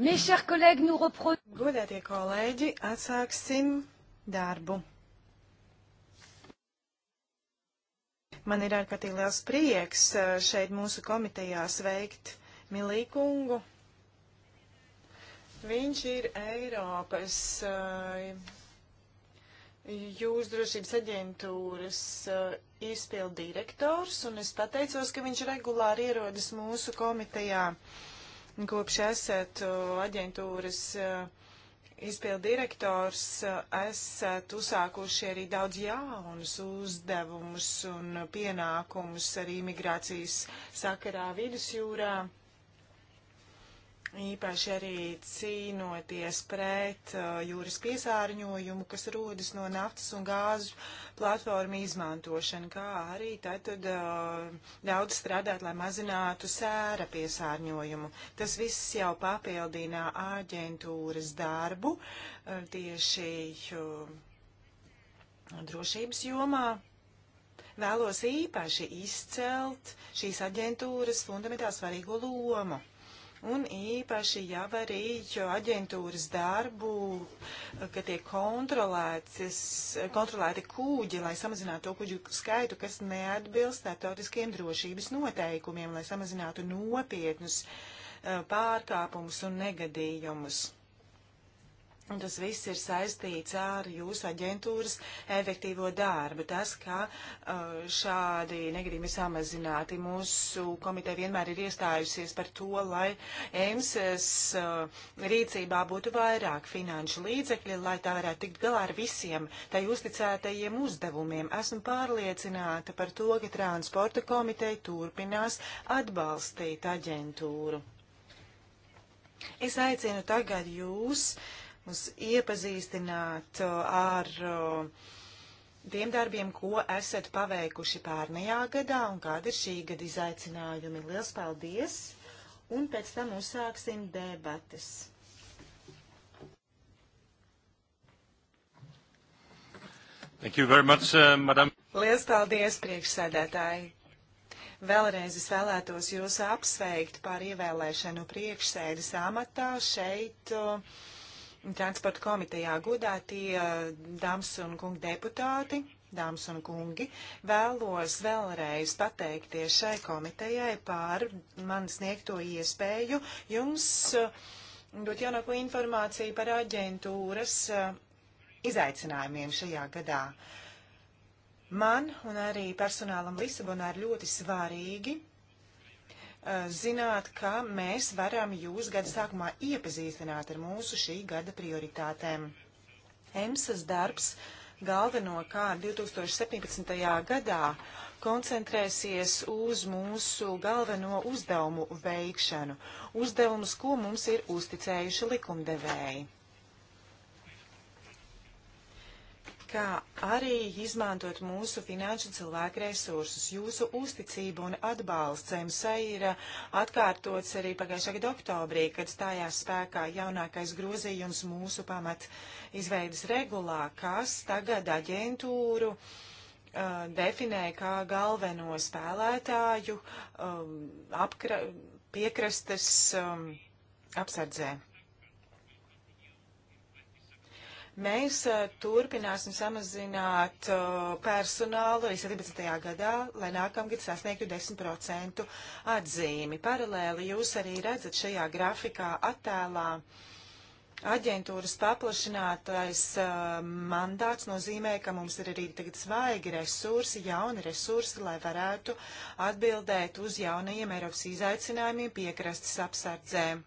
Godētie kolēģi, atsāksim darbu. Man ir ārkārtīgi liels prieks eh, šeit mūsu komitejā sveikt Milīkungu. Viņš ir Eiropas eh, jūras drošības aģentūras eh, izpildirektors, un es pateicos, ka viņš regulāri ierodas mūsu komitejā. Uh, Kopš esat aģentūras izpildu direktors, esat uzsākuši arī daudz jaunus uzdevumus un pienākumus arī migrācijas sakarā vidusjūrā. Īpaši arī cīnoties pret uh, jūras piesārņojumu, kas rodas no naftas un gāzu platformu izmantošana, kā arī tātad uh, daudz strādāt, lai mazinātu sēra piesārņojumu. Tas viss jau papildina aģentūras darbu uh, tieši uh, drošības jomā vēlos īpaši izcelt šīs aģentūras fundamentāli svarīgo lomu un īpaši jau arī aģentūras darbu, ka tiek kontrolēti kūģi, lai samazinātu to kuģu skaitu, kas neatbilst starptautiskiem drošības noteikumiem, lai samazinātu nopietnus eh, pārkāpumus un negadījumus. Un tas viss ir saistīts ar jūsu aģentūras efektīvo darbu. Tas, ka uh, šādi negadījumi ir samazināti, mūsu komiteja vienmēr ir iestājusies par to, lai EMSES uh, rīcībā būtu vairāk finanšu līdzekļi, lai tā varētu tikt galā ar visiem tai uzticētajiem uzdevumiem. Esmu pārliecināta par to, ka transporta komiteja turpinās atbalstīt aģentūru. Es aicinu tagad jūs. Uh, mums iepazīstināt uh, ar uh, tiem darbiem, ko esat paveikuši pārnajā gadā un kāda ir šī gada izaicinājumi. Liels paldies! Un pēc tam uzsāksim debatas. Thank you very much, uh, madam. Lielas paldies, priekšsēdētāji! Vēlreiz es vēlētos jūs apsveikt par ievēlēšanu priekšsēdes amatā šeit uh, transporta komitejā godātie eh, dāmas un kungi deputāti. Dāmas un kungi, vēlos vēlreiz pateikties šai komitejai par man sniegto iespēju jums eh, dot jaunāko informāciju par aģentūras eh, izaicinājumiem šajā gadā. Man un arī personālam Lisabonā ir ļoti svarīgi Eh, zināt, ka mēs varam jūs gada sākumā iepazīstināt ar mūsu šī gada prioritātēm. EMSAS darbs galvenokārt 2017. gadā koncentrēsies uz mūsu galveno uzdevumu veikšanu, uzdevumus, ko mums ir uzticējuši likumdevēji. kā arī izmantot mūsu finanšu cilvēku resursus. Jūsu uzticība un atbalsts EMSA ir atkārtots arī pagājušā gada oktobrī, kad stājās spēkā jaunākais grozījums mūsu pamat izveidas regulā, kas tagad aģentūru uh, definē kā galveno spēlētāju um, apkra, piekrastes um, apsardzē. Mēs eh, turpināsim samazināt eh, personālu arī 17. gadā, lai nākamgad sasniegtu 10% atzīmi. Paralēli jūs arī redzat šajā grafikā attēlā. Aģentūras paplašinātais uh, mandāts nozīmē, ka mums ir arī tagad svaigi resursi, jauni resursi, lai varētu atbildēt uz jaunajiem Eiropas izaicinājumiem piekrastes apsardzēm.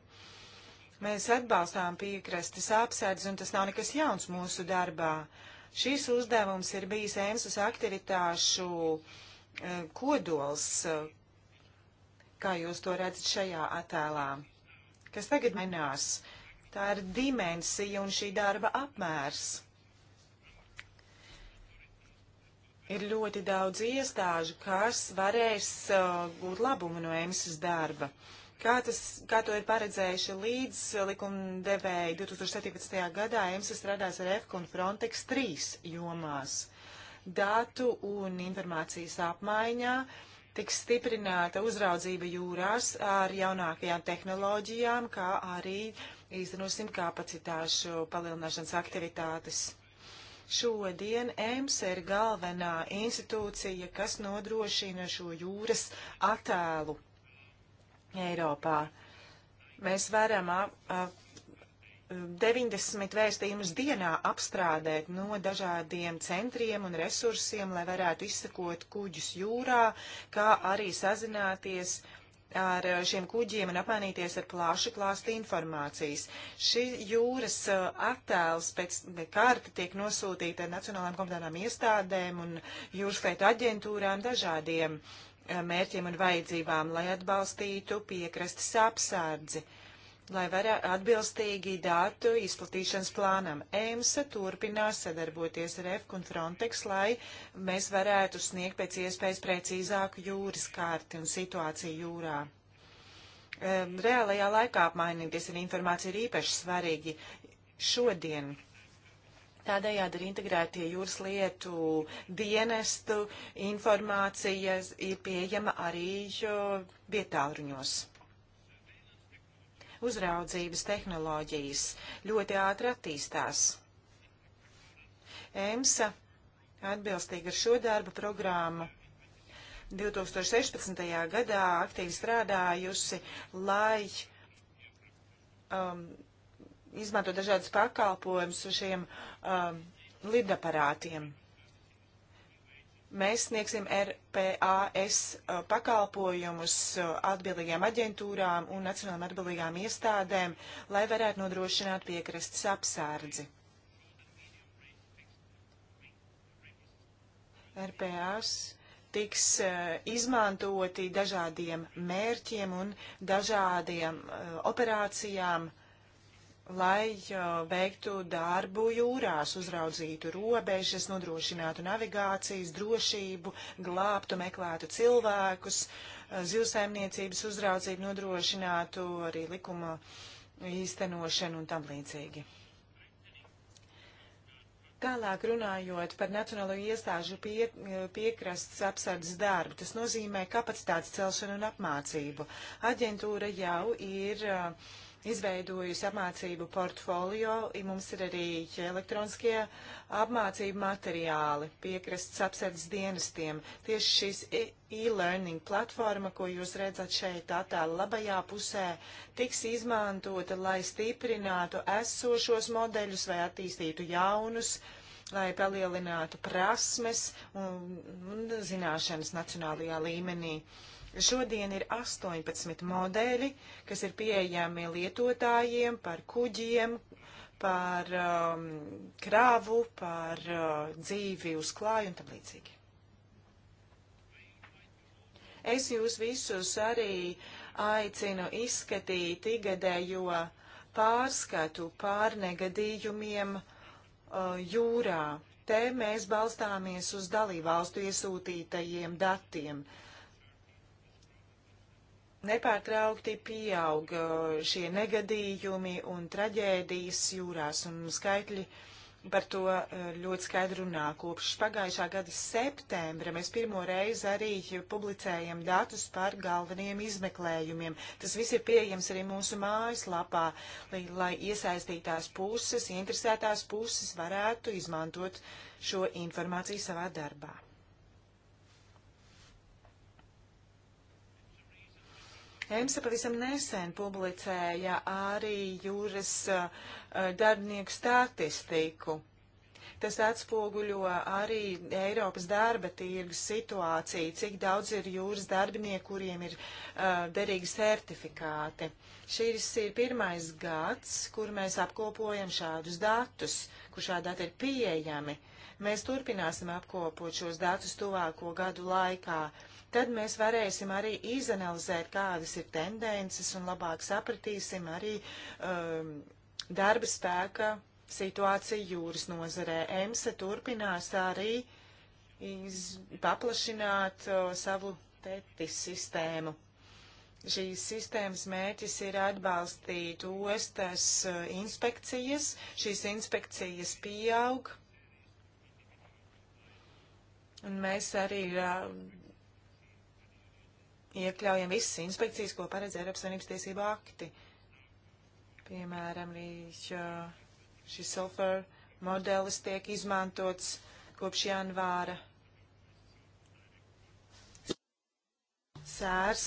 Mēs atbalstām piekrastes apsardz, un tas nav nekas jauns mūsu darbā. Šīs uzdevums ir bijis EMSAS aktivitāšu eh, kodols, eh, kā jūs to redzat šajā attēlā, kas tagad mainās. Tā ir dimensija un šī darba apmērs. Ir ļoti daudz iestāžu, kas varēs uh, gūt labumu no EMSAS darba. Uh, Kā, tas, kā to ir paredzējuši līdz likumdevēji 2017. gadā, EMSA strādās ar EFK un Frontex trīs jomās - datu un informācijas apmaiņā tiks stiprināta uzraudzība jūrās ar jaunākajām tehnoloģijām, kā arī īstenosim kapacitāšu palielināšanas aktivitātes. Šodien EMS ir galvenā institūcija, kas nodrošina šo jūras attēlu Eiropā. Mēs varam ap, ap, 90 vēstījumus dienā apstrādēt no dažādiem centriem un resursiem, lai varētu izsakot kuģus jūrā, kā arī sazināties ar šiem kuģiem un apmainīties ar plašu klāstu informācijas. Šī jūras attēls pēc karta tiek nosūtīta ar nacionālām kompetentām iestādēm un jūras lietu aģentūrām dažādiem uh, Eh, mērķiem un vajadzībām, lai atbalstītu piekrastes apsardzi, lai varētu atbilstīgi datu izplatīšanas plānam. EMSA turpinās sadarboties ar EFK un Frontex, lai mēs varētu sniegt pēc iespējas precīzāku jūras karti un situāciju jūrā. Eh, reālajā laikā apmainīties ar informāciju ir īpaši svarīgi šodien Tādējādi arī integrētie jūras lietu dienestu informācijas ir pieejama arī vietāruņos. Uzraudzības tehnoloģijas ļoti ātri attīstās. EMSA atbilstīgi ar šo darba programmu 2016. gadā aktīvi strādājusi, lai um, izmanto dažādas pakalpojumus šiem um, lidaparātiem. Mēs sniegsim RPAS uh, pakalpojumus uh, atbildīgām aģentūrām un nacionālām atbildīgām iestādēm, lai varētu nodrošināt piekrastes apsārdzi. RPAS tiks uh, izmantoti dažādiem mērķiem un dažādiem uh, operācijām uh, lai uh, veiktu darbu jūrās, uzraudzītu robežas, nodrošinātu navigācijas drošību, glābtu, meklētu cilvēkus, uh, zivsaimniecības uzraudzību, nodrošinātu arī likuma īstenošanu un tam līdzīgi. Tālāk runājot par nacionālo iestāžu pie, uh, piekrasts apsardzes darbu, tas nozīmē kapacitātes celšanu un apmācību. Aģentūra jau ir uh, izveidojusi apmācību portfolio. Mums ir arī elektroniskie apmācību materiāli piekrastes apsardzes dienestiem. Tieši šīs e-learning platforma, ko jūs redzat šeit attēla labajā pusē, tiks izmantota, lai stiprinātu esošos modeļus vai attīstītu jaunus lai palielinātu prasmes un, un zināšanas nacionālajā līmenī. Uh, Šodien ir 18 modeļi, kas ir pieejami lietotājiem par kuģiem, par um, krāvu, par uh, dzīvi uz klāju un tam līdzīgi. Es jūs visus arī aicinu izskatīt igadējo pārskatu pār negadījumiem uh, jūrā. Te mēs balstāmies uz dalībvalstu iesūtītajiem datiem. Uh, nepārtraukti pieaug eh, šie negadījumi un traģēdijas jūrās, un skaitļi par to eh, ļoti skaidri runā. Kopš pagājušā gada septembra mēs pirmo reizi arī publicējam datus par galvenajiem izmeklējumiem. Tas viss ir pieejams arī mūsu mājaslapā, lai, lai iesaistītās puses, interesētās puses varētu izmantot šo informāciju savā darbā. EMSA pavisam nesen publicēja arī jūras uh, darbinieku statistiku. Tas atspoguļo arī Eiropas darba tirgus situāciju, cik daudz ir jūras darbinieku, kuriem ir uh, derīgi certifikāti. Šis ir pirmais gads, kur mēs apkopojam šādus datus, kur šādi dati ir pieejami. Mēs turpināsim apkopot šos datus tuvāko gadu laikā. Uh, tad mēs varēsim arī izanalizēt, kādas ir tendences un labāk sapratīsim arī um, darba spēka situāciju jūras nozarē. EMSA turpinās arī iz, paplašināt uh, savu tetis sistēmu. Šīs sistēmas mērķis ir atbalstīt ostas inspekcijas. Šīs inspekcijas pieaug. Un mēs arī uh, iekļaujam visas inspekcijas, ko paredz Eiropas Savienības tiesība akti. Piemēram, arī šis sulfur modelis tiek izmantots kopš janvāra sērs,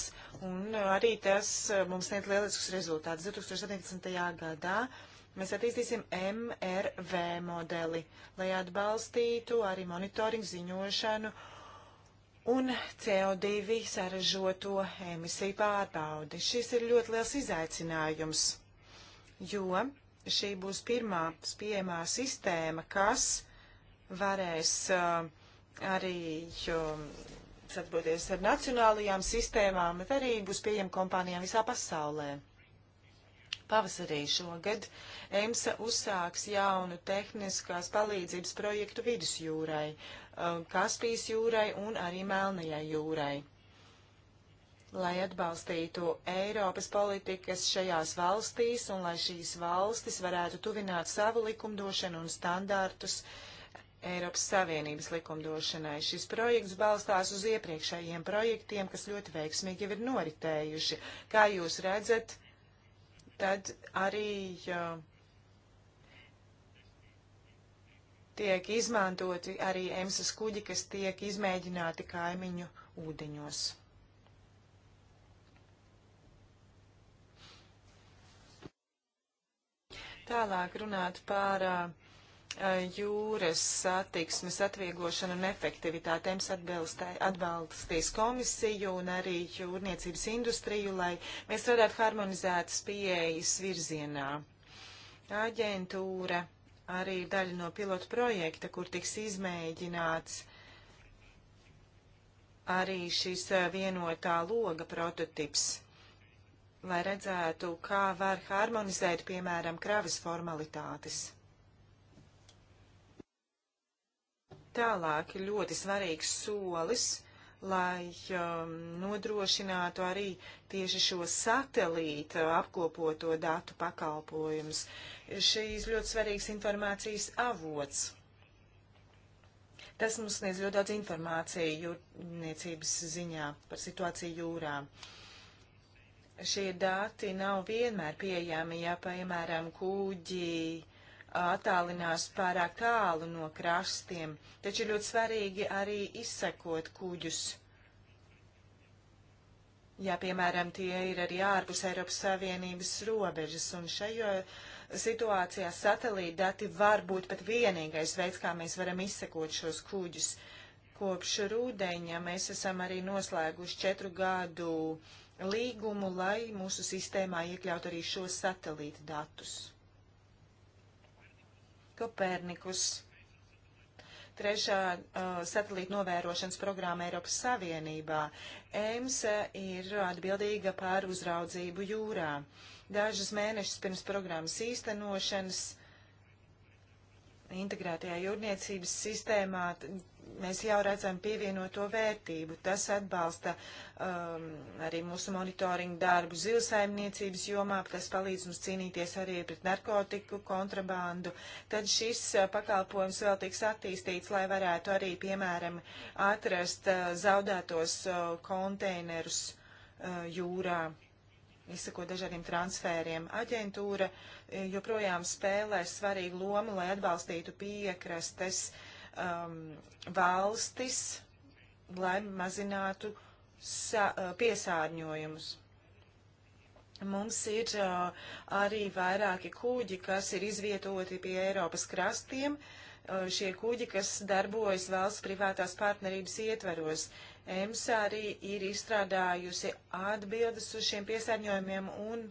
un arī tas mums sniedz lielisks rezultāts. 2017. gadā mēs attīstīsim MRV modeli, lai atbalstītu arī monitoringu ziņošanu un CO2 saražoto emisiju pārbaudi. Šis ir ļoti liels izaicinājums, jo šī būs pirmā pieejamā sistēma, kas varēs uh, arī um, sadarboties ar nacionālajām sistēmām, bet arī būs pieejama kompānijām visā pasaulē. Pavasarī šogad EMSA uzsāks jaunu tehniskās palīdzības projektu vidusjūrai, uh, Kaspijas jūrai un arī Melnajai jūrai. Lai atbalstītu Eiropas politikas šajās valstīs un lai šīs valstis varētu tuvināt savu likumdošanu un standārtus Eiropas Savienības likumdošanai. Šis projekts balstās uz iepriekšējiem projektiem, kas ļoti veiksmīgi jau ir noritējuši. Kā jūs redzat, tad arī uh, tiek izmantoti arī emsas kuģi, kas tiek izmēģināti kaimiņu ūdeņos. Tālāk runāt par uh, Eh, jūras satiksmes atvieglošanu un efektivitātēm atbalstīs komisiju un arī jūrniecības industriju, lai mēs varētu harmonizētas pieejas virzienā. Aģentūra arī ir daļa no pilotu projekta, kur tiks izmēģināts arī šis eh, vienotā loga prototips lai redzētu, kā var harmonizēt, piemēram, kravas formalitātes. Tālāk ir ļoti svarīgs solis, lai um, nodrošinātu arī tieši šo satelīta apkopoto datu pakalpojumus. Šīs ļoti svarīgas informācijas avots. Tas mums sniedz ļoti daudz informāciju jūrniecības ziņā par situāciju jūrā. Šie dati nav vienmēr pieejami, ja, piemēram, kuģi uh, attālinās pārāk tālu no krastiem, taču ir ļoti svarīgi arī izsekot kuģus. Ja, piemēram, tie ir arī ārpus Eiropas Savienības robežas, un šajā situācijā satelīta dati var būt pat vienīgais veids, kā mēs varam izsekot šos kuģus. Kopš rūdeņa mēs esam arī noslēguši četru gadu līgumu, lai mūsu sistēmā iekļaut arī šos satelīta datus. Kopernikus, trešā uh, satelīta novērošanas programma Eiropas Savienībā. EMSA uh, ir atbildīga par uzraudzību jūrā. Dažus mēnešus pirms programmas īstenošanas integrētajā jūrniecības sistēmā mēs jau redzam pievienoto vērtību. Tas atbalsta um, arī mūsu monitoringu darbu zilsaimniecības jomā, tas palīdz mums cīnīties arī pret narkotiku kontrabandu. Tad šis uh, pakalpojums vēl tiks attīstīts, lai varētu arī, piemēram, atrast uh, zaudētos uh, konteinerus uh, jūrā izsako dažādiem transfēriem. Aģentūra uh, joprojām spēlē svarīgu lomu, lai atbalstītu piekrastes uh, um, valstis, lai mazinātu sa, uh, piesārņojumus. Mums ir uh, arī vairāki kuģi, kas ir izvietoti pie Eiropas krastiem. Uh, šie kuģi, kas darbojas valsts privātās partnerības ietvaros. EMSA arī ir izstrādājusi atbildes uz šiem piesārņojumiem un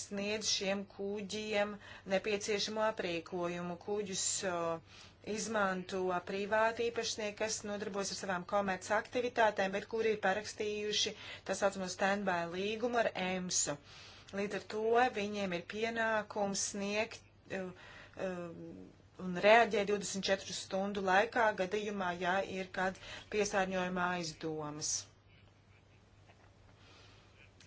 sniedz šiem kuģiem nepieciešamo aprīkojumu. Kuģus uh, izmanto privāti īpašnieki, kas nodarbojas ar savām komerc aktivitātēm, bet kuri ir parakstījuši tā saucamo standby līgumu ar EMSU. Līdz ar to viņiem ir pienākums sniegt uh, uh, un reaģēt 24 stundu laikā gadījumā, ja ir kāda piesārņojuma aizdomas.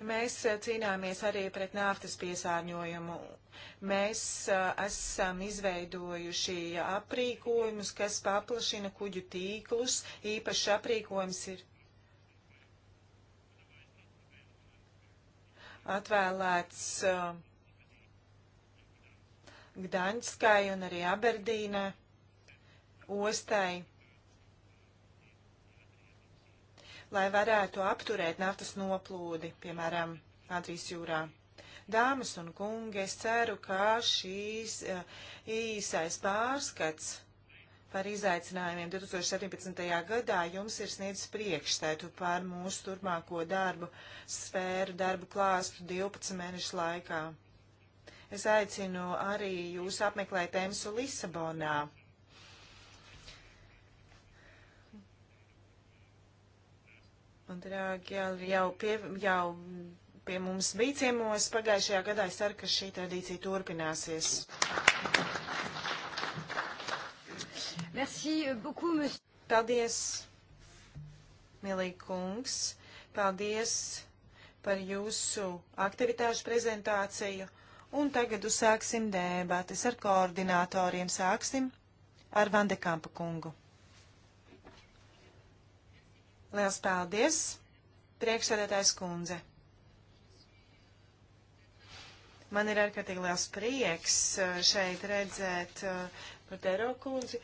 Mēs eh, cīnāmies arī pret naftas piesārņojumu. Mēs eh, esam izveidojuši aprīkojumus, kas paplašina kuģu tīklus. Īpašs aprīkojums ir atvēlēts eh, Gdaņskai un arī Aberdīnai ostai. lai varētu apturēt naftas noplūdi, piemēram, Adrijas jūrā. Dāmas un kungi, es ceru, ka šīs eh, īsais pārskats par izaicinājumiem 2017. gadā jums ir sniedzis priekšstatu par mūsu turpmāko darbu sfēru, darbu klāstu 12 mēnešu laikā. Es aicinu arī jūs apmeklēt Emsu Lisabonā Man draugi jau pie, jau pie mums bija ciemos pagājušajā gadā. Es ceru, ka šī tradīcija turpināsies. Merci beaucoup, monsieur. Paldies, milīgi kungs. Paldies par jūsu aktivitāšu prezentāciju. Un tagad uzsāksim dēbates ar koordinatoriem. Sāksim ar Vandekampa kungu. Liels paldies, priekšsēdētājs kundze. Man ir ārkārtīgi liels prieks uh, šeit redzēt uh, par Tero kundzi.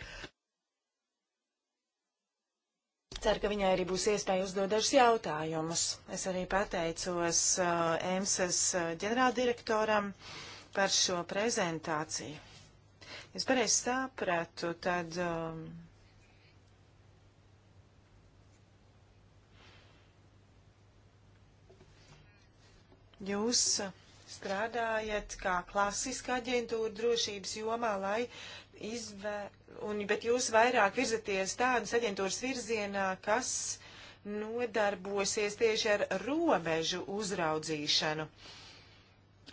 Ceru, ka viņai arī būs iespēja uzdot dažus jautājumus. Es arī pateicos uh, EMSAS ģenerāldirektoram par šo prezentāciju. Es pareizi sapratu, tad. Um, Jūs strādājat kā klasiska aģentūra drošības jomā, lai izvē... Un, bet jūs vairāk virzaties tādas aģentūras virzienā, kas nodarbosies tieši ar robežu uzraudzīšanu,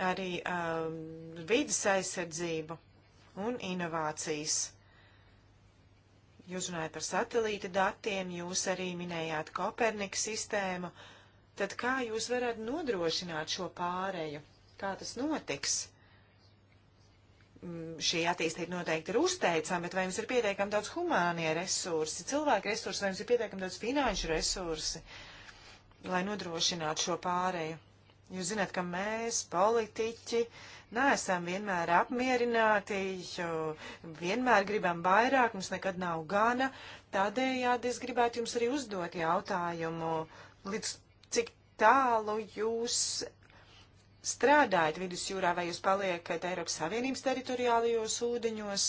arī um, vidas aizsardzību un inovācijas. Jūs runājat par satelīta datiem, jūs arī minējāt Kopernika sistēmu. Uh, Tad kā jūs varat nodrošināt šo pārēju? Kā tas notiks? Mm, šī attīstība noteikti ir uzteicama, bet vai jums ir pietiekami daudz humānie resursi, cilvēku resursi, vai jums ir pietiekami daudz finanšu resursi, lai nodrošinātu šo pārēju? Jūs zināt, ka mēs, politiķi, neesam vienmēr apmierināti, vienmēr gribam vairāk, mums nekad nav gana. Tādējādi es gribētu jums arī uzdot jautājumu, līdz tālu jūs strādājat vidusjūrā, vai jūs paliekat Eiropas Savienības teritoriālajos ūdeņos,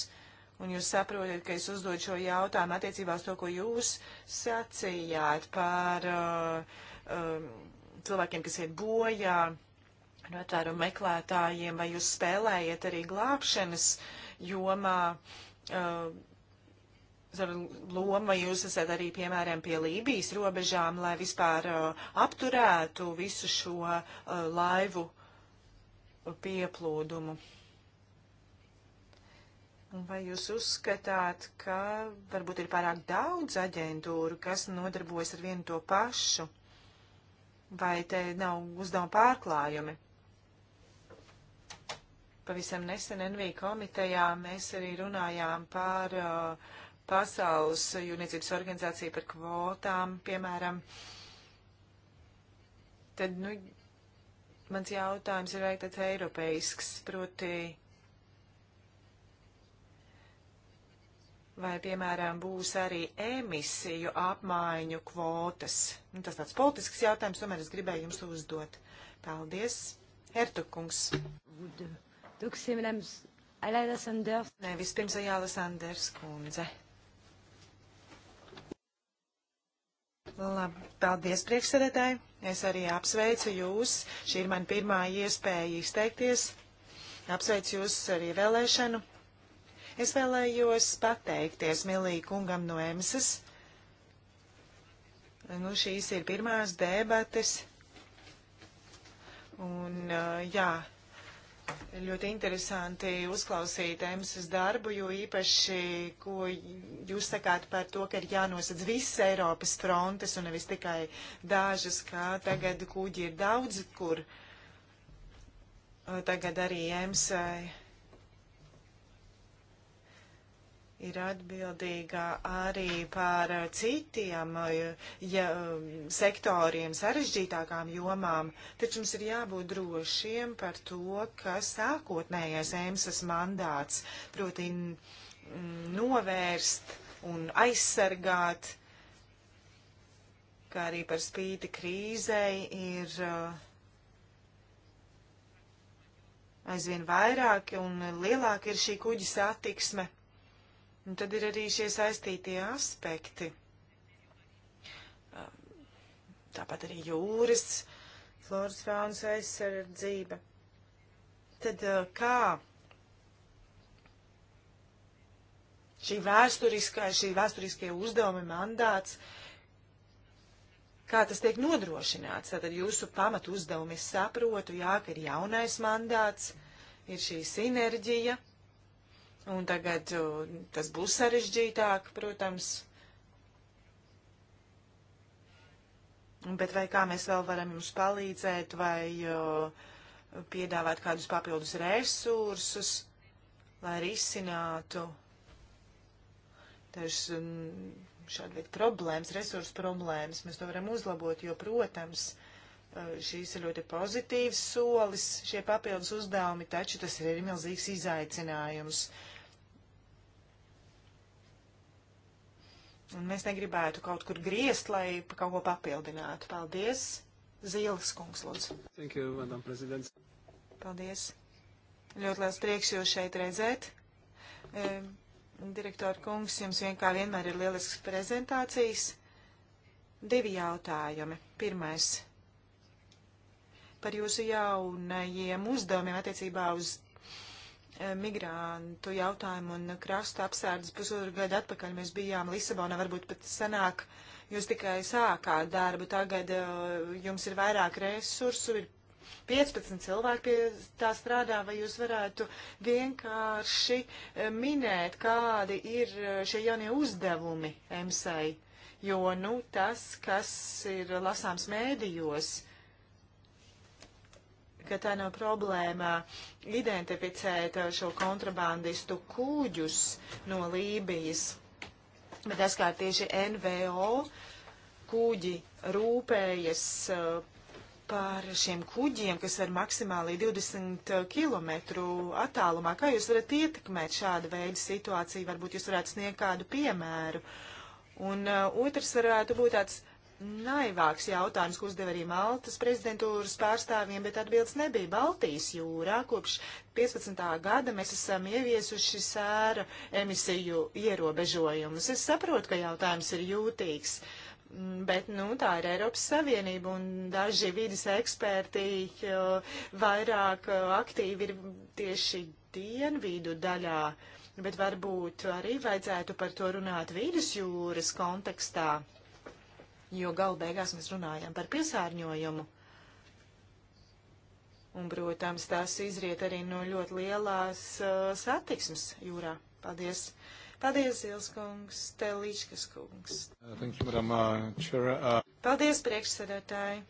un jūs saprotat, ka es uzdod šo jautājumu attiecībā uz to, ko jūs sacījāt par uh, um, cilvēkiem, kas iet bojā, notāru meklētājiem, vai jūs spēlējat arī glābšanas jomā. Uh, loma, vai jūs esat arī, piemēram, pie Lībijas robežām, lai vispār uh, apturētu visu šo uh, laivu uh, pieplūdumu? Un vai jūs uzskatāt, ka varbūt ir pārāk daudz aģentūru, kas nodarbojas ar vienu to pašu? Vai te nav uzdevuma pārklājumi? Pavisam nesen NV komitejā mēs arī runājām par uh, Pasaules jūrniecības organizācija par kvotām, piemēram. Tad, nu, mans jautājums ir vai tāds eiropeisks, proti, vai, piemēram, būs arī emisiju apmaiņu kvotas. Nu, tas tāds politisks jautājums, tomēr es gribēju jums uzdot. Paldies, Ertukungs. Nē, vispirms Ajāla Sanders kundze. Labi, paldies priekšsēdētāji. Es arī apsveicu jūs. Šī ir man pirmā iespēja izteikties. Apsveicu jūs ar ievēlēšanu. Es vēlējos pateikties Milī kungam no Emsas. Nu, šīs ir pirmās debates. Un, jā, Ļoti interesanti uzklausīt Emsas darbu, jo īpaši, ko jūs sakāt par to, ka ir jānosadz visas Eiropas frontes un nevis tikai dažas, kā tagad kuģi ir daudz, kur eh, tagad arī Emsai ir atbildīga arī par citiem eh, ja, um, sektoriem, sarežģītākām jomām, taču mums ir jābūt drošiem par to, ka sākotnējais EMSAS mandāts, proti mm, novērst un aizsargāt, kā arī par spīti krīzei, ir eh, aizvien vairāk un lielāk ir šī kuģa satiksme Un nu, tad ir arī šie saistītie aspekti. Tāpat arī jūras, floras faunas aizsardzība. Tad kā šī vēsturiskā, šī vēsturiskie uzdevumi mandāts, kā tas tiek nodrošināts? Tātad jūsu pamatu uzdevumi, es saprotu, jā, ka ir jaunais mandāts, ir šī sinerģija Un tagad tas būs sarežģītāk, protams. Bet vai kā mēs vēl varam jums palīdzēt, vai piedāvāt kādus papildus resursus, lai risinātu dažas šāda veida problēmas, resursu problēmas, mēs to varam uzlabot, jo, protams, Eh, šīs ir ļoti pozitīvs solis, šie papildus uzdevumi, taču tas ir arī milzīgs izaicinājums. Un mēs negribētu kaut kur griezt, lai kaut ko papildinātu. Paldies, Zīles kungs, lūdzu. Thank you, madam prezidents. Paldies. Ļoti liels prieks jūs šeit redzēt. E, direktora kungs, jums vienkār vienmēr ir lielisks prezentācijas. Divi jautājumi. Pirmais par jūsu jaunajiem uzdevumiem attiecībā uz e, migrantu jautājumu un krasta apsārdas pusotru gadu atpakaļ. Mēs bijām Lisabonā, varbūt pat senāk jūs tikai sākāt darbu, tagad e, jums ir vairāk resursu, ir 15 cilvēki pie tā strādā, vai jūs varētu vienkārši e, minēt, kādi ir šie jaunie uzdevumi EMSAI, jo, nu, tas, kas ir lasāms mēdījos, ka tā nav problēma identificēt uh, šo kontrabandistu kūģus no Lībijas, bet tas, kā tieši NVO kūģi rūpējas uh, par šiem kuģiem, kas ir maksimāli 20 uh, km attālumā. Kā jūs varat ietekmēt šādu veidu situāciju? Varbūt jūs varētu sniegt kādu piemēru. Un uh, otrs varētu būt tāds naivāks jautājums, ko uzdeva arī Maltas prezidentūras pārstāvjiem, bet atbildes nebija. Baltijas jūrā kopš 15. gada mēs esam ieviesuši sēra emisiju ierobežojumus. Es saprotu, ka jautājums ir jūtīgs, mm, bet nu, tā ir Eiropas Savienība un daži vidas eksperti vairāk uh, aktīvi ir tieši dienvīdu daļā. Bet varbūt arī vajadzētu par to runāt vīdus jūras kontekstā jo galu beigās mēs runājam par piesārņojumu. Un, protams, tās izriet arī no ļoti lielās uh, satiksmes jūrā. Paldies! Paldies, Ilskungs, Telīčkas kungs. Uh, uh, uh, Paldies, priekšsēdētāji!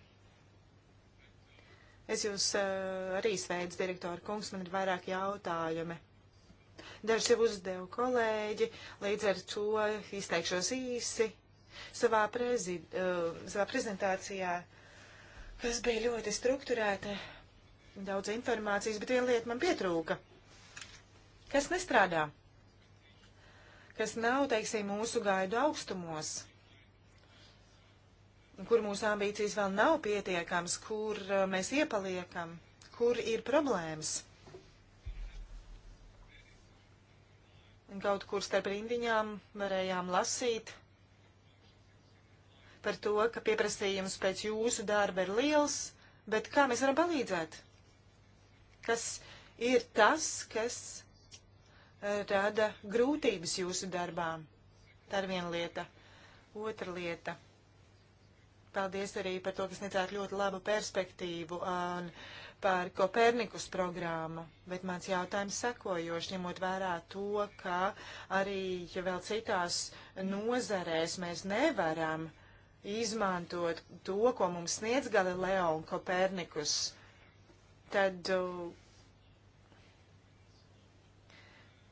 Es jūs uh, arī sveicu, direktora kungs, man ir vairāk jautājumi. Dažs jau uzdevu kolēģi, līdz ar to izteikšos īsi savā, prezi, uh, savā prezentācijā, kas bija ļoti strukturēta, daudz informācijas, bet viena lieta man pietrūka. Kas nestrādā? Kas nav, teiksim, mūsu gaidu augstumos? Kur mūsu ambīcijas vēl nav pietiekams, kur uh, mēs iepaliekam, kur ir problēmas? kaut kur starp rindiņām varējām lasīt, par to, ka pieprasījums pēc jūsu darba ir liels, bet kā mēs varam palīdzēt? Kas ir tas, kas e, rada grūtības jūsu darbā? Tā ir viena lieta. Otra lieta. Paldies arī par to, kas necēt ļoti labu perspektīvu un par Kopernikus programmu, bet mans jautājums sekojoši, ņemot vērā to, ka arī vēl citās nozarēs mēs nevaram uh, izmantot to, ko mums sniedz Galileo un Kopernikus, tad uh,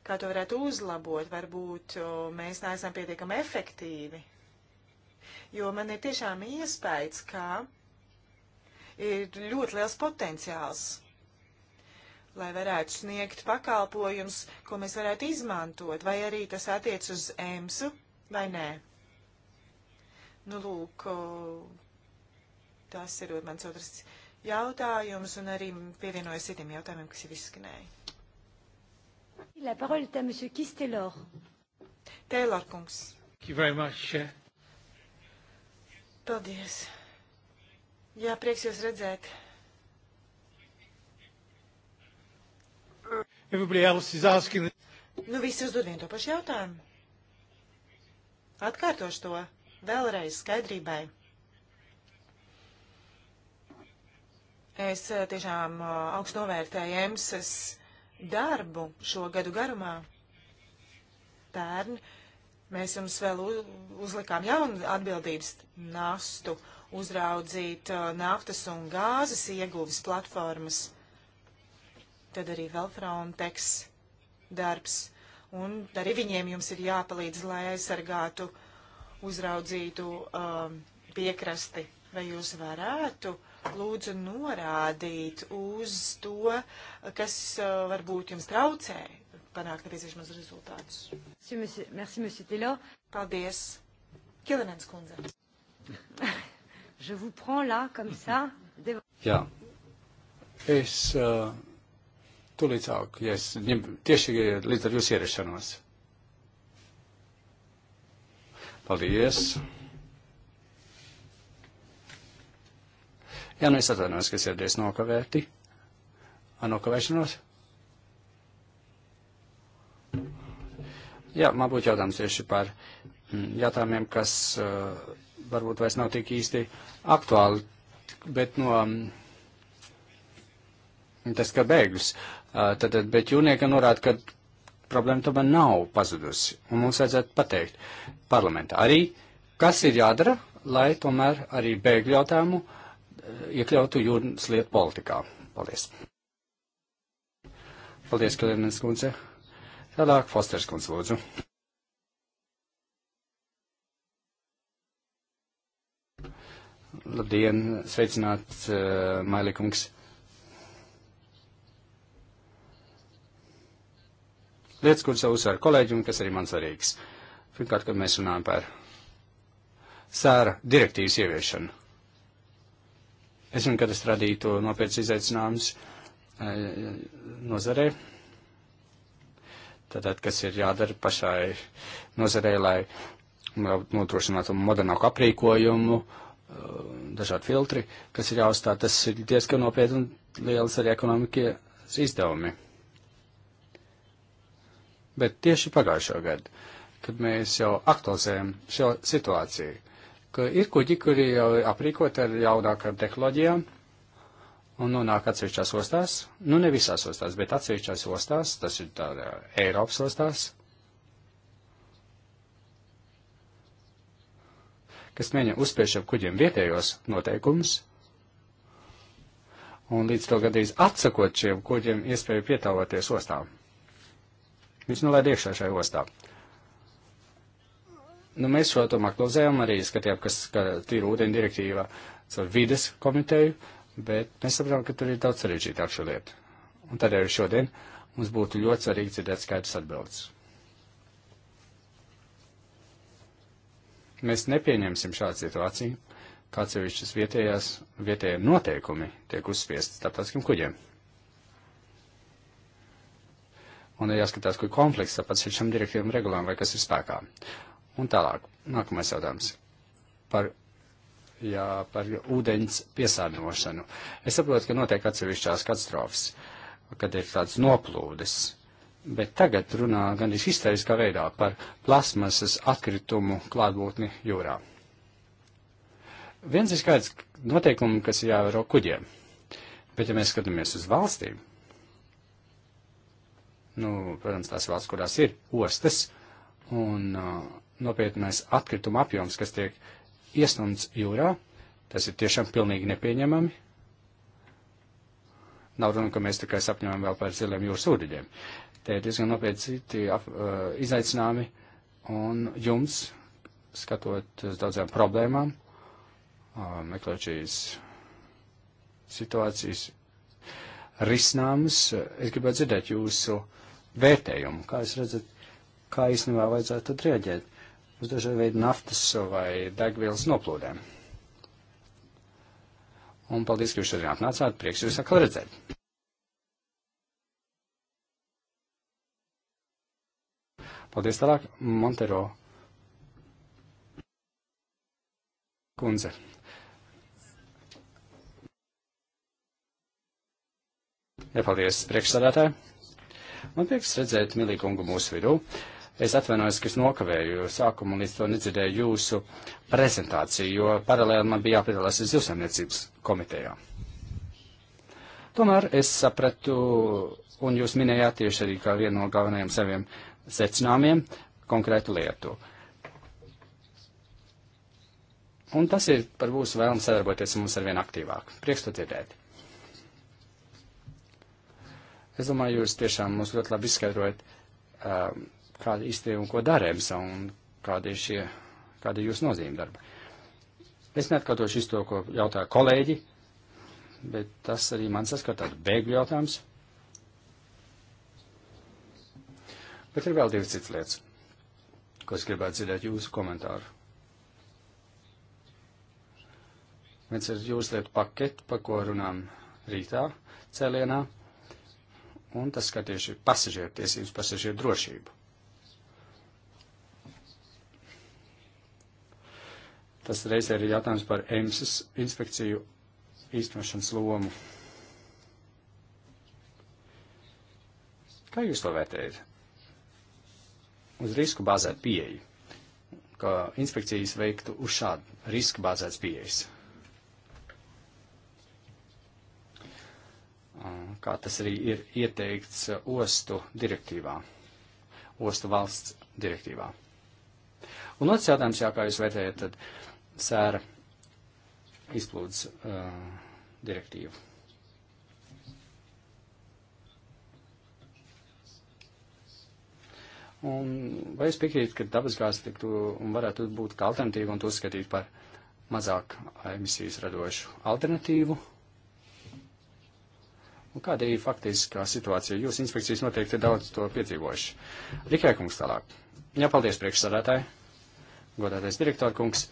kā to varētu uzlabot, varbūt uh, mēs neesam pietiekami efektīvi. Jo man ir tiešām iespējas, ka ir ļoti liels potenciāls, lai varētu sniegt pakalpojums, ko mēs varētu izmantot, vai arī tas attiec uz EMSU vai nē. Nu, lūk, tas ir mans otrs jautājums, un arī pievienojas citiem jautājumiem, kas jau izskanēja. La parole est à monsieur Kis Taylor. Taylor kungs. Thank you very much. Paldies. Jā, prieks jūs redzēt. Everybody else is asking. Nu, visi uzdod vienu to pašu jautājumu. Atkārtošu to vēlreiz skaidrībai. Es eh, tiešām eh, augstu novērtēju EMSAS darbu šo gadu garumā. Tērn, mēs jums vēl uzlikām jaunu atbildības nastu uzraudzīt eh, naftas un gāzes ieguves platformas. Tad arī vēl Frontex darbs. Un arī viņiem jums ir jāpalīdz, lai aizsargātu uh, uzraudzītu um, piekrasti. Vai jūs varētu lūdzu norādīt uz to, kas uh, varbūt jums traucē panākt nepieciešamos rezultātus? Merci, monsieur Taylor. Paldies. Kilinens kundze. Je vous prends là, comme ça. De... Jā. Es uh, tulīt sāku, ja es ņem, tieši uh, līdz ar jūs ierašanos. Paldies! Jā, nu es atvainojos, ka es ieradies nokavēti. Ar nokavēšanos? Jā, man būtu jautājums tieši par mm, jautājumiem, kas uh, varbūt vairs nav tik īsti aktuāli, bet no mm, tas, ka bēgļus. Uh, eh, tad, bet jūnieka norāda, ka problēma tomēr nav pazudusi. Un mums vajadzētu pateikt parlamentā arī, kas ir jādara, lai tomēr arī bēgļu jautājumu eh, iekļautu jūras lietu politikā. Paldies. Paldies, Kalienes kundze. Tālāk, Fosters kundze, lūdzu. Labdien, sveicināts, uh, eh, Mailikungs. lietas, kuras jau uzsver kolēģi un kas arī man svarīgs. Pirmkārt, kad mēs runājam par sēra direktīvas ieviešanu. Es zinu, ka tas radītu nopietnas izaicinājumus eh, nozarei. Tātad, kas ir jādara pašai nozarei, lai nodrošinātu modernāku aprīkojumu, eh, dažādi filtri, kas ir jāuzstāv, tas ir diezgan nopietni un liels arī ekonomikas izdevumi. Bet tieši pagājušā gada, kad mēs jau aktualizējam šo situāciju, ka ir kuģi, kuri jau ir aprīkoti ar jaunākām tehnoloģijām un nonāk atsevišķās ostās, nu ne visās ostās, bet atsevišķās ostās, tas ir tā Eiropas ostās, kas mēģina uzspiešam kuģiem vietējos noteikumus, un līdz to gadījis atsakot šiem kuģiem iespēju pietāvoties ostām. Viņš nolaid nu iekšā šajā ostā. Nu, mēs šo tomēr klozējām arī skatījām, kas ka tīra ūdeni direktīva caur vides komiteju, bet mēs saprotam, ka tur ir daudz sarežģītāk šo lietu. Un tādēļ šodien mums būtu ļoti svarīgi dzirdēt skaidrs atbildes. Mēs nepieņemsim šādu situāciju, kāds ir višķis vietējās, vietējie noteikumi tiek uzspiesti starptautiskiem kuģiem. Un ir jāskatās, kur konflikts ar pats šiem direktīviem regulām vai kas ir spēkā. Un tālāk, nākamais jautājums par, jā, par ūdens piesārņošanu. Es saprotu, ka notiek atsevišķās katastrofas, kad ir tāds noplūdes. Bet tagad runā gan izteiriskā veidā par plasmasas atkritumu klātbūtni jūrā. Viens ir skaidrs noteikumi, kas jāvēro kuģiem. Bet, ja mēs skatāmies uz valstīm, Nu, protams, tās valsts, kurās ir ostas un uh, nopietnais atkrituma apjoms, kas tiek iesnums jūrā, tas ir tiešām pilnīgi nepieņemami. Nav runa, ka mēs tikai sapņojam vēl par ziliem jūras ūdeņiem. Te ir diezgan nopietni citi uh, izaicinājumi, un jums, skatot uz daudzām problēmām, uh, meklēt šīs situācijas risinājumus, es gribētu dzirdēt jūsu uh, vērtējumu, kā jūs redzat, kā īstenībā vajadzētu tad rieģēt uz dažādu veidu naftas vai degvielas noplūdēm. Un paldies, ka jūs šodien atnācāt, prieks jūs atkal redzēt. Paldies tālāk, Montero kundze. Jā, paldies, priekšsādātāji. Man prieks redzēt Milīkungu mūsu vidū. Es atvainojos, ka es nokavēju sākumu un līdz to nedzirdēju jūsu prezentāciju, jo paralēli man bija jāpiedalās zivsaimniecības komitejā. Tomēr es sapratu, un jūs minējāt tieši arī kā vienu no galvenajiem saviem secinājumiem konkrētu lietu. Un tas ir par mūsu vēlam sadarboties mums ar vien aktīvāk. Prieks to dzirdēt. Es domāju, jūs tiešām mums ļoti labi izskaidrojat, um, kāda īsti un ko dara EMSA un kāda ir šie, kāda ir jūsu nozīme darba. Es neatkārtošu visu to, ko jautā kolēģi, bet tas arī man saskat tādu bēgļu jautājums. Bet ir vēl divas citas lietas, ko es gribētu dzirdēt jūsu komentāru. Viens ir jūsu lietu paketi, pa ko runām rītā cēlienā un tas skar tieši pasažieru tiesības, pasažieru drošību. Tas reizē ir jautājums par EMSas inspekciju īstenošanas lomu. Kā jūs to vērtējat? Uz risku bāzēt pieeju, ka inspekcijas veiktu uz šādu risku bāzētas pieejas. kā tas arī ir ieteikts ostu direktīvā, ostu valsts direktīvā. Un otrs jautājums, jā, kā jūs vērtējat, tad sēra izplūdes uh, direktīvu. Un vai es piekrītu, ka dabasgāze tiktu un varētu būt kā alternatīva un to skatīt par mazāk emisijas radošu alternatīvu? Un kāda ir faktiskā situācija? Jūs inspekcijas noteikti daudz to piedzīvojuši. Rikai kungs tālāk. Jā, paldies priekšsādātāji, godātais direktora kungs.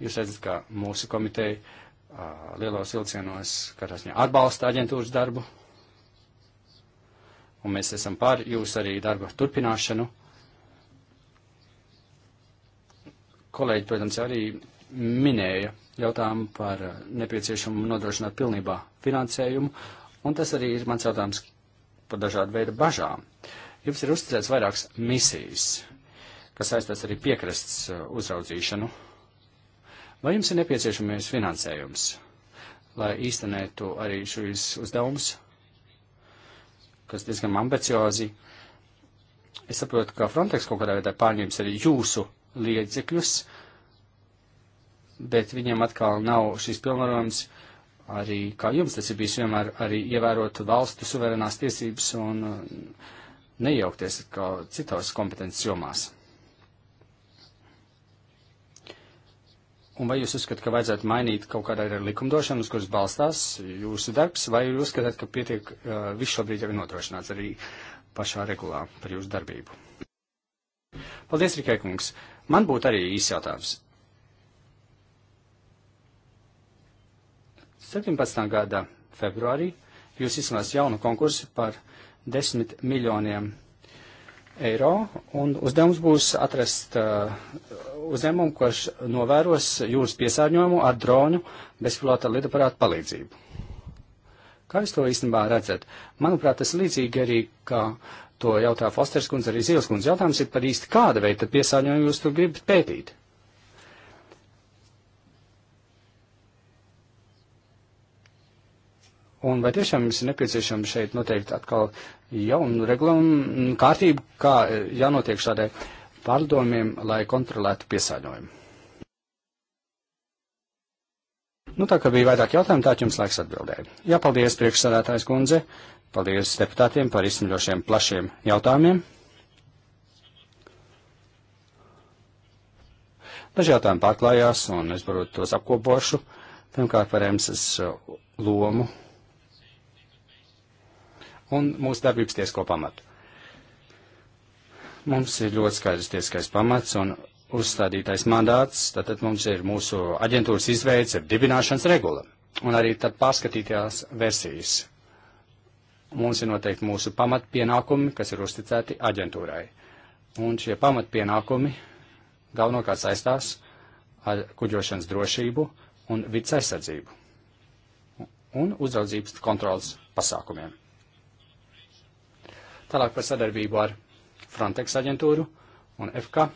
Jūs redzat, ka mūsu komiteja uh, lielos vilcienos, kādā ziņā atbalsta aģentūras darbu. Un mēs esam pār jūs arī darba turpināšanu. Kolēģi, protams, arī minēja jautājumu par nepieciešamu nodrošināt pilnībā finansējumu Un tas arī ir mans jautājums par dažādu veidu bažām. Jums ir uzticēts vairākas misijas, kas saistās arī piekrasts uh, uzraudzīšanu. Vai jums ir nepieciešamies finansējums, lai īstenētu arī šīs uzdevumus, kas diezgan ambiciozi? Es saprotu, ka Frontex kaut kādā veidā pārņems arī jūsu līdzekļus, bet viņiem atkal nav šīs pilnvarojums arī, kā jums tas ir bijis vienmēr, arī ievērot valstu suverenās tiesības un uh, nejaukties kā citos kompetences jomās. Un vai jūs uzskatāt, ka vajadzētu mainīt kaut kādā ar likumdošanu, uz kuras balstās jūsu darbs, vai jūs uzskatāt, ka pietiek, uh, viss šobrīd jau ir nodrošināts arī pašā regulā par jūsu darbību? Paldies, Rikai kungs. Man būtu arī īsts jautājums. 17. gada februārī jūs izslēdzat jaunu konkursu par 10 miljoniem eiro, un uzdevums būs atrast uh, uzņēmumu, kurš novēros jūras piesārņojumu ar dronu bezpilota lidaparātu palīdzību. Kā jūs to īstenībā redzat? Manuprāt, tas līdzīgi arī, kā to jautā Fosters kundze, arī Zīles kundze jautājums ir par īsti kāda veida piesārņojumu jūs tur gribat pētīt. Un vai tiešām mums ir nepieciešama šeit noteikti atkal jaunu reglamu kārtību, kā e, jānotiek šādai pārdomiem, lai kontrolētu piesāņojumu? Nu, tā kā bija vairāk jautājumu, tā jums laiks atbildēt. Jā, paldies priekšsādātājs kundze, paldies deputātiem par izsmeļošiem plašiem jautājumiem. Daži jautājumi pārklājās, un es varbūt tos apkopošu. Pirmkārt par EMSAS lomu un mūsu darbības tiesisko pamatu. Mums ir ļoti skaidrs tiesiskais pamats un uzstādītais mandāts, tātad mums ir mūsu aģentūras izveids, ir dibināšanas regula, un arī tad pārskatītās versijas. Mums ir noteikti mūsu pamatpienākumi, kas ir uzticēti aģentūrai, un šie pamatpienākumi galvenokārt saistās ar kuģošanas drošību un vidas aizsardzību un uzraudzības kontrolas pasākumiem. Tālāk par sadarbību ar Frontex aģentūru un FK.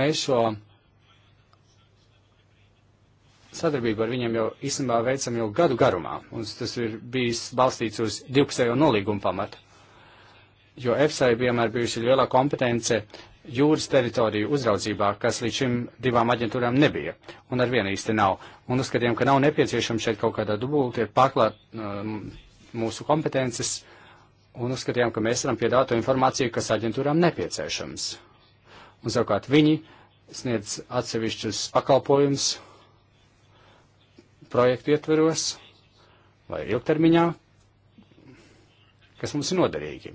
Mēs šo sadarbību ar viņiem jau īstenībā veicam jau gadu garumā, un tas ir bijis balstīts uz divpusējo nolīgumu pamatu. Jo EFSA ir vienmēr bijusi lielā kompetence jūras teritoriju uzraudzībā, kas līdz šim divām aģentūrām nebija, un ar vienu īsti nav. Un uzskatījām, ka nav nepieciešams šeit kaut kādā dubultie pārklāt um, mūsu kompetences un uzskatījām, ka mēs varam piedāvāt to informāciju, kas aģentūrām nepieciešams. Un savukārt viņi sniedz atsevišķus pakalpojumus projektu ietveros vai ilgtermiņā, kas mums ir noderīgi.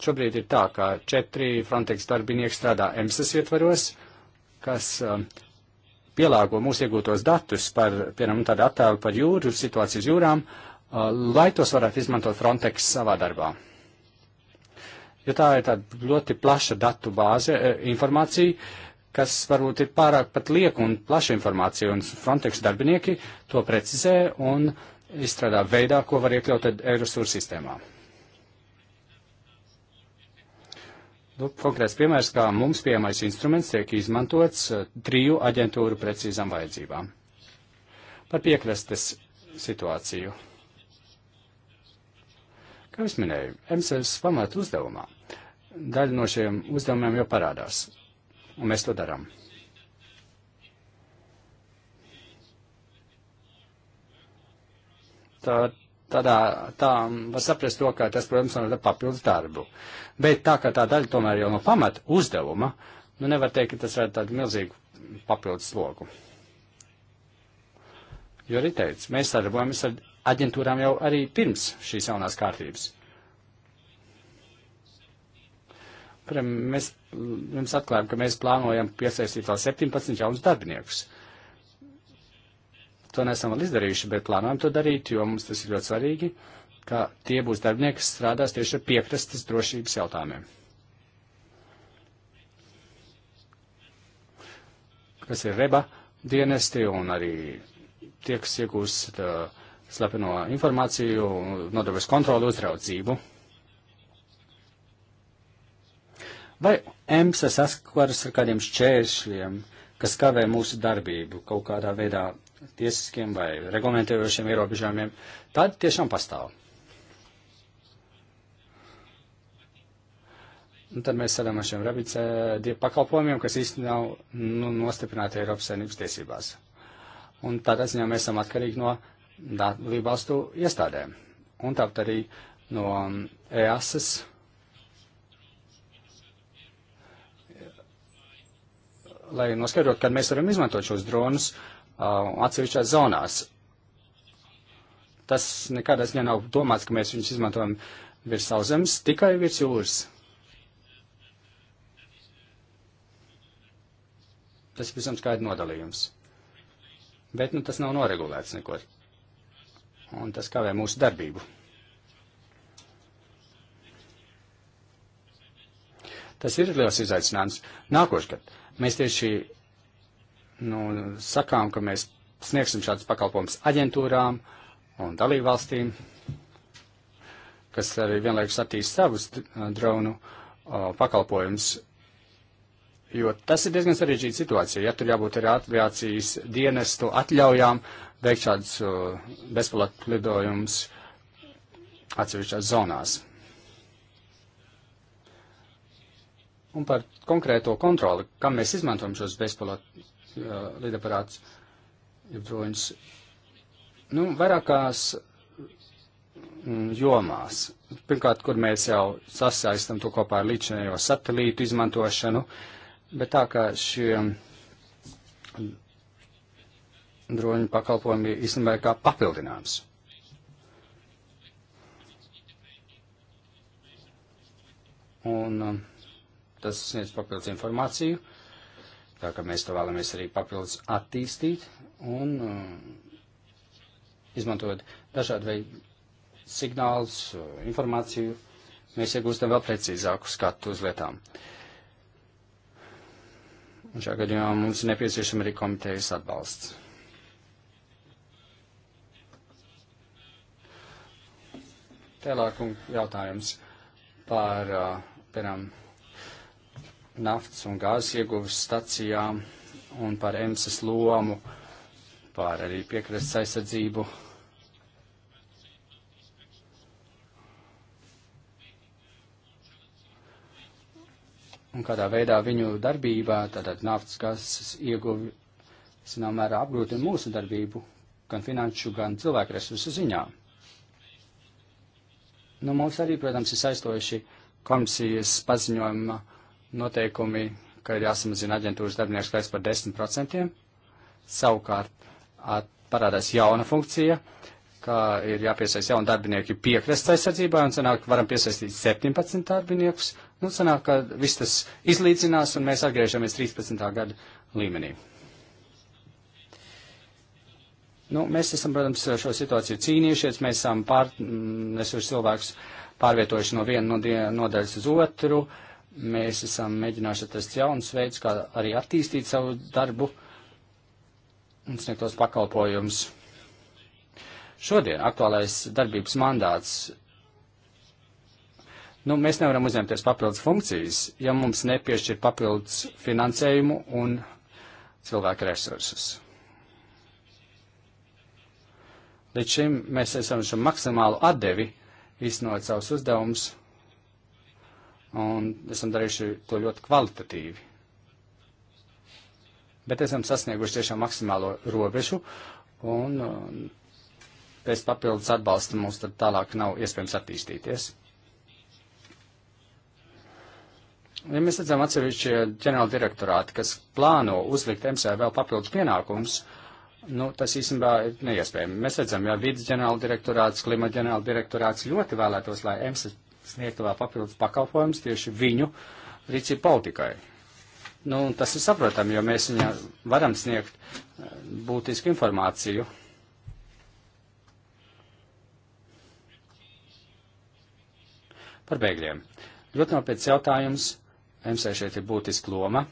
Šobrīd ir tā, ka četri Frontex darbinieki strādā EMSAS ietvaros, kas um, pielāgo mūsu iegūtos datus par, piemēram, tādu attēlu par jūru, situācijas jūrām, uh, lai tos varētu izmantot Frontex savā darbā. Jo tā ir tāda ļoti plaša datu bāze, eh, informācija, kas varbūt ir pārāk pat lieka un plaša informācija, un Frontex darbinieki to precizē un izstrādā veidā, ko var iekļaut Eirosur sistēmā. Nu, konkrēts piemērs, kā mums piemērs instruments tiek izmantots eh, triju aģentūru precīzām vajadzībām. Par piekrastes situāciju. Kā es minēju, MSS pamatu uzdevumā. Daļa no šiem uzdevumiem jau parādās, un mēs to darām. Tad tādā, tā var saprast to, ka tas, protams, nav papildus darbu. Bet tā kā tā daļa tomēr jau no pamata uzdevuma, nu nevar teikt, ka tas rada tādu milzīgu papildus slogu. Jo arī teicu, mēs sadarbojamies ar aģentūrām jau arī pirms šīs jaunās kārtības. Piemēram, mēs jums atklājam, ka mēs plānojam piesaistīt vēl 17 jaunus darbiniekus. Uh, To nesam vēl izdarījuši, bet plānojam to darīt, jo mums tas ir ļoti svarīgi, ka tie būs darbinieki, kas strādās tieši ar piekrastes drošības jautājumiem. Kas ir reba dienesti un arī tie, kas iegūst uh, slepeno informāciju, nodarbojas kontroli uzraudzību. Vai EMSA saskaras ar kādiem šķēršļiem, kas kavē mūsu darbību kaut kādā veidā tiesiskiem vai reglamentējošiem ierobežojumiem, tad tiešām pastāv. Un tad mēs sadām ar šiem rabicē eh, pakalpojumiem, kas īsti nav nu, nostiprināti Eiropas saimnības tiesībās. Un tādā ziņā mēs esam atkarīgi no dalību valstu iestādēm. Un tāpat arī no mm, EASAS lai noskaidrotu, kad mēs varam izmantot šos dronus Uh, atsevišķās zonās. Tas nekādā ziņā nav domāts, ka mēs viņus izmantojam virs sauszemes, tikai virs jūras. Tas ir visam skaidri nodalījums. Bet nu, tas nav noregulēts nekur. Un tas kavē mūsu darbību. Tas ir liels izaicinājums. Nākošgad mēs tieši nu, sakām, ka mēs sniegsim šādus pakalpojumus aģentūrām un dalībvalstīm, kas arī vienlaikus attīst savus dronu o, pakalpojumus, jo tas ir diezgan sarežģīta situācija, ja tur jābūt arī aviācijas dienestu atļaujām veikt šādus bezpilotu lidojumus atsevišķās zonās. Un par konkrēto kontroli, kam mēs izmantojam šos bezpilotu lidaparāts, jeb droņus, nu, vairākās mm, jomās. Pirmkārt, kur mēs jau sasaistam to kopā ar līdzinējo satelītu izmantošanu, bet tā kā šiem droņu pakalpojumi īstenībā ir kā papildinājums. Un um, tas sniedz papildus informāciju, Tā kā mēs to vēlamies arī papildus attīstīt un uh, um, izmantot dažādu veidu signālus, uh, informāciju, mēs iegūstam vēl precīzāku skatu uz lietām. Un šā gadījumā mums ir nepieciešama arī komitejas atbalsts. Tālāk jautājums par, uh, piemēram, naftas un gāzes ieguves stacijām un par EMSAS lomu, par arī piekrastes aizsardzību. Un kādā veidā viņu darbībā, tātad naftas gāzes ieguvi, zinām, mērā apgrūtina mūsu darbību, gan finanšu, gan cilvēku resursu ziņā. Nu, mums arī, protams, ir saistojuši komisijas paziņojuma uh, noteikumi, ka ir jāsamazina aģentūras darbinieku skaits par 10%. Savukārt at, parādās jauna funkcija, ka ir jāpiesaist jauni darbinieki piekrastes aizsardzībai, un sanāk, varam piesaistīt 17 darbiniekus. Nu, sanāk, ka viss tas izlīdzinās, un mēs atgriežamies 13. gada līmenī. Nu, mēs esam, protams, šo situāciju cīnījušies, mēs esam pārnesuši mm, cilvēkus pārvietojuši no viena nodaļas uz otru. Uh, Mēs esam mēģinājuši atrast jaunus veidus, kā arī attīstīt savu darbu un sniegtos pakalpojumus. Šodien aktuālais darbības mandāts. Nu, mēs nevaram uzņemties papildus funkcijas, ja mums nepiešķir papildus finansējumu un cilvēku resursus. Līdz šim mēs esam šo maksimālu atdevi iznot savus uzdevumus un esam darījuši to ļoti kvalitatīvi. Bet esam sasnieguši tiešām maksimālo robežu, un uh, bez papildus atbalsta mums tad tālāk nav iespējams attīstīties. Ja mēs redzam atsevišķi ģenerāla direktorāti, kas plāno uzlikt MSA vēl papildus pienākums, nu, tas īstenībā ir neiespējami. Mēs redzam, ja vidas ģenerāla direktorāts, klimata ģenerāla direktorāts ļoti vēlētos, lai MSA sniegt vēl papildus pakalpojumus tieši viņu rīcību politikai. Nu, tas ir saprotami, jo mēs viņai varam sniegt eh, būtisku informāciju. Par bēgļiem. Ļoti nopietns jautājums. MC šeit ir būtiska loma.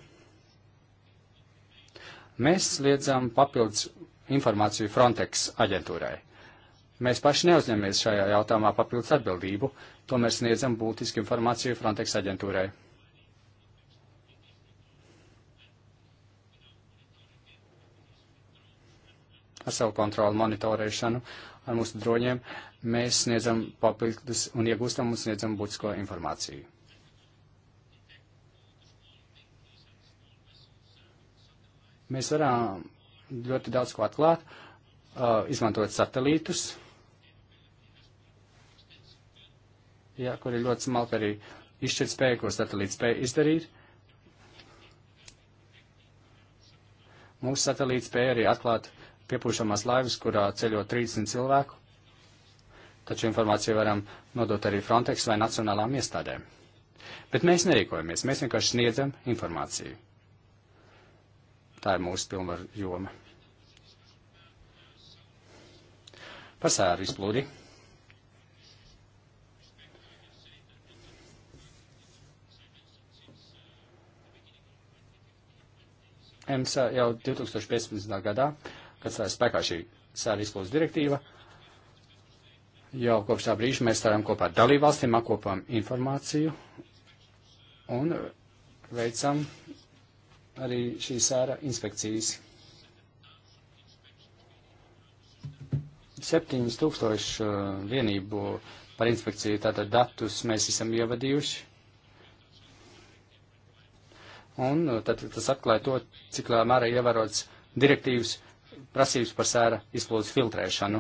Mēs sliedzam papildus informāciju Frontex aģentūrai. Mēs paši neuzņemamies šajā jautājumā papildus atbildību, tomēr sniedzam būtisku informāciju Frontex aģentūrai. Ar savu kontroli monitorēšanu, ar mūsu droņiem, mēs sniedzam papildus un iegūstam un sniedzam būtisko informāciju. Mēs varam ļoti daudz ko atklāt, uh, izmantojot satelītus, jā, kur ir ļoti smalki arī izšķirt spēju, ko satelīts spēja izdarīt. Mūsu satelīts spēja arī atklāt piepūšamās laivas, kurā ceļo 30 cilvēku, taču informāciju varam nodot arī Frontex vai nacionālām iestādēm. Bet mēs nerīkojamies, mēs vienkārši sniedzam informāciju. Tā ir mūsu pilnvaru joma. Par sēru izplūdi. EMSA jau 2015. gadā, kad stāja spēkā šī sēra izplūst direktīva, jau kopš tā brīža mēs strādājam kopā ar dalībvalstīm, apkopām informāciju un veicam arī šīs sēra inspekcijas. 7000 uh, vienību par inspekciju, tātad datus mēs esam ievadījuši Un uh, tad tas atklāja to, cik lielā mērā ievērots direktīvas prasības par sēra izplūdes filtrēšanu.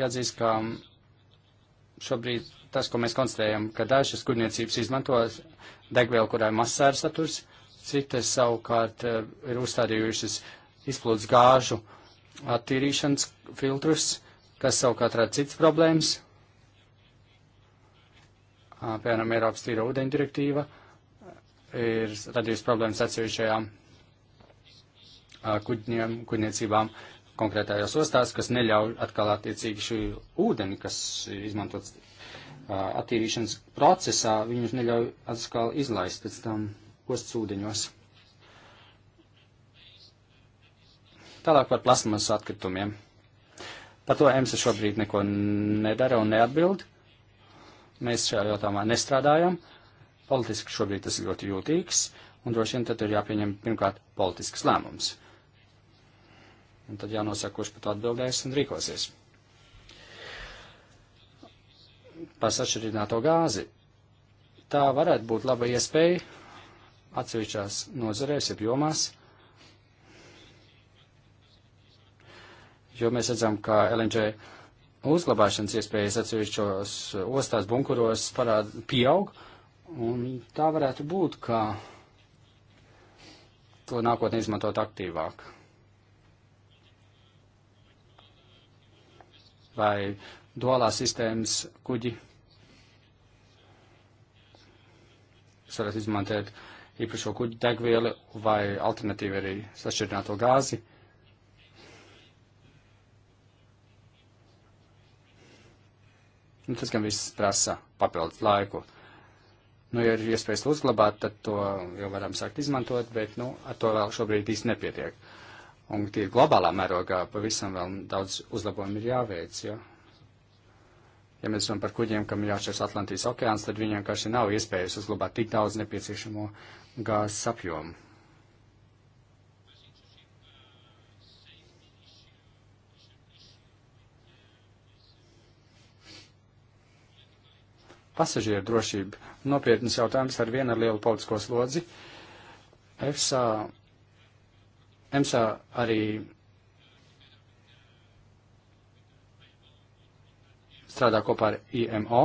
Jāatzīst, ka um, šobrīd tas, ko mēs konstatējam, ka dažas kuģniecības izmanto degvielu, kurā ir mazs sēra saturs, citas savukārt uh, ir uzstādījušas izplūdes gāžu attīrīšanas filtrus, kas savukārt rada citas problēmas, piemēram, Eiropas tīra ūdeņa direktīva ir radījusi problēmas atsevišķajām kuģiem, kuģniecībām konkrētajās ostās, kas neļauj atkal attiecīgi šī ūdeni, kas izmantots attīrīšanas procesā, viņus neļauj atkal izlaist pēc tam ostas ūdeņos. Tālāk par plasmasu atkritumiem. Par to EMSA šobrīd neko nedara un neatbild. Uh, Mēs šajā jautājumā nestrādājam. Politiski šobrīd tas ir ļoti jūtīgs, un droši vien tad ir jāpieņem pirmkārt politisks lēmums. Un tad jānosaka, kurš par to atbildēs un rīkosies. Par sašķirināto gāzi. Tā varētu būt laba iespēja atsevišķās nozarēs, jeb jomās, jo mēs redzam, ka LNG uzglabāšanas iespējas atsevišķos ostās, bunkuros parāda pieaug, un tā varētu būt, ka to nākotnē izmantot aktīvāk. Vai duālās sistēmas kuģi kas varētu izmantot īpašo kuģu degvielu vai alternatīvi arī sašķirināto gāzi. Uh, Nu, tas gan viss prasa papildus laiku. Nu, ja ir iespējas to uzglabāt, tad to jau varam sākt izmantot, bet, nu, ar to vēl šobrīd īsti nepietiek. Un tie globālā mērogā pavisam vēl daudz uzlabojumu ir jāveic, jo. Ja mēs runājam par kuģiem, kam ir jāšķirs Atlantijas okeāns, tad viņiem vienkārši nav iespējas uzglabāt tik daudz nepieciešamo gāzes apjomu. pasažieru drošība. Nopietnas jautājums ar vienu ar lielu politisko slodzi. EFSA, EMSA arī strādā kopā ar IMO.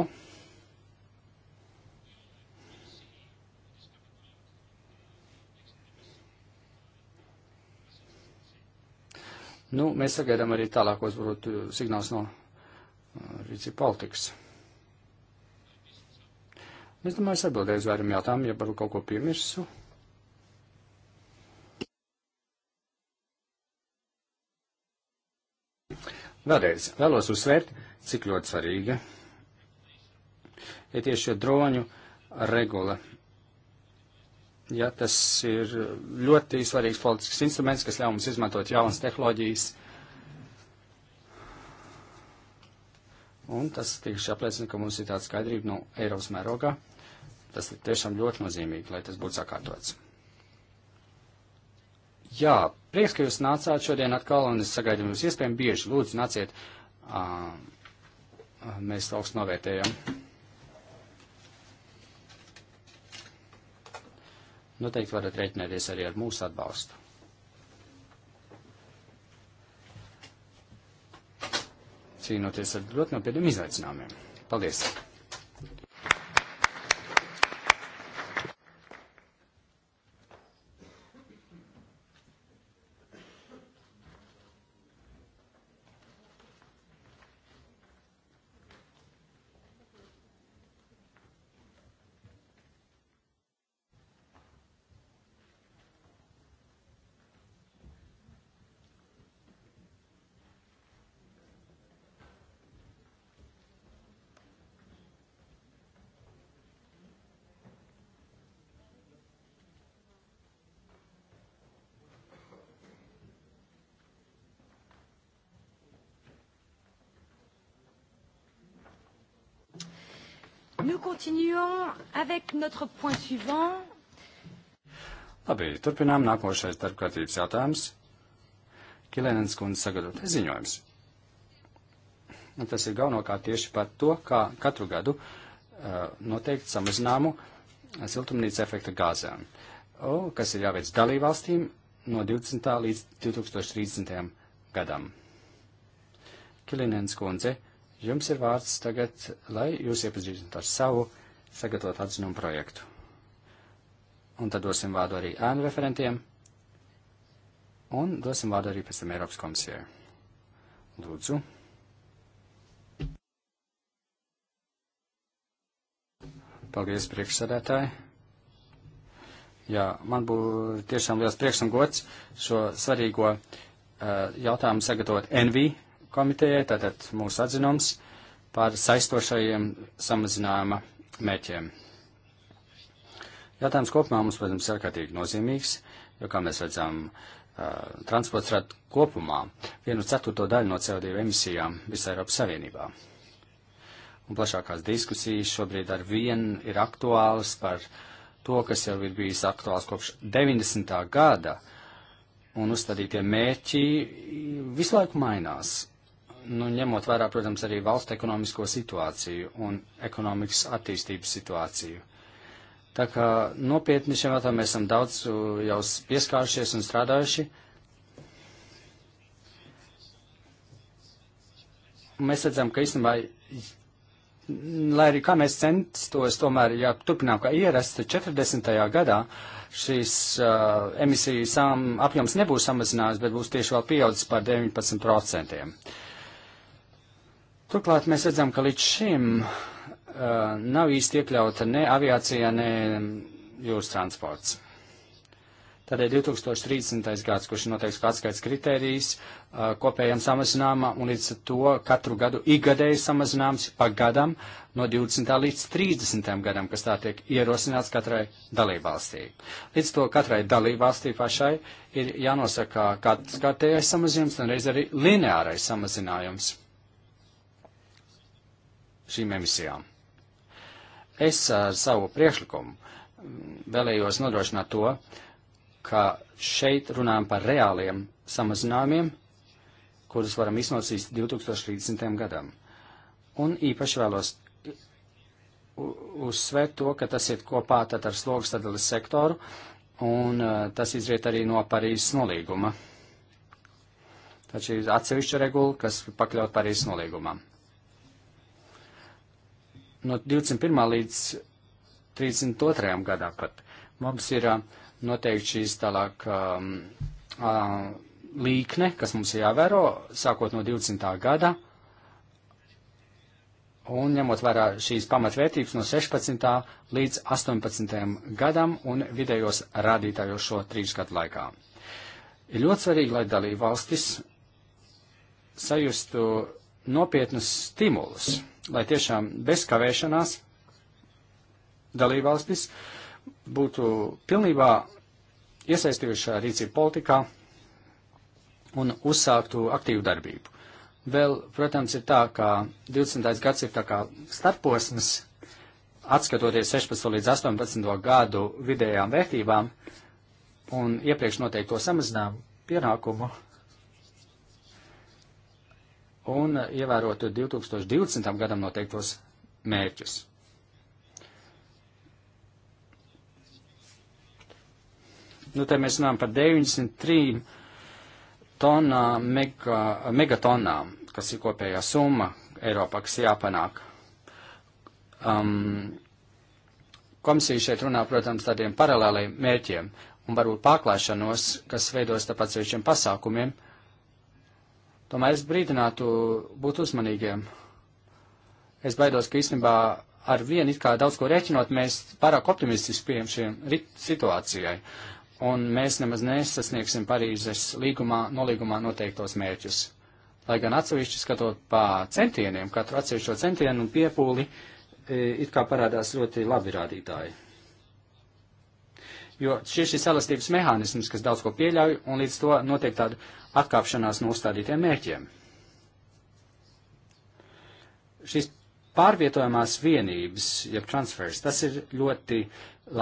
Nu, mēs sagaidām arī tālākos, varbūt, signāls no uh, rīcība politikas. Es domāju, es atbildēju uz vairiem jautājumiem, ja varu kaut ko piemirsu. Vēlreiz vēlos uzsvērt, cik ļoti svarīga ir ja tieši šo droņu regula. Ja, tas ir ļoti svarīgs politisks instruments, kas ļauj mums izmantot jaunas tehnoloģijas. Un tas tieši apliecina, ka mums ir tāda skaidrība no Eiropas mērogā. Tas ir tiešām ļoti nozīmīgi, lai tas būtu sakārtots. Jā, prieks, ka jūs nācāt šodien atkal, un es sagaidu jums iespējami bieži. Lūdzu, nāciet. Uh, mēs augstu novērtējam. Noteikti varat rēķināties arī ar mūsu atbalstu. Cīnoties ar ļoti nopietniem izaicinājumiem. Paldies! continuons avec notre point suivant. Labi, turpinām nākošais darbkārtības jautājums. Kilēnens kundze sagatavotais ziņojums. Un tas ir galvenokārt tieši par to, kā katru gadu uh, noteikti samazināmu siltumnīca efekta gāzēm, o, kas ir jāveic dalībvalstīm no 20. līdz 2030. gadam. Kilinens kundze Jums ir vārds tagad, lai jūs iepazīstinātu ar savu sagatavot atzinumu projektu. Un tad dosim vārdu arī ēnu referentiem. Un dosim vārdu arī pēc tam Eiropas komisijai. Lūdzu. Paldies, priekšsēdētāji. Jā, man būtu tiešām liels prieks un gods šo svarīgo uh, jautājumu sagatavot NV komitejai, tātad mūsu atzinums par saistošajiem samazinājuma mērķiem. Jautājums kopumā mums, protams, ir ārkārtīgi nozīmīgs, jo, kā mēs redzam, transports rada kopumā vienu ceturto daļu no CO2 emisijām visā Eiropas Savienībā. Un plašākās diskusijas šobrīd ar vienu ir aktuālas par to, kas jau ir bijis aktuāls kopš 90. gada, un uzstādītie mērķi visu laiku mainās nu, ņemot vērā, protams, arī valsts ekonomisko situāciju un ekonomikas attīstības situāciju. Tā kā nopietni šiem jautājumiem mēs esam daudz uh, jau pieskāršies un strādājuši. Mēs redzam, ka īstenībā, lai arī kā mēs centos, tomēr, ja turpinām kā ierasta 40. gadā, šīs uh, emisiju sām, apjoms nebūs samazinājis, bet būs tieši vēl pieaudzis par 19%. Turklāt mēs redzam, ka līdz šim uh, nav īsti iekļauta ne aviācija, ne jūras transports. Tādēļ 2030. gads, kurš ir noteikts kā atskaits kritērijs, uh, kopējam samazinājumam un līdz to katru gadu igadēju samazinājums pa gadam no 20. līdz 30. gadam, kas tā tiek ierosināts katrai dalībvalstī. Līdz to katrai dalībvalstī pašai ir jānosaka kāds kārtējais samazinājums un reiz arī lineārais samazinājums šīm emisijām. Es ar savu priekšlikumu vēlējos nodrošināt to, ka šeit runājam par reāliem samazinājumiem, kurus varam iznosīt 2030. gadam. Un īpaši vēlos uzsvērt to, ka tas iet kopā tad ar slogu sadales sektoru, un uh, tas izriet arī no Parīzes nolīguma. Taču ir atsevišķa regula, kas pakļaut Parīzes nolīgumam no 21. līdz 32. gadā pat mums ir noteikti šīs tālāk um, uh, līkne, kas mums ir jāvēro, sākot no 20. gada, un ņemot vērā šīs pamatvērtības no 16. līdz 18. gadam un vidējos rādītājos šo trīs gadu laikā. Ir ļoti svarīgi, lai dalība valstis sajustu nopietnus stimulus. Mm lai tiešām bez kavēšanās dalībvalstis būtu pilnībā iesaistījušā rīcība politikā un uzsāktu aktīvu darbību. Vēl, protams, ir tā, ka 20. gads ir tā kā starposms, atskatoties 16 līdz 18 gadu vidējām vērtībām un iepriekš noteikto samazinājumu pienākumu un ievērotu 2020. gadam noteiktos mērķus. Nu, te mēs runājam par 93 tonām, mega, megatonām, kas ir kopējā summa Eiropā, kas jāpanāk. Um, komisija šeit runā, protams, tādiem paralēliem mērķiem un varbūt pārklāšanos, kas veidos tāpat sevišķiem pasākumiem, Tomēr es brīdinātu būt uzmanīgiem. Es baidos, ka īstenībā ar vienu it kā daudz ko rēķinot, mēs pārāk optimistiski pieejam šiem situācijai, un mēs nemaz nesasniegsim Parīzes līgumā, nolīgumā noteiktos mērķus. Lai gan atsevišķi skatot pa centieniem, katru atsevišķo centienu un piepūli, e, it kā parādās ļoti labi rādītāji. Jo šis ir salastības mehānisms, kas daudz ko pieļauj, un līdz to notiek tāda atkāpšanās no uzstādītiem mērķiem. Šīs pārvietojamās vienības, jeb transfers, tas ir ļoti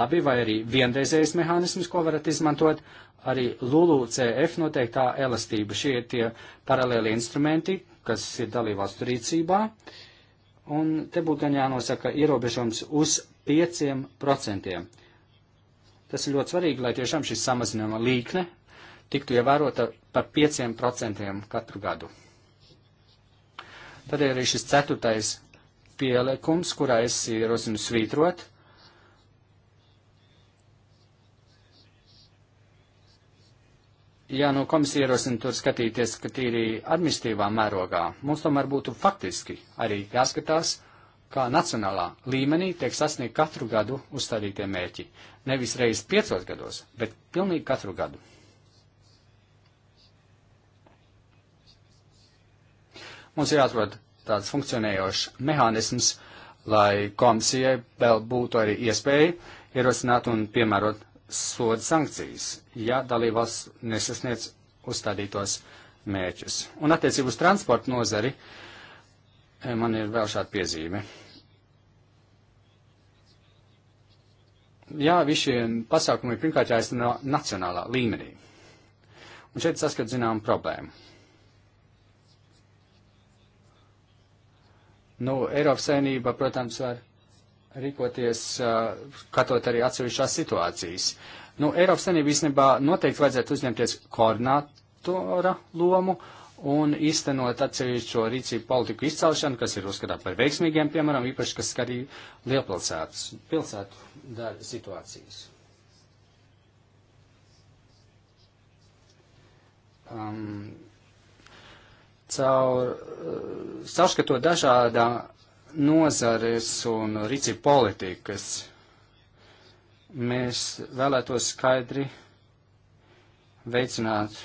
labi, vai arī vienreizējais mehānisms, ko varat izmantot, arī LULUCF noteiktā elastība. Šie ir tie paralēli instrumenti, kas ir dalībvalstu rīcībā, un te būtu gan jānosaka ierobežams uz 5%. Tas ir ļoti svarīgi, lai tiešām šis samazinājuma līkne tiktu ievērota par 5% katru gadu. Tad ir arī šis ceturtais pielikums, kurā es ierosinu svītrot. Ja nu komisija ierosina tur skatīties, ka tīri administratīvā mērogā, mums tomēr būtu faktiski arī jāskatās, uh, kā nacionālā līmenī tiek sasniegt katru gadu uzstādītie mērķi. Nevis reiz piecos gados, bet pilnīgi katru gadu. Mums ir jāatrod tāds funkcionējošs mehānisms, lai komisijai vēl būtu arī iespēja ierosināt un piemērot sodu sankcijas, ja dalībvalsts nesasniedz uzstādītos mērķus. Un attiecību uz transportu nozari eh, man ir vēl šāda piezīme. jā, visi šie pasākumi ir pirmkārt jāizteno nacionālā līmenī. Un šeit saskat zinām problēmu. Nu, Eiropas saimnība, protams, var rīkoties, uh, katot arī atsevišķās situācijas. Nu, Eiropas saimnība īstenībā noteikti vajadzētu uzņemties koordinātora lomu, uh, un īstenot atsevišķo rīcību politiku izcelšanu, kas ir uzskatāt par veiksmīgiem, piemēram, īpaši, kas skar arī lielpilsētas, pilsētu daļu situācijas. Um, caur uh, saskatot dažādā nozares un rīcību politikas, mēs vēlētos skaidri veicināt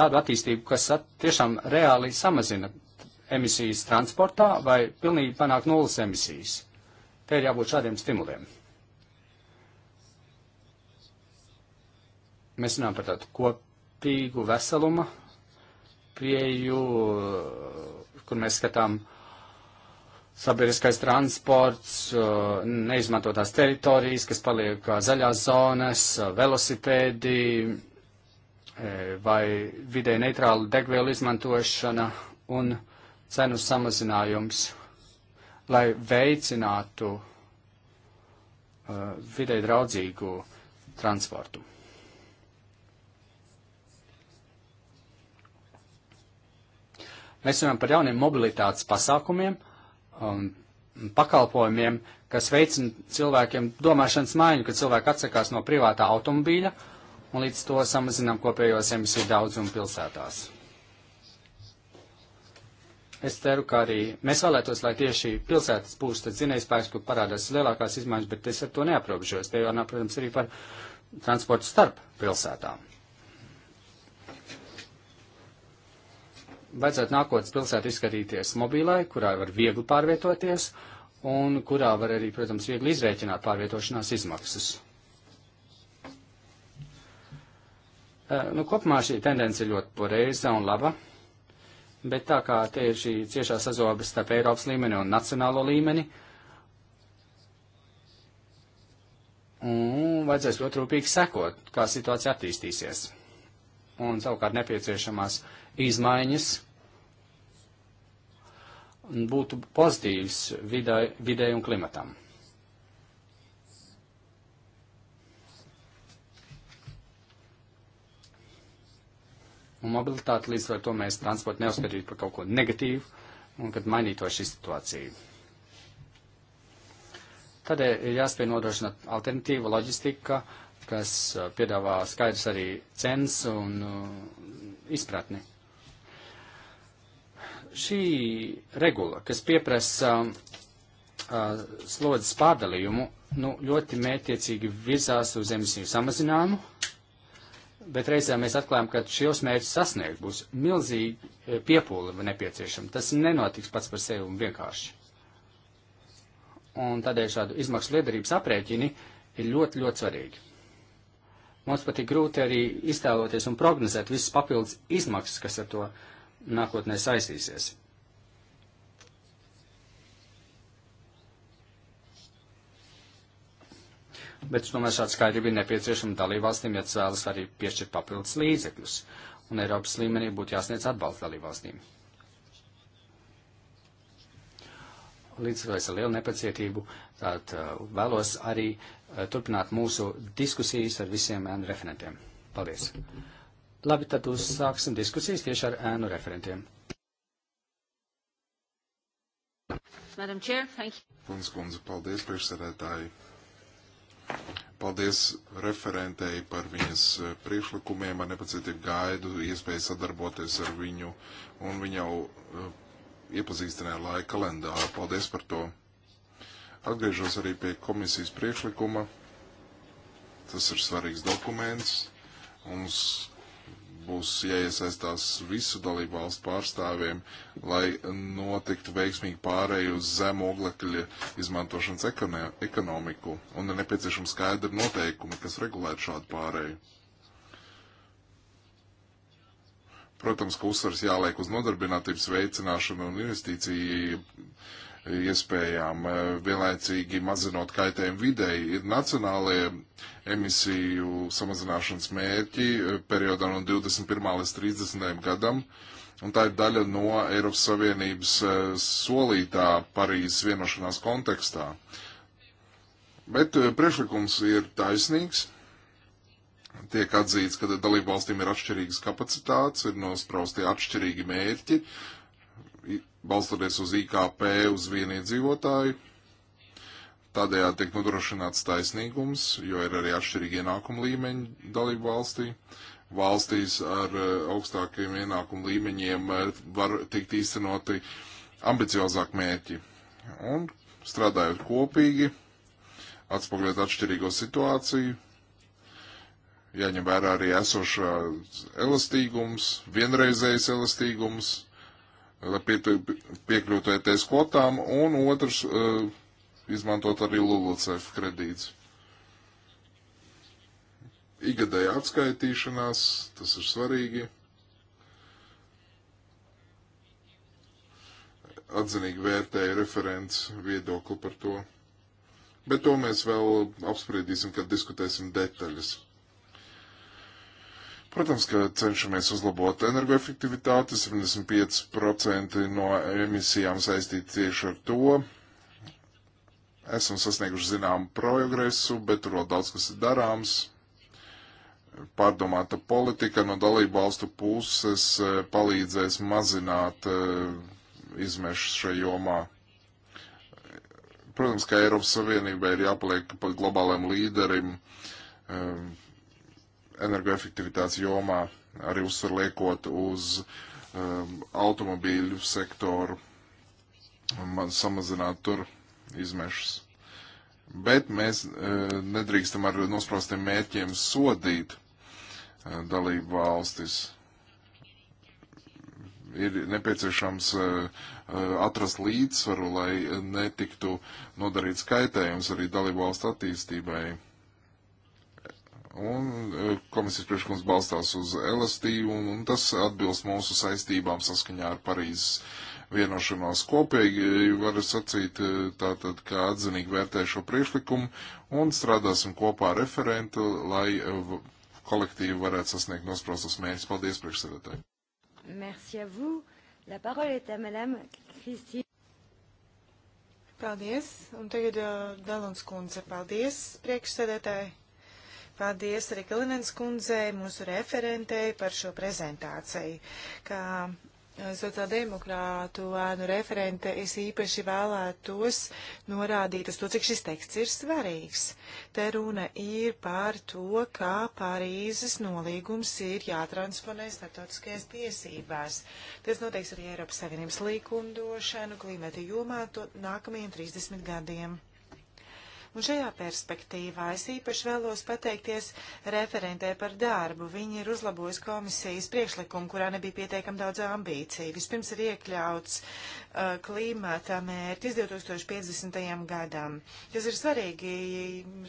tādu attīstību, kas at, tiešām reāli samazina emisijas transportā vai pilnīgi panāk nulles emisijas. Te ir jābūt šādiem stimuliem. Mēs runājam par tādu kopīgu veseluma pieju, kur mēs skatām sabiedriskais transports, neizmantotās teritorijas, kas paliek zaļās zonas, velosipēdi, E, vai vidē neitrālu degvielu izmantošana un cenu samazinājums, lai veicinātu e, vidē draudzīgu transportu. Mēs runājam par jauniem mobilitātes pasākumiem un pakalpojumiem, kas veicina cilvēkiem domāšanas maiņu, kad cilvēki atsakās no privātā automobīļa un līdz to samazinām kopējos emisiju daudzumu pilsētās. Es ceru, ka arī mēs vēlētos, lai tieši pilsētas būs tas zinējspēks, kur parādās lielākās izmaiņas, bet es ar to neaprobežos. Te jau, protams, arī par transportu starp pilsētām. Vajadzētu nākotnes pilsētu izskatīties mobilai, kurā var viegli pārvietoties un kurā var arī, protams, viegli izrēķināt pārvietošanās izmaksas. Eh, nu, kopumā šī tendence ir ļoti pareiza un laba, bet tā kā te ir šī ciešā sazobe starp Eiropas līmeni un nacionālo līmeni, un vajadzēs ļoti rūpīgi sekot, kā situācija attīstīsies. Un savukārt nepieciešamās izmaiņas būtu pozitīvas vidai, videi un klimatam. un mobilitāti, līdz ar to mēs transportu neuzskatītu par kaut ko negatīvu, un kad mainīto šī situācija. Tādēļ ir jāspēj nodrošināt alternatīvu loģistika, kas uh, piedāvā skaidrs arī cenas un uh, izpratni. Šī regula, kas pieprasa uh, slodzes pārdalījumu, nu, ļoti mētiecīgi virzās uz emisiju samazinājumu, bet reizē mēs atklājam, ka šos mērķus sasniegt būs milzīgi e, piepūle nepieciešama. Tas nenotiks pats par sevi un vienkārši. Un tādēļ šādu izmaksu liederības aprēķini ir ļoti, ļoti svarīgi. Mums pat ir grūti arī iztēloties un prognozēt visas papildus izmaksas, kas ar to nākotnē saistīsies. bet es domāju, šāda skaidrība ir nepieciešama dalībvalstīm, ja cēlas arī piešķirt papildus līdzekļus, un Eiropas līmenī būtu jāsniedz atbalsts dalībvalstīm. Līdzsvaros ar lielu nepacietību, tad uh, vēlos arī uh, turpināt mūsu diskusijas ar visiem ēnu referentiem. Paldies! Labi, tad uzsāksim diskusijas tieši ar ēnu referentiem. Madam Chair, thank you. Kunskundze, paldies priekšsēdētāji. Paldies referentei par viņas eh, priekšlikumiem. Ar nepacietību gaidu iespēju sadarboties ar viņu. Un viņa jau eh, iepazīstināja laika kalendāru. Paldies par to. Atgriežos arī pie komisijas priekšlikuma. Tas ir svarīgs dokuments. Mums būs jāiesaistās visu dalību valstu pārstāvjiem, lai notiktu veiksmīgi pārēju uz zem oglekļa izmantošanas ekonomiku, un ir nepieciešama skaidra noteikumi, kas regulētu šādu pārēju. Protams, ka uzsvars jāliek uz nodarbinātības veicināšanu un investīciju iespējām, eh, vienlaicīgi mazinot kaitējumu videi, ir nacionālie emisiju samazināšanas mērķi eh, periodā no 21. līdz 30. gadam. Un tā ir daļa no Eiropas Savienības eh, solītā Parīzes vienošanās kontekstā. Bet priekšlikums ir taisnīgs. Tiek atzīts, ka dalībvalstīm ir atšķirīgas kapacitātes, ir nosprausti atšķirīgi mērķi, balstoties uz IKP uz vienu iedzīvotāju. Tādējādi tiek nodrošināts taisnīgums, jo ir arī atšķirīgi ienākumu līmeņi dalību valstī. Valstīs ar eh, augstākiem ienākumu līmeņiem eh, var tikt īstenoti ambiciozāk mērķi. Un strādājot kopīgi, atspoguļot atšķirīgo situāciju, jāņem vērā arī esošā elastīgums, vienreizējs elastīgums, lai piekļūtu ETS kvotām, un otrs eh, izmantot arī LULUCF kredītus. Igadēja atskaitīšanās, tas ir svarīgi. Atzinīgi vērtēja referents viedokli par to. Bet to mēs vēl apspriedīsim, kad diskutēsim detaļas. Protams, ka cenšamies uzlabot energoefektivitāti, 75% no emisijām saistīti tieši ar to. Esam sasnieguši zinām progresu, bet tur vēl daudz kas ir darāms. Pārdomāta politika no dalību valstu puses eh, palīdzēs mazināt eh, izmešus šajā jomā. Protams, ka Eiropas Savienībai ir jāpaliek globālajam līderim eh, energoefektivitātes jomā, arī uzsver liekot uz um, automobīļu sektoru, man samazināt tur izmešas. Bet mēs uh, nedrīkstam ar nosprostiem mērķiem sodīt uh, dalību valstis. Ir nepieciešams uh, uh, atrast līdzsvaru, lai netiktu nodarīts kaitējums arī dalību valstu attīstībai Un eh, komisijas priekšlikums balstās uz elastību, un, un tas atbilst mūsu saistībām saskaņā ar Parīzes vienošanos kopīgi. Eh, var sacīt eh, tātad, ka atzinīgi vērtē šo priekšlikumu un strādāsim kopā ar referentu, lai kolektīvi varētu sasniegt nosprostos mērķus. Paldies, priekšsēdētāji! Merci à vous. La parole est à madame Christine. Paldies, un tagad uh, Dalons kundze, paldies, priekšsēdētāji. Paldies arī Kalinens kundzei, mūsu referentei par šo prezentāciju. Kā eh, sociāldemokrātu ēnu referente es īpaši vēlētos norādīt uz to, cik šis teksts ir svarīgs. Te runa ir par to, kā Parīzes nolīgums ir jātransponē starptautiskajās tiesībās. Tas noteiks arī Eiropas Savienības līkumdošanu klimata jomā to nākamajiem 30 gadiem. Un šajā perspektīvā es īpaši vēlos pateikties referentē par darbu. Viņi ir uzlabojusi komisijas priekšlikumu, kurā nebija pietiekami daudz ambīciju. Vispirms ir iekļauts uh, klimata mērķis 2050. gadam. Tas ir svarīgi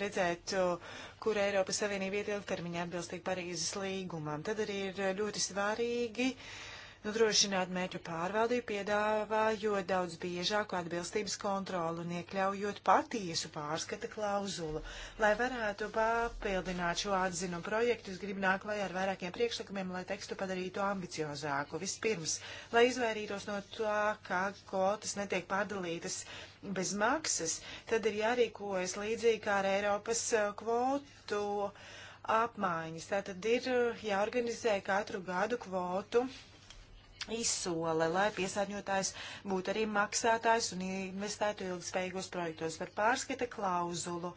redzēt, uh, kur Eiropas Savienība iet ilgtermiņā atbilstīgi Parīzes līgumam. Tad arī ir ļoti svarīgi uh, nodrošināt mērķu pārvaldību, piedāvājot daudz biežāku atbilstības kontrolu un iekļaujot patiesu pārskata klauzulu. Lai varētu papildināt šo atzinu projektu, es gribu nākt klajā ar vairākiem priekšlikumiem, lai tekstu padarītu ambiciozāku. Vispirms, lai izvairītos no tā, kā kvotas netiek padalītas bez maksas, tad ir jārīkojas līdzīgi kā ar Eiropas eh, kvotu apmaiņas. Tātad ir jāorganizē katru gadu kvotu izsole, lai piesārņotājs būtu arī maksātājs un investētu ilgspējīgos projektos par pārskata klauzulu.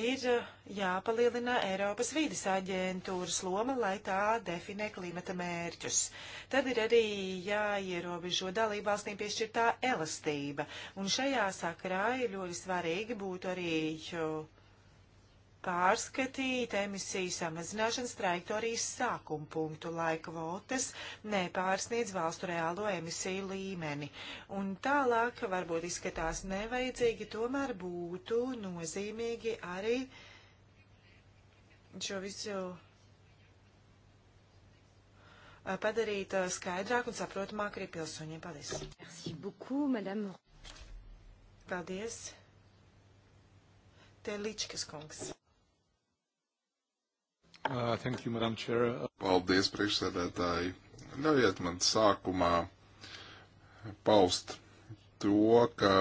Ir eh, jāpalielina Eiropas vīdes aģentūras loma, lai tā definē klimata mērķus. Tad ir arī jāierobežo dalībvalstīm piešķirtā elastība. Un šajā sakrā ir ļoti svarīgi būtu arī. Uh, pārskatīt emisiju samazināšanas trajektorijas sākuma punktu, lai kvotas nepārsniedz valstu reālo emisiju līmeni. Un tālāk, varbūt izskatās nevajadzīgi, tomēr būtu nozīmīgi arī šo visu padarīt skaidrāk un saprotamāk arī pilsoņiem. Paldies! Merci beaucoup, madame. Paldies! Teličkas kungs. Uh, thank you, Madam Chair. Paldies, priekšsēdētāji. Ļaujiet man sākumā paust to, ka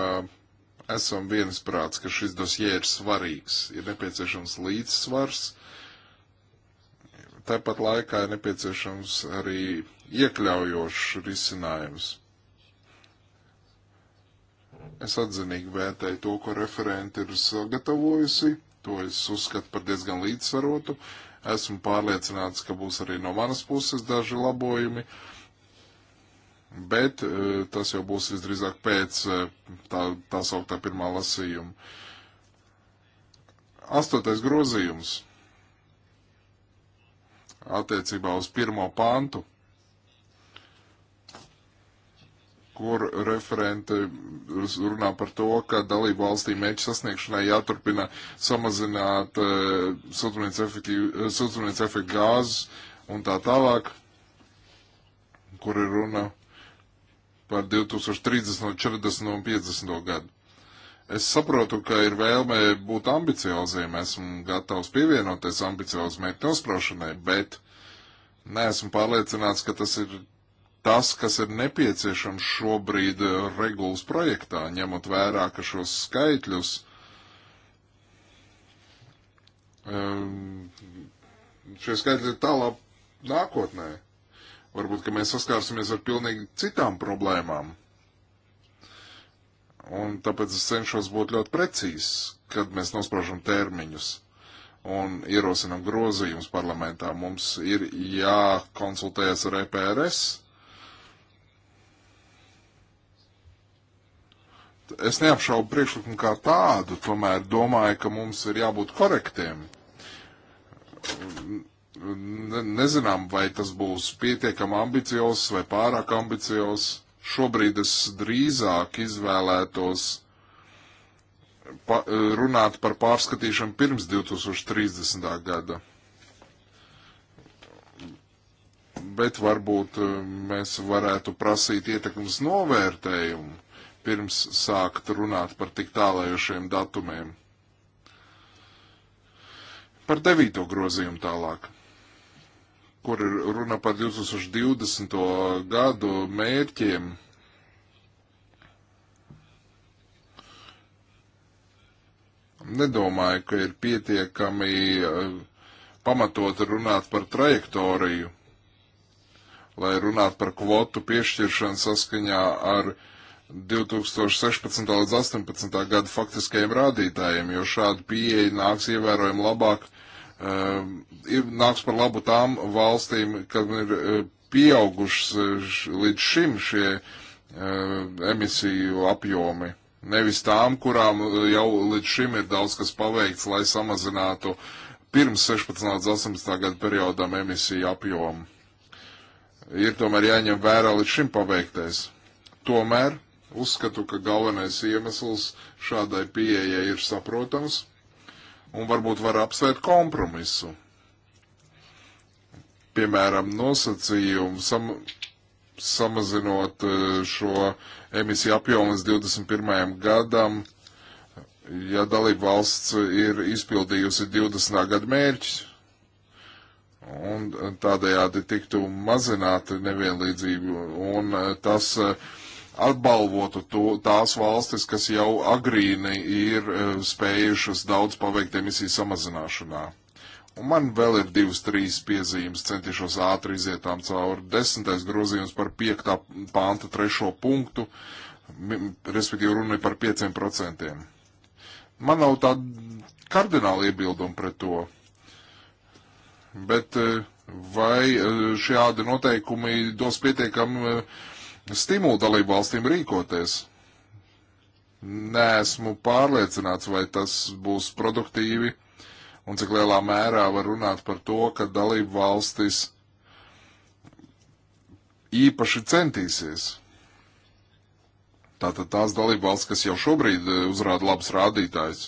esam viensprāts, ka šis dosie ir svarīgs, ir nepieciešams līdzsvars. Tāpat laikā ir nepieciešams arī iekļaujošs risinājums. Es atzinīgi vērtēju to, ko referenti ir sagatavojusi, to es uzskatu par diezgan līdzsvarotu. Uh, Esmu pārliecināts, ka būs arī no manas puses daži labojumi, bet e, tas jau būs visdrīzāk pēc e, tā, tā sauktā pirmā lasījuma. Astotais grozījums attiecībā uz pirmo pantu kur referente runā par to, ka dalību valstī mērķu sasniegšanai jāturpina samazināt uh, siltumnīca efektu gāzes un tā tālāk, kur ir runa par 2030, 40 un 50 gadu. Es saprotu, ka ir vēlme būt ambicioziem, esmu gatavs pievienoties ambiciozu mērķu nosprošanai, bet neesmu pārliecināts, ka tas ir tas, kas ir nepieciešams šobrīd eh, regulas projektā, ņemot vērā, ka šos skaitļus eh, šie skaitļi ir tālāk nākotnē. Varbūt, ka mēs saskārsimies ar pilnīgi citām problēmām. Un tāpēc es cenšos būt ļoti precīzs, kad mēs nospraužam termiņus un ierosinam grozījumus parlamentā. Mums ir jākonsultējas ar EPRS es neapšaubu priekšlikumu kā tādu, tomēr domāju, ka mums ir jābūt korektiem. Ne, nezinām, vai tas būs pietiekami ambiciozs vai pārāk ambiciozs. Šobrīd es drīzāk izvēlētos pa, runāt par pārskatīšanu pirms 2030. gada. Bet varbūt eh, mēs varētu prasīt ietekmes novērtējumu pirms sākt runāt par tik tālējošiem datumiem. Par devīto grozījumu tālāk, kur ir runa par 2020. gadu mērķiem. Nedomāju, ka ir pietiekami eh, pamatot runāt par trajektoriju, lai runātu par kvotu piešķiršanu saskaņā ar uh, 2016. līdz 2018. gada faktiskajiem rādītājiem, jo šāda pieeja nāks ievērojami labāk, uh, nāks par labu tām valstīm, kad ir uh, pieaugušas uh, š, līdz šim šie uh, emisiju apjomi. Nevis tām, kurām uh, jau līdz šim ir daudz kas paveikts, lai samazinātu pirms 16. līdz 18. gada periodam emisiju apjomu. Ir tomēr jāņem vērā līdz šim paveiktais. Tomēr Uzskatu, ka galvenais iemesls šādai pieejai ir saprotams un varbūt var apsvērt kompromisu. Piemēram, nosacījumu sam samazinot e, šo emisiju apjomu līdz 21. gadam, ja dalība valsts ir izpildījusi 20. gada mērķus, un tādējādi tiktu mazināta nevienlīdzība, un e, tas uh, atbalvotu to, tās valstis, kas jau agrīni ir e, spējušas daudz paveikt emisiju samazināšanā. Un man vēl ir divas, trīs piezīmes, centīšos ātri iziet tām cauri. Desmitais grozījums par piektā panta trešo punktu, respektīvi runa ir par pieciem procentiem. Man nav tāda kardināla iebilduma pret to, bet e, vai e, šādi noteikumi dos pietiekami uh, stimulu dalību valstīm rīkoties. Nesmu pārliecināts, vai tas būs produktīvi un cik lielā mērā var runāt par to, ka dalību valstis īpaši centīsies. Tātad tās dalību valsts, kas jau šobrīd eh, uzrāda labus rādītājus,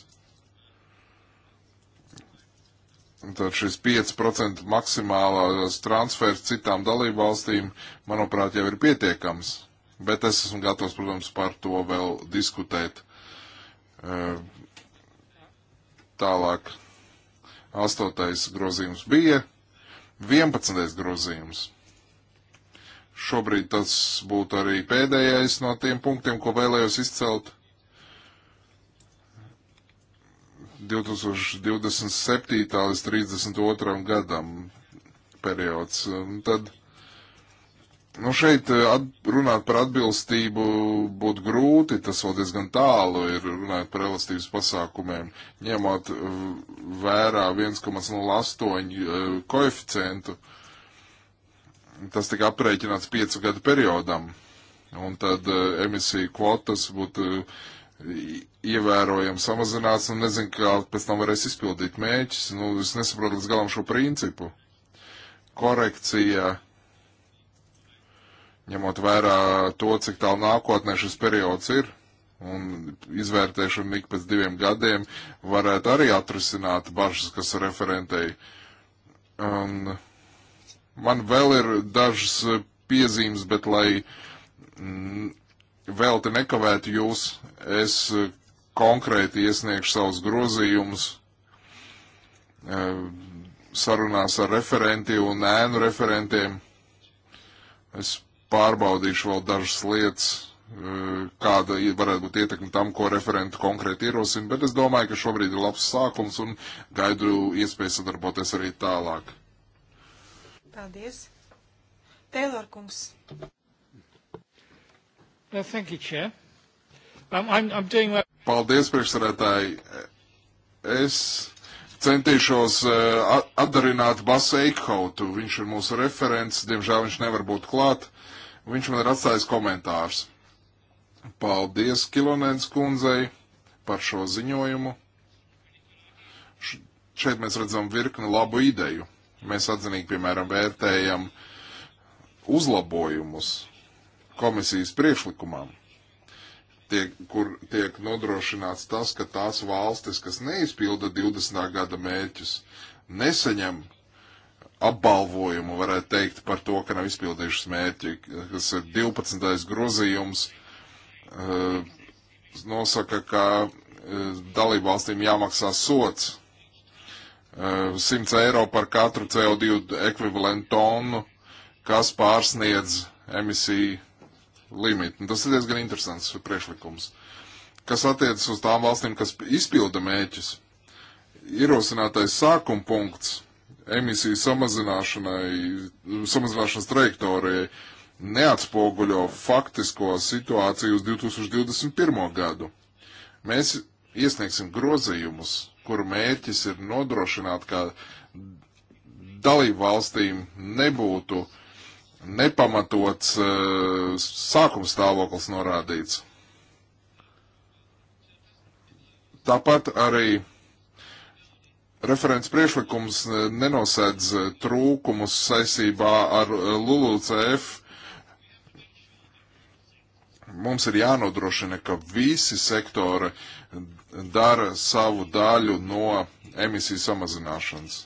Tad šis 5% maksimālās transfers citām dalībvalstīm, manuprāt, jau ir pietiekams. Bet es esmu gatavs, protams, par to vēl diskutēt e, tālāk. 8. grozījums bija 11. grozījums. Šobrīd tas būtu arī pēdējais no tiem punktiem, ko vēlējos izcelt. 2027. līdz 32. gadam periods. Un tad, nu šeit eh, at, runāt par atbilstību būtu grūti, tas vēl diezgan tālu ir runāt par elastības pasākumiem, ņemot eh, vērā 1,08 eh, koeficientu. Tas tika aprēķināts piecu gadu periodam. Un tad emisiju kvotas būtu uh, ievērojami samazinās un nezinu, kā pēc tam varēs izpildīt mēķis. Nu, es nesaprotu līdz galam šo principu. Korekcija, ņemot vērā to, cik tālu nākotnē šis periods ir, un izvērtēšana ik pēc diviem gadiem varētu arī atrisināt bažas, kas referentei. Un man vēl ir dažas piezīmes, bet lai mm, vēl te nekavētu jūs, es eh, konkrēti iesniegšu savus grozījumus eh, sarunās ar referenti un ēnu referentiem. Es pārbaudīšu vēl dažas lietas, eh, kāda varētu būt ietekme tam, ko referenti konkrēti ierosina, bet es domāju, ka šobrīd ir labs sākums un gaidu iespēju sadarboties arī tālāk. Paldies. Tēlor kungs. Uh, thank you, Chair. Um, I'm, I'm doing that. Paldies, priekšsarētāji. Es centīšos uh, atdarināt Basu Eikhautu. Viņš ir mūsu referents, diemžēl viņš nevar būt klāt. Viņš man ir atstājis komentārs. Paldies Kilonēns kundzei par šo ziņojumu. Šeit mēs redzam virkni labu ideju. Mēs atzinīgi, piemēram, vērtējam uzlabojumus komisijas priekšlikumam, tiek, kur tiek nodrošināts tas, ka tās valstis, kas neizpilda 20. gada mērķus, nesaņem apbalvojumu, varētu teikt, par to, ka nav izpildījušas mērķi, kas ir 12. grozījums, eh, nosaka, ka eh, dalībvalstīm jāmaksā sots 100 eh, eiro par katru CO2 ekvivalentu tonu, kas pārsniedz emisiju limitu. Tas ir diezgan interesants priekšlikums. Kas attiecas uz tām valstīm, kas izpilda mēķus, ierosinātais sākuma punkts emisiju samazināšanai, samazināšanas trajektorijai neatspoguļo faktisko situāciju uz 2021. gadu. Mēs iesniegsim grozījumus, kuru mērķis ir nodrošināt, ka dalību valstīm nebūtu uh, nepamatots eh, sākuma stāvoklis norādīts. Tāpat arī referents priešlikums eh, nenosēdz eh, trūkumus saistībā ar LULUCF. Mums ir jānodrošina, ka visi sektori dara savu daļu no emisiju samazināšanas.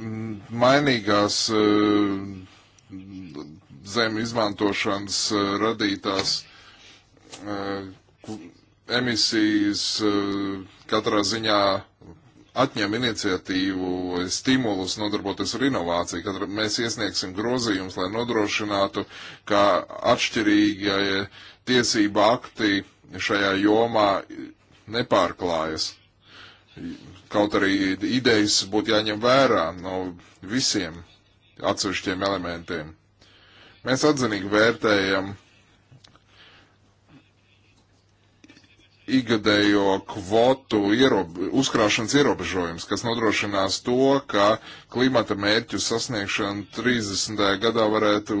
Mm, mainīgās eh, zem izmantošanas eh, radītās eh, emisijas katrā ziņā atņem iniciatīvu, stimulus nodarboties ar inovāciju. Katra, mēs iesniegsim grozījumus, lai nodrošinātu, ka atšķirīgie tiesība akti šajā jomā nepārklājas. Kaut arī idejas būtu jāņem vērā no visiem atsevišķiem elementiem. Mēs atzinīgi vērtējam igadējo kvotu ierob uzkrāšanas ierobežojums, kas nodrošinās to, ka klimata mērķu sasniegšana 30. gadā varētu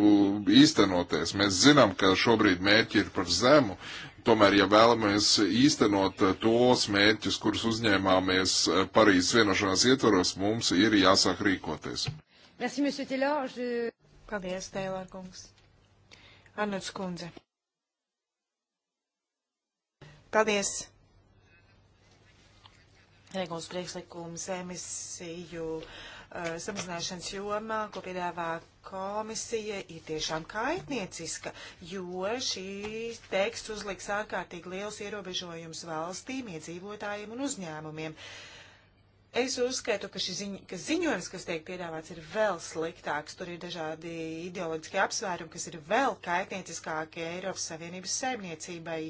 īstenoties. Mēs zinām, ka šobrīd mērķi ir par zemu, Tomēr, ja vēlamies īstenot eh, tos mērķus, kurus uzņēmāmies eh, Parīzes vienošanās ietvaros, mums ir jāsāk rīkoties. Merci, monsieur Taylor. Je... Paldies, Taylor kungs. Arnots kundze. Paldies. Regulas priekšlikums emisiju. Uh, Eh, samazināšanas jomā, ko piedāvā komisija, ir tiešām kaitnieciska, jo šī teksts uzliks ārkārtīgi liels ierobežojums valstīm, iedzīvotājiem un uzņēmumiem. Es uzskaitu, ka šis ziņ, ka ziņojums, kas tiek piedāvāts, ir vēl sliktāks. Tur ir dažādi ideoloģiski apsvērumi, kas ir vēl kaitnieciskākie Eiropas Savienības saimniecībai,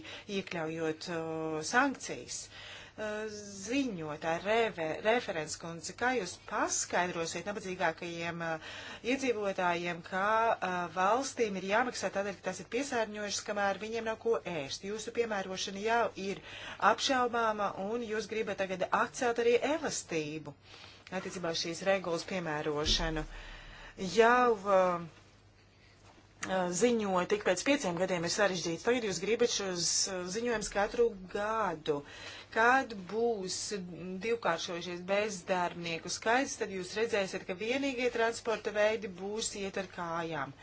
iekļaujot o, eh, sankcijas. Uh, ziņotāja, referents kundze, kā jūs paskaidrosiet nabadzīgākajiem eh, iedzīvotājiem, kā eh, valstīm ir jāmaksā tādēļ, ka tas ir piesārņojušas, kamēr viņiem nav ko ēst. Jūsu piemērošana jau ir apšaubāma un jūs gribat tagad atcelt arī elastību attiecībā šīs regulas piemērošanu. Jau uh, ziņoja tik pēc pieciem gadiem ir sarežģīts. Tagad jūs gribat šos ziņojumus katru gadu. Uh, Kad būs divkāršojušies bezdarbnieku skaits, tad jūs redzēsiet, ka vienīgie transporta veidi būs iet ar kājām.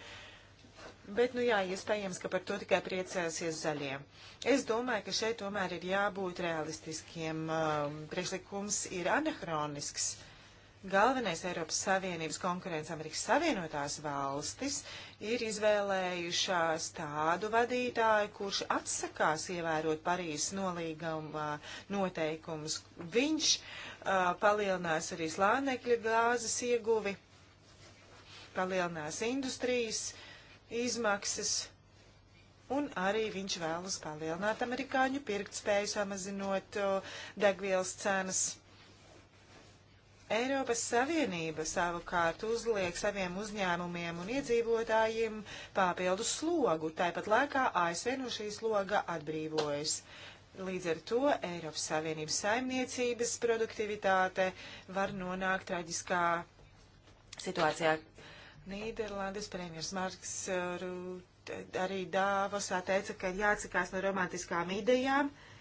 Bet, nu jā, iespējams, ka par to tikai priecēsies zaļie. Es domāju, ka šeit tomēr ir jābūt realistiskiem. Um, priekšlikums ir anahronisks. Uh, Galvenais Eiropas Savienības konkurents Amerikas Savienotās valstis ir izvēlējušās tādu vadītāju, kurš atsakās ievērot Parīzes nolīguma noteikumus. Viņš uh, palielinās arī slānekļa gāzes ieguvi, palielinās industrijas izmaksas un arī viņš vēlas palielināt amerikāņu pirktspēju, samazinot degvielas cenas. Eiropas Savienība savukārt uzliek saviem uzņēmumiem un iedzīvotājiem papildus slogu, tāpat laikā ASV no šī sloga atbrīvojas. Līdz ar to Eiropas Savienības saimniecības produktivitāte var nonākt traģiskā situācijā. Nīderlandes premjers Marks uh, arī Dāvosā teica, ka jāatsakās no romantiskām idejām. Uh,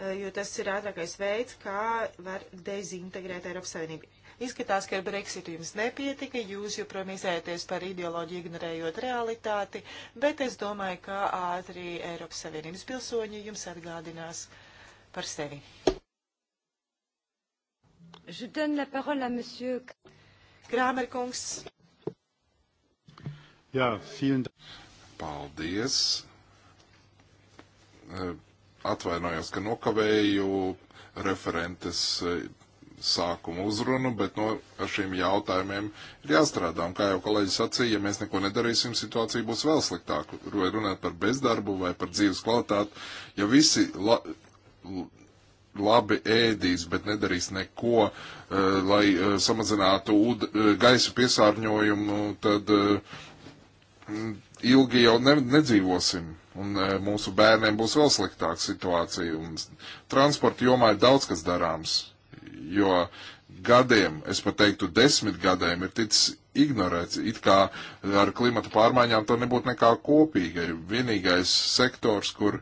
Eh, jo tas ir ātrākais veids, kā var dezintegrēt Eiropas Savienību. Izskatās, ka ar Brexitu jums nepietika, jūs joprojām izējāties par ideoloģiju, ignorējot realitāti, bet es domāju, ka ātri Eiropas Savienības pilsoņi jums atgādinās par sevi. Je donne la parole à monsieur Krāmerkungs. Jā, vielen Dank. Paldies. Uh Atvainojos, ka nokavēju referentes eh, sākumu uzrunu, bet no šiem jautājumiem ir jāstrādā. Un kā jau kolēģis sacīja, ja mēs neko nedarīsim, situācija būs vēl sliktāka. Vai runāt par bezdarbu vai par dzīves kvalitāti, ja visi la labi ēdīs, bet nedarīs neko, uh, lai uh, samazinātu ūd, uh, gaisa piesārņojumu, tad ilgi jau ne, nedzīvosim, un e, mūsu bērniem būs vēl sliktāka situācija. Un transporta jomā ir daudz kas darāms, jo gadiem, es pat teiktu desmit gadiem, ir ticis ignorēts, it kā ar klimata pārmaiņām to nebūtu nekā kopīga. Vienīgais sektors, kur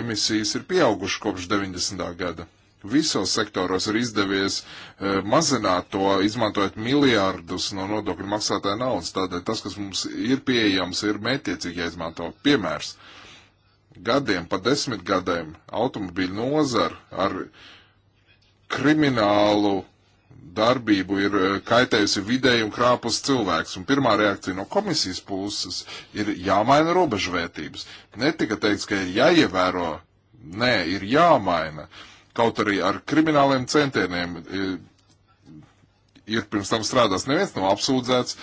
emisijas ir pieaugušas kopš 90. gada visos sektoros ir izdevies e, mazināt to, izmantojot miljārdus no nodokļu maksātāja naudas. Tādēļ tas, kas mums ir pieejams, ir mētiecīgi jāizmanto. Piemērs. Gadiem, pa desmit gadiem automobīļu nozara ar kriminālu darbību ir e, kaitējusi vidēji un krāpus cilvēks. Un pirmā reakcija no komisijas puses ir jāmaina robežvērtības. Netika teikts, ka ir jāievēro, nē, ir jāmaina. Uh, kaut arī ar krimināliem centieniem e, ir pirms tam strādāts. Neviens nav apsūdzēts,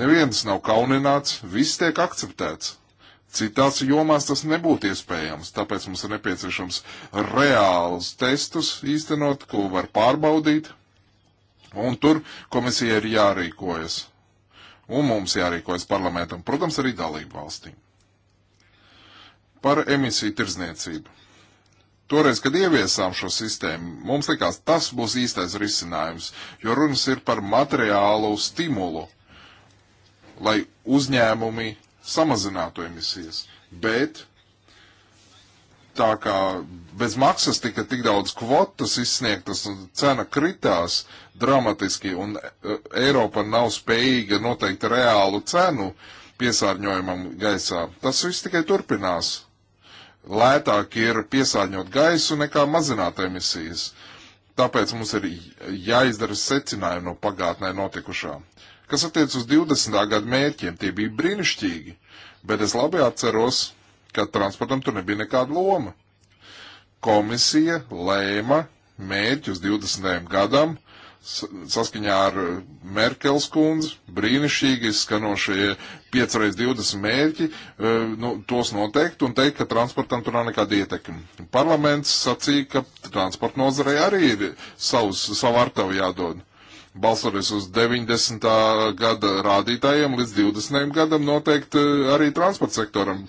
neviens nav kaunināts, viss tiek akceptēts. Citās jomās tas nebūtu iespējams, tāpēc mums ir nepieciešams reāls testus īstenot, ko var pārbaudīt, un tur komisija ir jārīkojas. Un mums jārīkojas parlamentam, protams, arī dalību valstīm. Par emisiju tirdzniecību Toreiz, kad ieviesām šo sistēmu, mums likās, tas būs īstais risinājums, jo runas ir par materiālu stimulu, lai uzņēmumi samazinātu emisijas. Bet tā kā bez maksas tika tik daudz kvotas izsniegtas un cena kritās dramatiski, un e, Eiropa nav spējīga noteikt reālu cenu piesārņojumam gaisā, tas viss tikai turpinās lētāk ir piesārņot gaisu nekā mazināt emisijas. Tāpēc mums ir jāizdara secinājumi no pagātnē notikušā. Kas attiec uz 20. gadu mērķiem, tie bija brīnišķīgi, bet es labi atceros, ka transportam tur nebija nekāda loma. Komisija lēma mērķus 20. gadam saskaņā ar uh, Merkels kundzi, brīnišķīgi izskanošie 5x20 mērķi, uh, nu, tos noteikt un teikt, ka transportam tur nav nekāda ietekme. Parlaments sacīja, ka transporta nozarei arī ir savus, savu artavu jādod. Balsoties uz 90. gada rādītājiem līdz 20. gadam, noteikti uh, arī transporta sektoram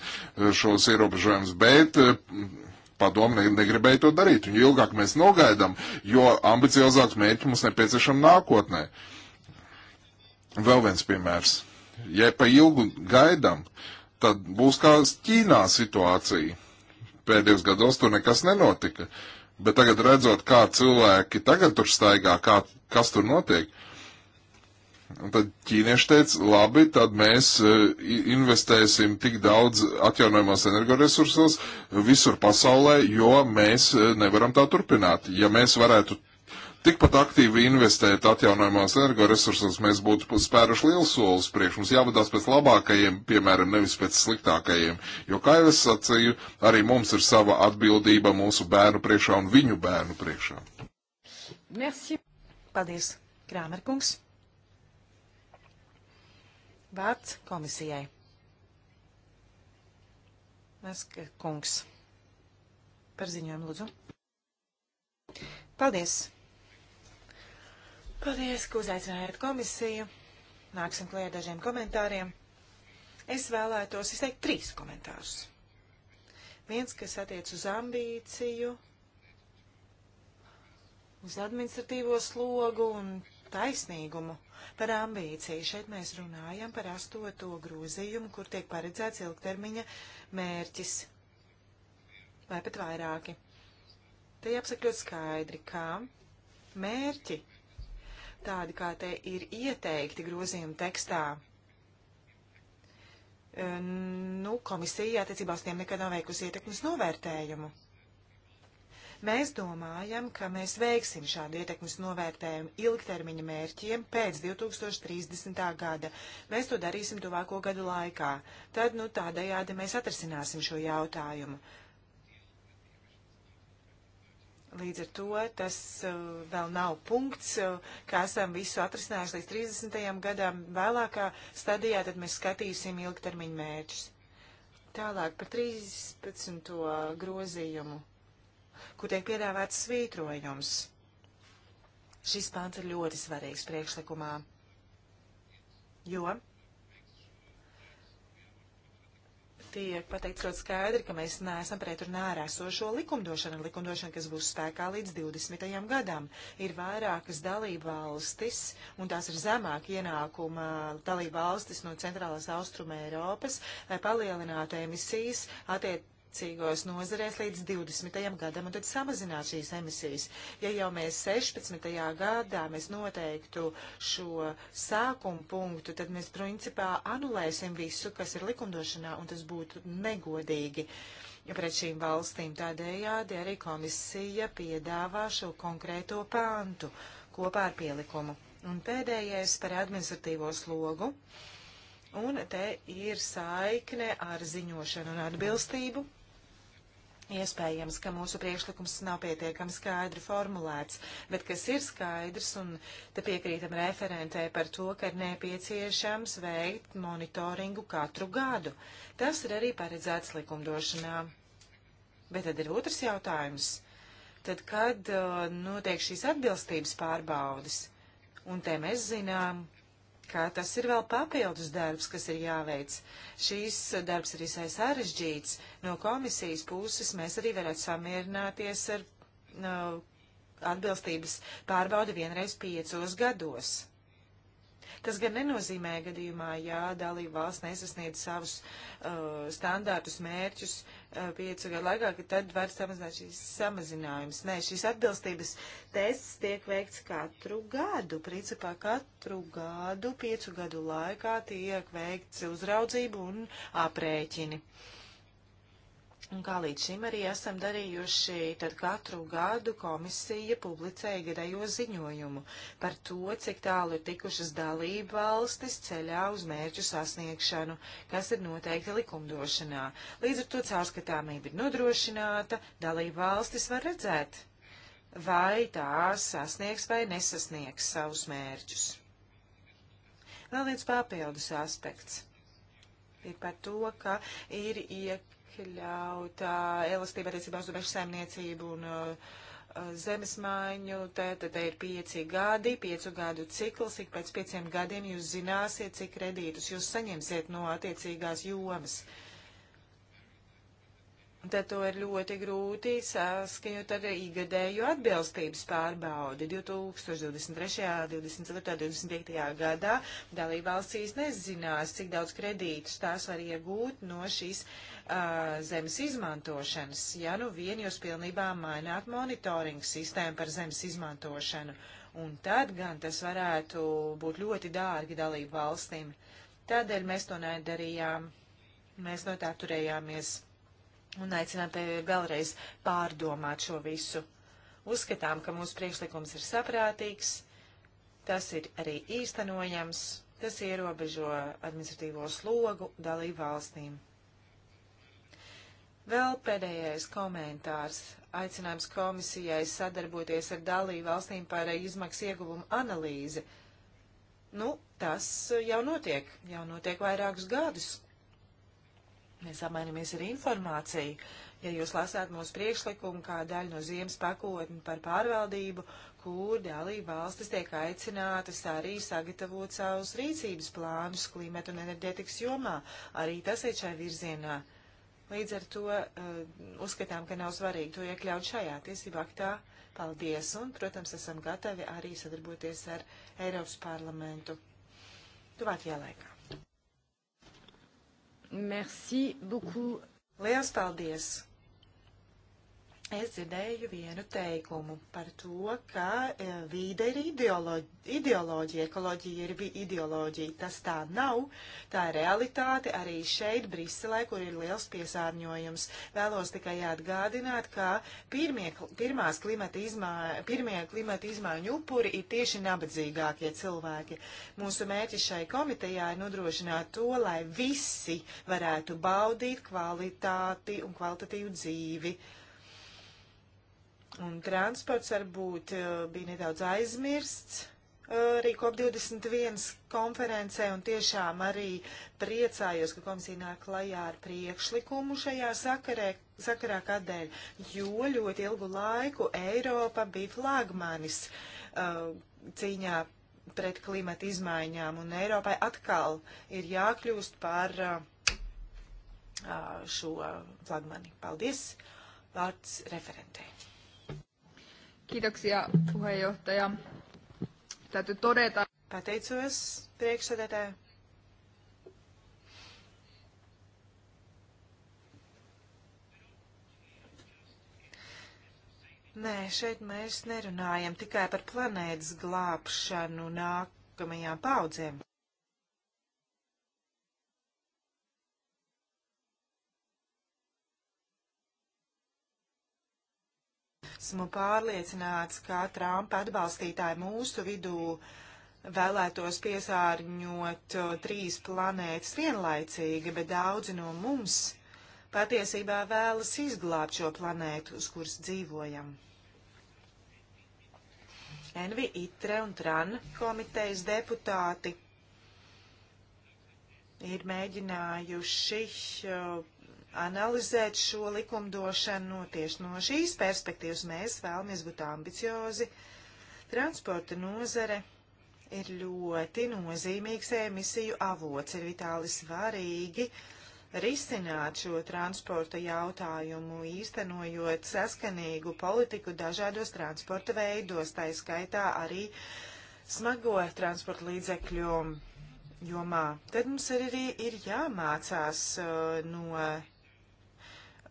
šos ierobežojumus, bet padomu negribēja to darīt. Un jo ilgāk mēs nogaidām, jo ambiciozāks mērķi mums nepieciešam nākotnē. Vēl viens piemērs. Ja pa ilgu gaidām, tad būs kā Ķīnā situācija. Pēdējos gados tur nekas nenotika. Bet tagad redzot, kā cilvēki tagad tur staigā, kā, kas tur notiek, uh, Un tad ķīnieši teica, labi, tad mēs e, investēsim tik daudz atjaunojumās energoresursos visur pasaulē, jo mēs e, nevaram tā turpināt. Ja mēs varētu tikpat aktīvi investēt atjaunojumās energoresursos, mēs būtu spēruši liels solis priekš. Mums jāvadās pēc labākajiem, piemēram, nevis pēc sliktākajiem. Jo, kā jau es sacīju, arī mums ir sava atbildība mūsu bērnu priekšā un viņu bērnu priekšā. Merci. Paldies, Krāmerkungs. Vārds komisijai. Neska kungs. Par ziņojumu lūdzu. Paldies. Paldies, ka uzaicinājāt komisiju. Nāksim klajā dažiem komentāriem. Es vēlētos izteikt trīs komentārus. Viens, kas attiec uz ambīciju, uz administratīvo slogu un taisnīgumu. Par ambīciju šeit mēs runājam par astoto grozījumu, kur tiek paredzēts ilgtermiņa mērķis vai pat vairāki. Te jāapsaka ļoti skaidri, kā mērķi tādi, kā te ir ieteikti grozījuma tekstā. Eh, nu, komisija attiecībā uz tiem nekad nav veikusi ietekmes novērtējumu. Mēs domājam, ka mēs veiksim šādu ietekmes novērtējumu ilgtermiņa mērķiem pēc 2030. gada. Mēs to darīsim tuvāko gadu laikā. Tad, nu, tādējādi mēs atrasināsim šo jautājumu. Līdz ar to tas uh, vēl nav punkts, uh, kā esam visu atrisinājuši līdz 30. gadam. Vēlākā stadijā tad mēs skatīsim ilgtermiņu mērķus. Tālāk par 13. grozījumu kur tiek piedāvāts svītrojums. Šis pāns ir ļoti svarīgs priekšlikumā, jo tiek pateikts ļoti skaidri, ka mēs neesam pretrunā ar esošo likumdošanu, likumdošanu, kas būs spēkā līdz 20. gadam. Ir vairākas dalība valstis, un tās ir zemāk ienākuma dalība valstis no centrālās austruma Eiropas, lai palielinātu emisijas attiecībā attiecīgos nozarēs līdz 20. gadam un tad samazināt šīs emisijas. Ja jau mēs 16. gadā mēs noteiktu šo sākumu punktu, tad mēs principā anulēsim visu, kas ir likumdošanā, un tas būtu negodīgi. Ja pret šīm valstīm tādējādi arī komisija piedāvā šo konkrēto pāntu kopā ar pielikumu. Un pēdējais par administratīvo slogu. Un te ir saikne ar ziņošanu un atbilstību. Iespējams, ka mūsu priekšlikums nav pietiekami skaidri formulēts, bet kas ir skaidrs, un te piekrītam referentē par to, ka ir nepieciešams veikt monitoringu katru gadu. Tas ir arī paredzēts likumdošanā. Bet tad ir otrs jautājums. Tad, kad uh, notiek šīs atbilstības pārbaudas, un te mēs zinām, ka tas ir vēl papildus darbs, kas ir jāveic. Šīs darbs ir visai sarežģīts. No komisijas puses mēs arī varētu samierināties ar no, atbilstības pārbaudi vienreiz piecos gados. Tas gan nenozīmē gadījumā, ja dalība valsts nesasniedz savus uh, standārtus, mērķus uh, piecu gadu laikā, ka tad var samazināt šīs samazinājumus. Nē, šīs atbilstības tests tiek veikts katru gadu. Principā katru gadu, piecu gadu laikā tiek veikts uzraudzību un aprēķini. Uh, Un kā līdz šim arī esam darījuši, tad katru gadu komisija publicēja gadējo ziņojumu par to, cik tālu ir tikušas dalība valstis ceļā uz mērķu sasniegšanu, kas ir noteikti likumdošanā. Līdz ar to caurskatāmība ir nodrošināta, dalība valstis var redzēt, vai tās sasniegs vai nesasniegs savus mērķus. Vēl viens papildus aspekts ir par to, ka ir iekļauts iekļauta elastība attiecībā uz mežsaimniecību un uh, zemes maiņu, te, te, te ir pieci gadi, piecu gadu cikls, ik pēc pieciem gadiem jūs zināsiet, cik kredītus jūs saņemsiet no attiecīgās jomas. Tad to ir ļoti grūti saskaņot ar igadēju atbilstības pārbaudi. 2023., 2024., 2025. gadā dalībvalstīs nezinās, cik daudz kredītus tās var iegūt no šīs uh, Uh, zemes izmantošanas, ja nu vien jūs pilnībā maināt monitoringu sistēmu par zemes izmantošanu, un tad gan tas varētu būt ļoti dārgi dalību valstīm. Tādēļ mēs to nedarījām, mēs no tā turējāmies un aicinām tevi vēlreiz pārdomāt šo visu. Uzskatām, ka mūsu priekšlikums ir saprātīgs, tas ir arī īstenojams, tas ierobežo administratīvo slogu dalību valstīm. Vēl pēdējais komentārs. Aicinājums komisijai sadarboties ar dalību valstīm par izmaksu ieguvumu analīzi. Nu, tas jau notiek, jau notiek vairākus gadus. Mēs apmainamies ar informāciju. Ja jūs lasāt mūsu priekšlikumu kā daļu no ziemas pakotni par pārvaldību, kur dalība valstis tiek aicinātas arī sagatavot savus rīcības plānus klimata un enerģētikas jomā, arī tas ir šai virzienā. Uh, Līdz ar to eh, uzskatām, ka nav svarīgi to iekļaut šajā tiesību aktā. Paldies! Un, protams, esam gatavi arī sadarboties ar Eiropas parlamentu tuvākajā laikā. Merci beaucoup! Liels paldies! es dzirdēju vienu teikumu par to, ka e, vīde ir ideoloģija, ekoloģija ir ideoloģija. Tas tā nav, tā ir realitāte arī šeit, Briselē, kur ir liels piesārņojums. Vēlos tikai atgādināt, ka pirmie, pirmās klimata izmā, pirmie klimata izmaiņu upuri ir tieši nabadzīgākie cilvēki. Mūsu mērķis šai komitejā ir nodrošināt to, lai visi varētu baudīt kvalitāti un kvalitatīvu dzīvi. Un transports varbūt eh, bija nedaudz aizmirsts eh, arī COP21 konferencē un tiešām arī priecājos, ka komisija nāk klajā ar priekšlikumu šajā sakarē, sakarā kādēļ, jo ļoti ilgu laiku Eiropa bija flagmanis uh, cīņā pret klimata izmaiņām un Eiropai atkal ir jākļūst par uh, šo flagmani. Paldies! Vārds referentei. Kiitoksia puheenjohtaja. Täytyy todeta. Pateicos priekšsēdētāju. Nē, šeit mēs nerunājam tikai par planētas glābšanu nākamajām paudzēm. Esmu pārliecināts, ka Trumpa atbalstītāji mūsu vidū vēlētos piesārņot uh, trīs planētas vienlaicīgi, bet daudzi no mums patiesībā vēlas izglābt šo planētu, uz kuras dzīvojam. Envi Itre un Tran komitejas deputāti ir mēģinājuši uh, analizēt šo likumdošanu tieši no šīs perspektīvas. Mēs vēlamies būt ambiciozi. Transporta nozare ir ļoti nozīmīgs emisiju avots, ir vitāli svarīgi risināt šo transporta jautājumu, īstenojot saskanīgu politiku dažādos transporta veidos, tā skaitā arī smago transporta līdzekļu jomā. Tad mums arī ir jāmācās uh, no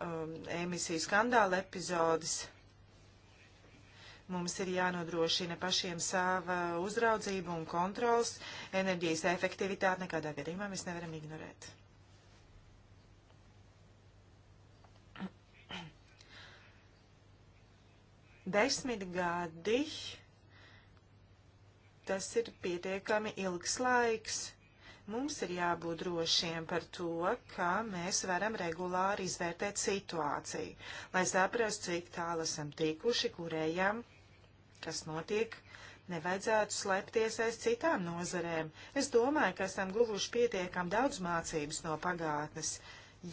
um, emisiju skandāla epizodes. Mums ir jānodrošina pašiem sava uzraudzība un kontrols, enerģijas efektivitāte nekādā gadījumā mēs nevaram ignorēt. Desmit gadi tas ir pietiekami ilgs laiks Mums ir jābūt drošiem par to, ka mēs varam regulāri izvērtēt situāciju, lai saprastu, cik tālu esam tikuši, kurējām, kas notiek. Nevajadzētu slēpties aiz citām nozarēm. Es domāju, ka esam guvuši pietiekam daudz mācības no pagātnes,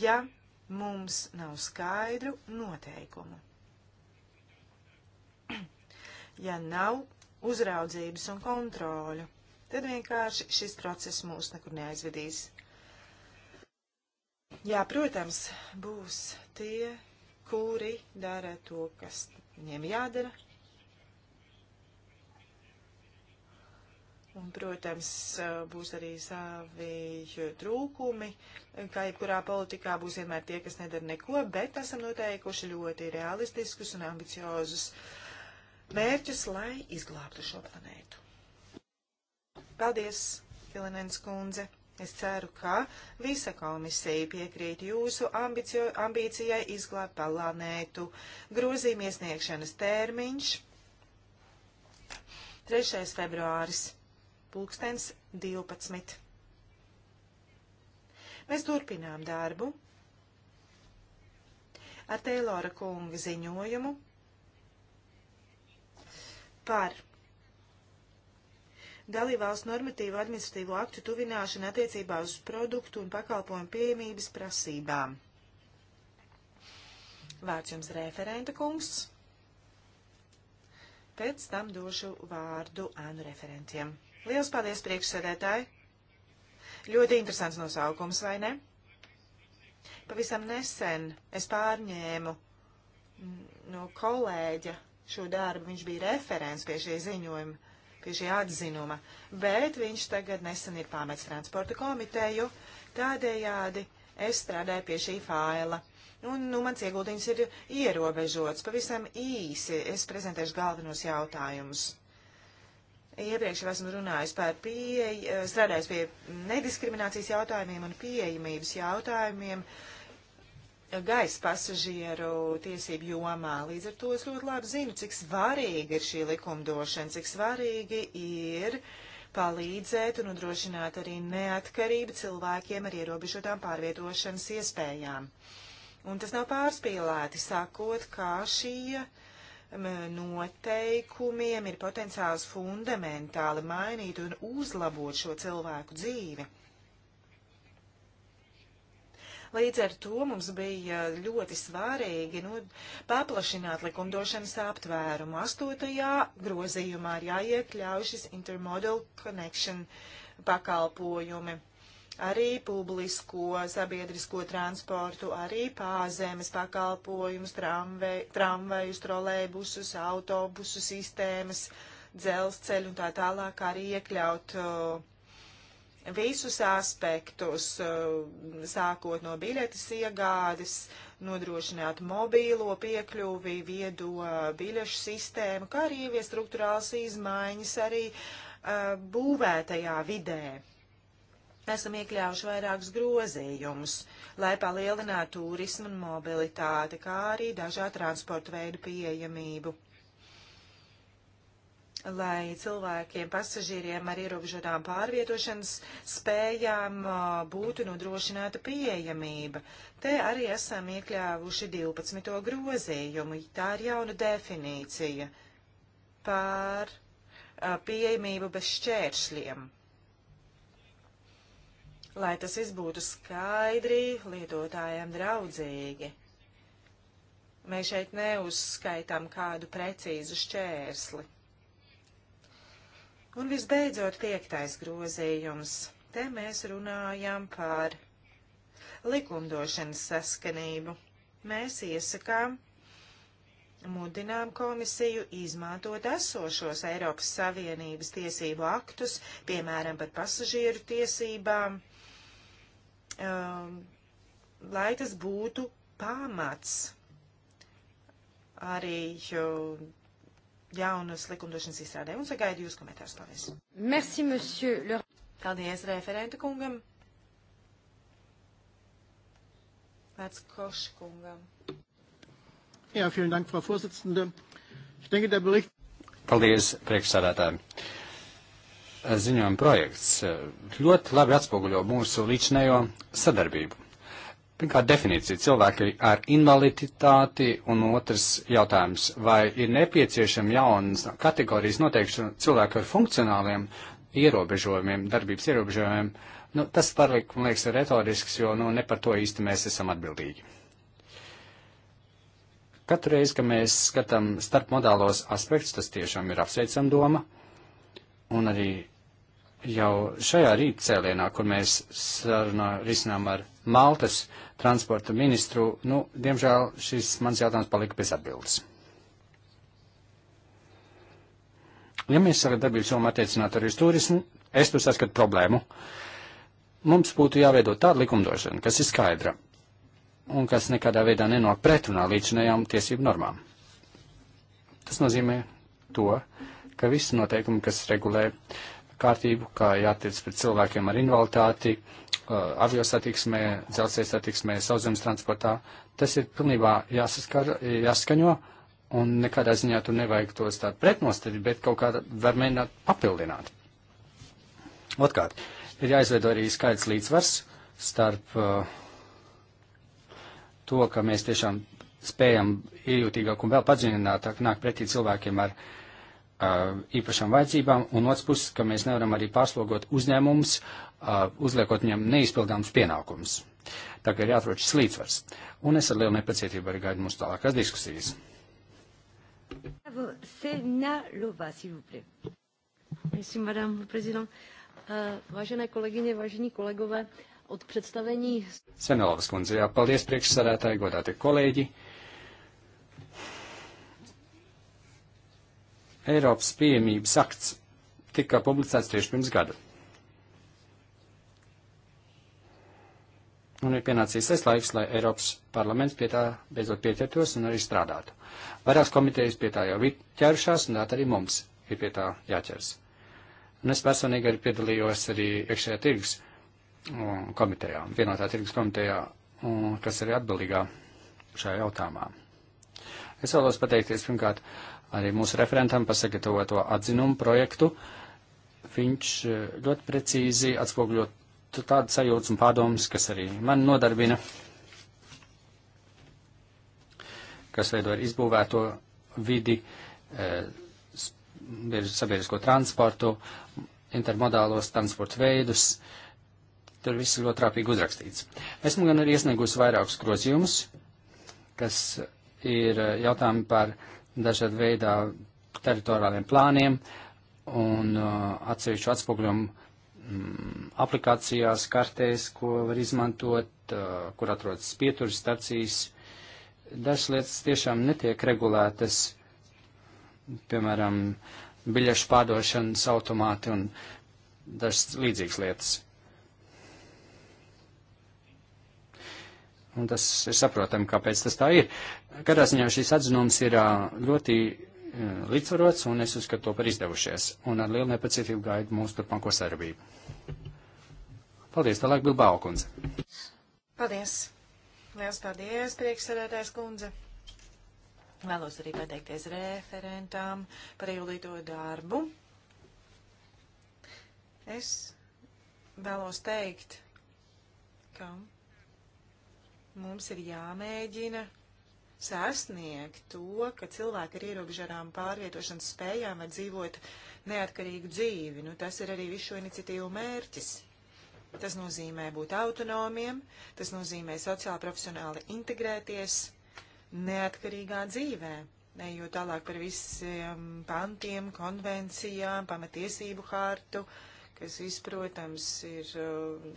ja mums nav skaidru noteikumu. ja nav uzraudzības un kontroļu tad vienkārši šis process mūs nekur neaizvedīs. Jā, protams, būs tie, kuri dara to, kas viņiem jādara. Un, protams, būs arī savi trūkumi, kā jebkurā politikā būs vienmēr tie, kas nedara neko, bet esam noteikuši ļoti realistiskus un ambiciozus mērķus, lai izglābtu šo planētu. Paldies, Filinens kundze. Es ceru, ka visa komisija piekrīt jūsu ambicio, ambīcijai izglābt planētu. Grūzīm iesniegšanas termiņš 3. februāris, pulkstens 12. Mēs turpinām darbu ar Teilora kunga ziņojumu par dalībvalstu normatīvu administratīvo aktu tuvināšanu attiecībā uz produktu un pakalpojumu pieejamības prasībām. Vārds jums referenta kungs. Pēc tam došu vārdu ēnu referentiem. Lielas paldies priekšsēdētāji! Ļoti interesants nosaukums, vai ne? Pavisam nesen es pārņēmu no kolēģa šo darbu. Viņš bija referents pie šī ziņojuma pie šī atzinuma, bet viņš tagad nesen ir pamets transporta komiteju, tādējādi es strādāju pie šī faila. Un, nu, mans ieguldījums ir ierobežots. Pavisam īsi es prezentēšu galvenos jautājumus. Iepriekš jau esmu runājis par pieeju, strādājis pie nediskriminācijas jautājumiem un pieejamības jautājumiem. Uh, gaisa pasažieru tiesību jomā. Līdz ar to es ļoti labi zinu, cik svarīga ir šī likumdošana, cik svarīgi ir palīdzēt un nodrošināt arī neatkarību cilvēkiem ar ierobežotām pārvietošanas iespējām. Un tas nav pārspīlēti, sakot, kā šie noteikumiem ir potenciāls fundamentāli mainīt un uzlabot šo cilvēku dzīvi. Līdz ar to mums bija eh, ļoti svarīgi nu, paplašināt likumdošanas aptvērumu. Astotajā grozījumā ir jāiekļauj šis intermodal connection pakalpojumi arī publisko sabiedrisko transportu, arī pāzemes pakalpojumus, tramvej, tramvajus, trolēbusus, autobusu sistēmas, dzelzceļu un tā tālāk arī iekļaut uh, visus aspektus, eh, sākot no biļetes iegādes, nodrošināt mobīlo piekļuvi, viedo eh, biļešu sistēmu, kā arī ievies struktūrāls izmaiņas arī uh, būvētajā vidē. Esam iekļāvuši vairākus grozījumus, lai palielinātu turismu un mobilitāti, kā arī dažādu transportu veidu pieejamību lai cilvēkiem, pasažieriem ar ierobežotām pārvietošanas spējām būtu nodrošināta pieejamība. Te arī esam iekļāvuši 12. grozījumu. Tā ir jauna definīcija par pieejamību bez šķēršļiem. Lai tas viss būtu skaidri, lietotājiem draudzīgi. Mēs šeit neuzskaitām kādu precīzu šķērsli. Un visbeidzot, piektais grozījums. Te mēs runājam par likumdošanas saskanību. Mēs iesakām, mudinām komisiju izmantot esošos Eiropas Savienības tiesību aktus, piemēram, par pasažieru tiesībām, um, lai tas būtu pamats arī um, jaunas likumdošanas izstrādē un sagaidu jūs komentārus. Paldies! Merci, monsieur! Le... Paldies referenta kungam! Vērts Koša kungam! Jā, vielen dank, Frau Vorsitzende. Ich denke, der Bericht. Paldies, priekšsādātāji. Ziņojuma projekts eh, ļoti labi atspoguļo mūsu līdzinējo sadarbību. Pirmkārt, definīcija cilvēki ar invaliditāti, un otrs jautājums, vai ir nepieciešama jaunas kategorijas noteikšana cilvēku ar funkcionāliem ierobežojumiem, darbības ierobežojumiem. Nu, tas paliek, man liekas, retorisks, jo nu, ne par to īsti mēs esam atbildīgi. Katru reizi, kad mēs skatām starpmodālos aspektus, tas tiešām ir apsveicam doma, un arī jau šajā rīt cēlienā, kur mēs sarunā risinām ar Maltas transporta ministru, nu, diemžēl šis mans jautājums palika bez atbildes. Ja mēs sadarbības jomu attiecinātu arī uz turismu, es tur saskatu problēmu. Mums būtu jāveido tāda likumdošana, kas ir skaidra un kas nekādā veidā nenonāk pretrunā līdzinējām tiesību normām. Tas nozīmē to, ka visi noteikumi, kas regulē uh, kārtību, kā jātiec pret cilvēkiem ar invaliditāti, uh, aviosatiksmē, dzelzceļa satiksmē, sauszemes transportā. Tas ir pilnībā jāsaskar, jāskaņo, un nekādā ziņā tur nevajag tos tādu pretnostatīt, bet kaut kādā var mēģināt papildināt. Otkārt, ir jāizveido arī skaidrs līdzsvars starp uh, to, ka mēs tiešām spējam iejūtīgāk un vēl padziļinātāk nākt pretī cilvēkiem ar uh, Uh, īpašām vajadzībām, un otrs puses, ka mēs nevaram arī pārslogot uzņēmumus, uh, uzliekot viņam neizpildāms pienākums. Tā kā ir jāatrod šis līdzsvars. Un es ar lielu nepacietību arī gaidu mūsu tālākās diskusijas. Merci, madame le président. Uh, vážené kolegyně, vážení kolegové, od představení... Senelovas kundze, jā, paldies priekšsarētāji, godāti kolēģi. Uh, Eiropas pieejamības akts tika publicēts tieši pirms gada. Un ir pienācis tas laiks, lai Eiropas parlaments pie tā beidzot pieķertos un arī strādātu. Vairākas komitejas pie tā jau ir ķērušās, un tā arī mums ir pie tā jāķers. Un es personīgi arī piedalījos arī iekšējā tirgus um, komitejā, vienotā tirgus komitejā, um, kas ir atbildīgā šajā jautājumā. Es vēlos pateikties pirmkārt arī mūsu referentam par sagatavoto atzinumu projektu. Viņš e, ļoti precīzi atspogļo tādas sajūtas un pārdomas, kas arī man nodarbina, kas veido ar izbūvēto vidi, e, sabiedrisko transportu, intermodālos transporta veidus. Tur viss ir ļoti rāpīgi uzrakstīts. Esmu gan arī iesniegusi vairākus grozījumus, kas ir e, jautājumi par dažādu veidā teritoriāliem plāniem un uh, atsevišķu atspoguļumu mm, aplikācijās, kartēs, ko var izmantot, uh, kur atrodas pieturas stacijas. Dažas lietas tiešām netiek regulētas, piemēram, biļešu pārdošanas automāti un dažas līdzīgas lietas. Un tas ir saprotami, kāpēc tas tā ir. Katrā ziņā šīs atzinums ir ļoti līdzsvarots, un es uzskatu to par izdevušies. Un ar lielu nepacietību gaidu mūsu turpmāko sadarbību. Paldies, tālāk Bilbao kundze. Paldies. Liels paldies, priekšsēdētājs kundze. Vēlos arī pateikties referentām par ieguldīto darbu. Es vēlos teikt, ka Mums ir jāmēģina sasniegt to, ka cilvēki ar ierobežotām pārvietošanas spējām var dzīvot neatkarīgu dzīvi. Nu, tas ir arī visu šo iniciatīvu mērķis. Tas nozīmē būt autonomiem, tas nozīmē sociāli profesionāli integrēties neatkarīgā dzīvē, ejot tālāk par visiem pantiem, konvencijām, pamatiesību hārtu, kas, vispārotams, ir uh,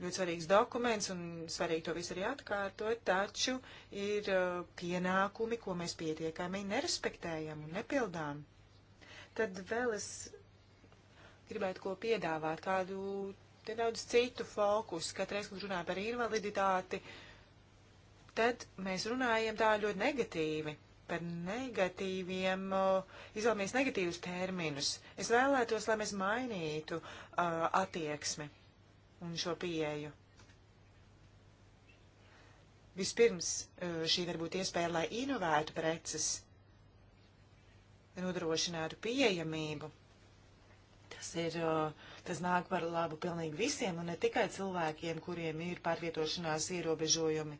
ļoti svarīgs dokuments un svarīgi to visu arī atkārtot, taču ir uh, pienākumi, ko mēs pietiekami nerespektējam un nepildām. Tad vēl es gribētu ko piedāvāt, kādu te daudz citu fokusu, katreiz, kad runāju par invaliditāti, tad mēs runājam tā ļoti negatīvi par negatīviem, uh, izvēlamies negatīvus terminus. Es vēlētos, lai mēs mainītu uh, attieksmi un šo pieeju. Vispirms e, šī var būt iespēja, lai inovētu preces, nodrošinātu pieejamību. Tas, ir, e, tas nāk par labu pilnīgi visiem, un ne tikai cilvēkiem, kuriem ir pārvietošanās ierobežojumi.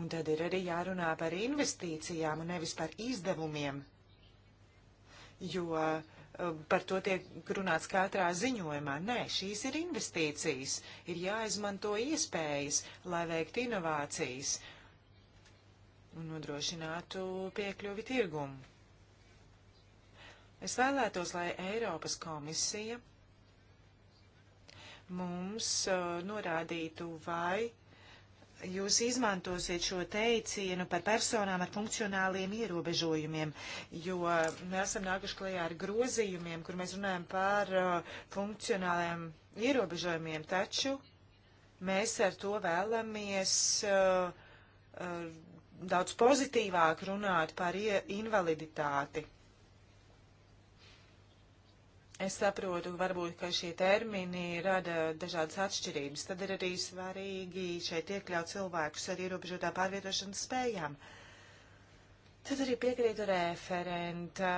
Un tad ir arī jārunā par investīcijām un nevis par izdevumiem, jo uh, par to tiek runāts katrā ziņojumā. Nē, šīs ir investīcijas, ir jāizmanto iespējas, lai veikt inovācijas un nodrošinātu piekļuvi tirgumu. Es vēlētos, lai Eiropas komisija mums uh, norādītu, vai jūs izmantosiet šo teicienu par personām ar funkcionāliem ierobežojumiem, jo mēs esam nākuši klajā ar grozījumiem, kur mēs runājam par uh, funkcionāliem ierobežojumiem, taču mēs ar to vēlamies uh, uh, daudz pozitīvāk runāt par invaliditāti. Es saprotu, varbūt, ka šie termini rada dažādas atšķirības. Tad ir arī svarīgi šeit iekļaut cilvēkus ar ierobežotā pārvietošanas spējām. Tad arī piekrītu referenta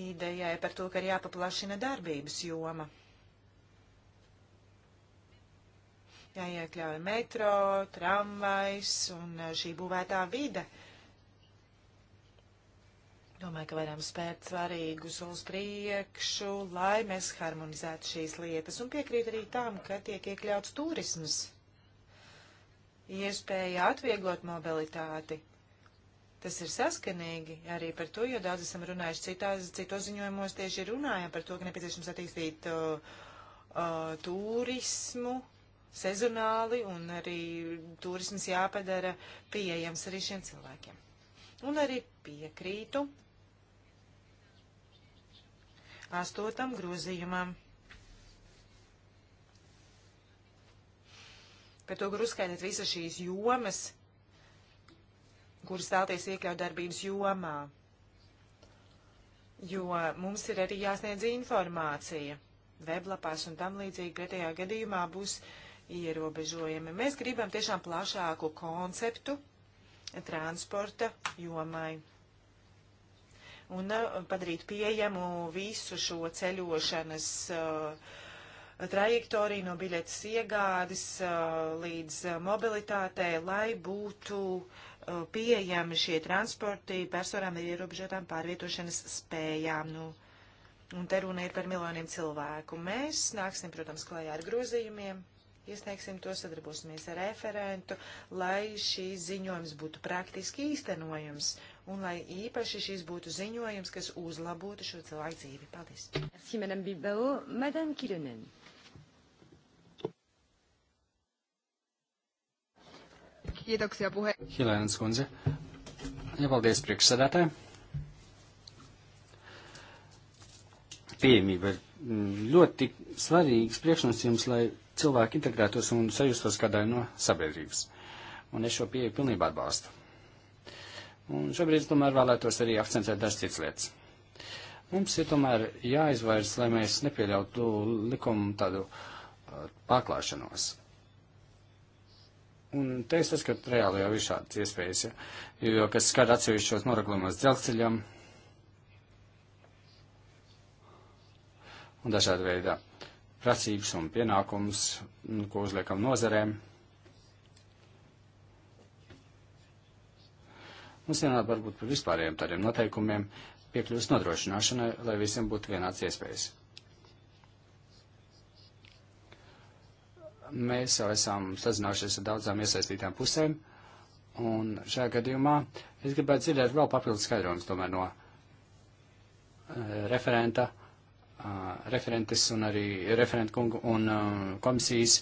idejai par to, ka ir jāpaplašina darbības joma. Jāiekļauj metro, tramvajs un šī būvētā vide. Domāju, ka varam spērt svarīgus uz priekšu, lai mēs harmonizētu šīs lietas. Un piekrīt arī tam, ka tiek iekļauts turisms. Iespēja atvieglot mobilitāti. Tas ir saskanīgi arī par to, jo daudz esam runājuši citās, citos ziņojumos tieši runājam par to, ka nepieciešams attīstīt uh, uh, turismu sezonāli un arī turisms jāpadara pieejams arī šiem cilvēkiem. Un arī piekrītu astotam grozījumam. Par to, kur uzskaitīt visas šīs jomas, kuras vēlties iekļaut darbības jomā. Jo mums ir arī jāsniedz informācija weblapās un tam līdzīgi, pretējā gadījumā būs ierobežojumi. Mēs gribam tiešām plašāku konceptu transporta jomai un uh, padarīt pieejamu visu šo ceļošanas uh, trajektoriju no biļetes iegādes uh, līdz uh, mobilitātei, lai būtu uh, pieejami šie transporti personām ar ierobežotām pārvietošanas spējām. Nu, Un te runa ir par miljoniem cilvēku. Mēs nāksim, protams, klajā ar grozījumiem, iesniegsim to, sadarbosimies ar referentu, lai šīs ziņojums būtu praktiski īstenojums un lai īpaši šis būtu ziņojums, kas uzlabotu šo cilvēku dzīvi. Paldies! Merci, Madame Bilbao. Madame Kilonen. Kiitoksia puhe. Hilēnas kundze. Ja paldies priekšsēdētāji. Pieejamība ir mm, ļoti svarīgs priekšnosacījums, lai cilvēki integrētos un sajustos kādā no sabiedrības. Un es šo pieeju pilnībā atbalstu. Un šobrīd, tomēr, vēlētos arī akcentēt dažas citas lietas. Mums ir tomēr jāizvairs, lai mēs nepieļautu likumu tādu uh, pārklāšanos. Un te es saskatu reāli jau ir šādas iespējas, ja? jo, kas skar atsevišķos noraklumos dzelzceļam un dažādi veidā prasības un pienākums, nu, ko uzliekam nozarēm. Mums jārunā varbūt par vispārējiem tādiem noteikumiem piekļuvas nodrošināšanai, lai visiem būtu vienāds iespējas. Mēs jau esam sazinājušies ar daudzām iesaistītām pusēm, un šajā gadījumā es gribētu dzirdēt vēl papildus skaidrojumus tomēr no eh, referenta, referentes un arī referenta kungu un komisijas,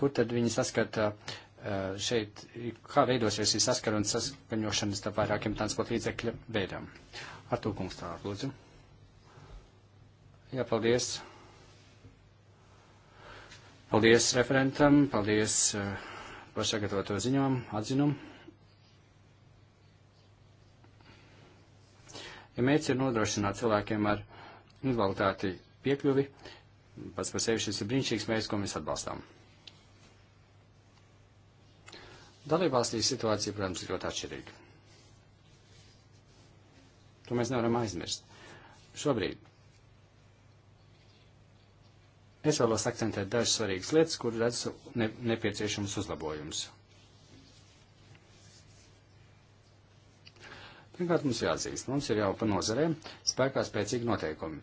kur tad viņi saskata uh, Eh, šeit, kā veidosies šī saskara un saskaņošanas ar vairākiem transporta līdzekļu veidām. Ar to kungs tālāk, lūdzu. Jā, paldies. Paldies referentam, paldies eh, par sagatavoto ziņām, atzinumu. Ja mērķis ir nodrošināt cilvēkiem ar invaliditāti piekļuvi, pats par sevi šis ir brīnišķīgs mērķis, ko mēs atbalstām. Dalībvalstīs situācija, protams, ir ļoti atšķirīga. To mēs nevaram aizmirst. Šobrīd es vēlos akcentēt dažas svarīgas lietas, kur redzu ne, nepieciešams uzlabojums. Pirmkārt, mums jāatzīst, mums ir jau pa nozarē spēkā spēcīgi noteikumi,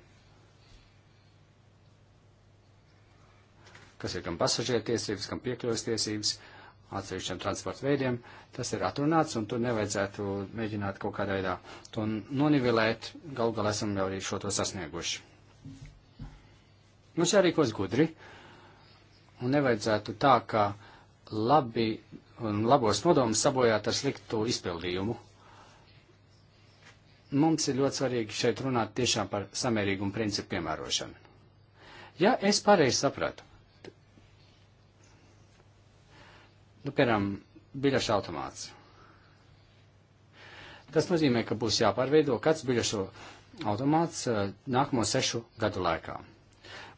kas ir gan pasažieru tiesības, gan piekļuves tiesības. Uh, atsevišķiem transporta veidiem, tas ir atrunāts, un tur nevajadzētu mēģināt kaut kādā veidā to nonivelēt. Galu galā esam jau arī šo to sasnieguši. Mums jārīkos gudri, un nevajadzētu tā, ka labi un labos nodomus sabojāt ar sliktu izpildījumu. Mums ir ļoti svarīgi šeit runāt tiešām par samērīgumu principu piemērošanu. Ja es pareizi sapratu, Nu, piemēram, biļešu automāts. Tas nozīmē, ka būs jāpārveido kāds biļešu automāts eh, nākamo sešu gadu laikā.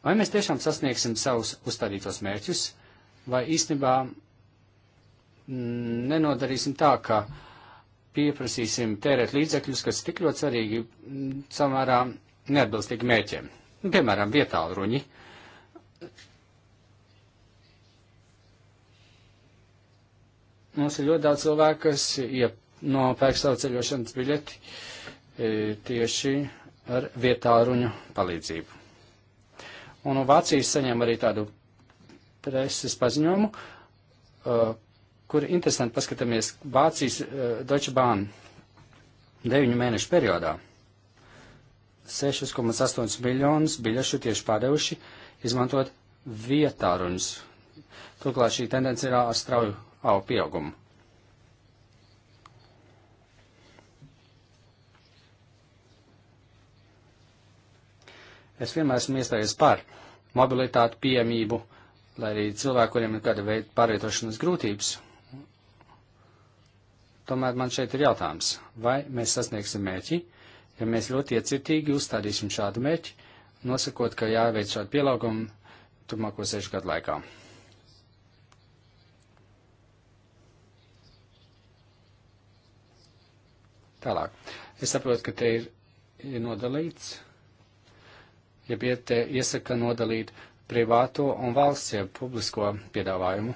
Vai mēs tiešām sasniegsim savus uzstādītos mērķus, vai īstenībā mm, nenodarīsim tā, ka pieprasīsim tērēt līdzekļus, kas tik ļoti svarīgi mm, samērā neatbilstīgi mērķiem. Nu, piemēram, vietālu ruņi Mums ir ļoti daudz cilvēku, kas iep, nopērk savu ceļošanas biļeti e, tieši ar vietāruņu palīdzību. Un no Vācijas saņem arī tādu preses paziņojumu, uh, kur interesanti paskatāmies Vācijas uh, Deutsche Bahn 9 mēnešu periodā. 6,8 miljonus biļešu tieši pārdevuši, izmantot vietāruņus. Turklāt šī tendence ir ar strauju augu pieaugumu. Es vienmēr esmu iestājies par mobilitāti, pieejamību, lai arī cilvēku, kuriem ir kāda veida pārvietošanas grūtības. Tomēr man šeit ir jautājums, vai mēs sasniegsim mērķi, ja mēs ļoti iecietīgi uzstādīsim šādu mērķi, nosakot, ka jāveic šādi pielaugumi turpmāko sešu gadu laikā. Tālāk. Es saprotu, ka te ir, ir nodalīts, ja te iesaka nodalīt privāto un valsts, ja publisko piedāvājumu.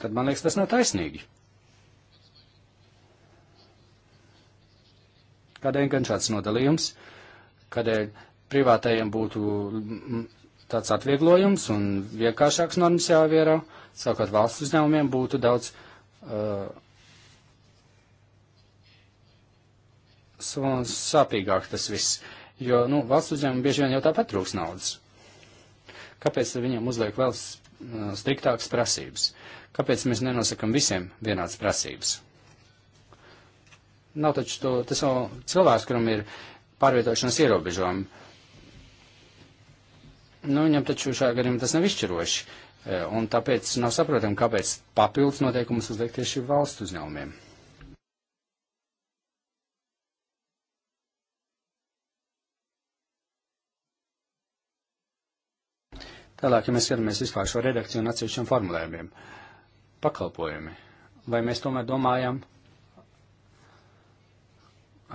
Tad man liekas, tas nav taisnīgi. Kādēļ gan šāds nodalījums? Kādēļ privātajiem būtu tāds atvieglojums un vienkāršāks normas jāievēro, savukārt valsts uzņēmumiem būtu daudz uh, un sāpīgāk tas viss, jo, nu, valsts uzņēmumi bieži vien jau tāpat trūks naudas. Kāpēc viņiem uzliek vēl uh, striktākas prasības? Kāpēc mēs nenosakam visiem vienādas prasības? Nav taču to, tas jau cilvēks, kuram ir pārvietošanas ierobežojumi. Nu, viņam taču šajā gadījumā tas nav izšķiroši, uh, un tāpēc nav saprotami, kāpēc papildus noteikumus uzliek tieši valsts uzņēmumiem. Tālāk, ja mēs skatāmies vispār šo redakciju un atsevišķiem formulējumiem, pakalpojumi, vai mēs tomēr domājam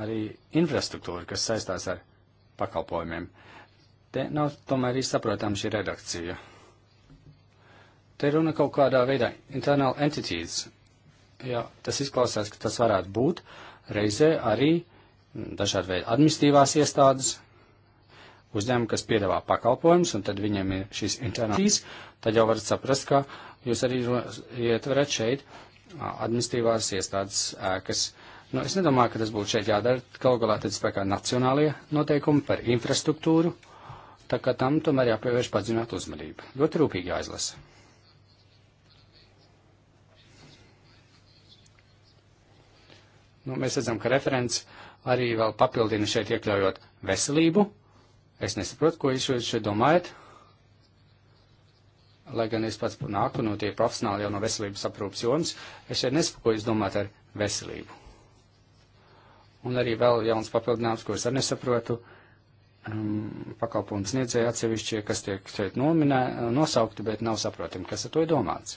arī infrastruktūru, kas saistās ar pakalpojumiem. Te nav tomēr īsti saprotama šī redakcija. Te runa kaut kādā veidā internal entities. Jā, tas izklausās, ka tas varētu būt reizē arī dažādi veidi administratīvās iestādes, uzņēmumi, kas piedāvā pakalpojumus, un tad viņiem ir šīs internācijas, tad jau varat saprast, ka jūs arī ietverat šeit administratīvās iestādes ēkas. Nu, es nedomāju, ka tas būtu šeit jādara. Galu galā tad spēkā nacionālie noteikumi par infrastruktūru, tā kā tam tomēr jāpievērš padzināt uzmanību. Ļoti rūpīgi jāizlasa. Nu, mēs redzam, ka referents arī vēl papildina šeit iekļaujot veselību, Es nesaprotu, ko jūs šeit domājat. Lai gan es pats nāku no tie profesionāli jau no veselības aprūpas jomas, es šeit nesaprotu, ko jūs domājat ar veselību. Un arī vēl jauns papildinājums, ko es arī nesaprotu, um, pakalpojumu sniedzēji atsevišķie, kas tiek šeit nominē, nosaukti, bet nav saprotami, kas ar to ir domāts.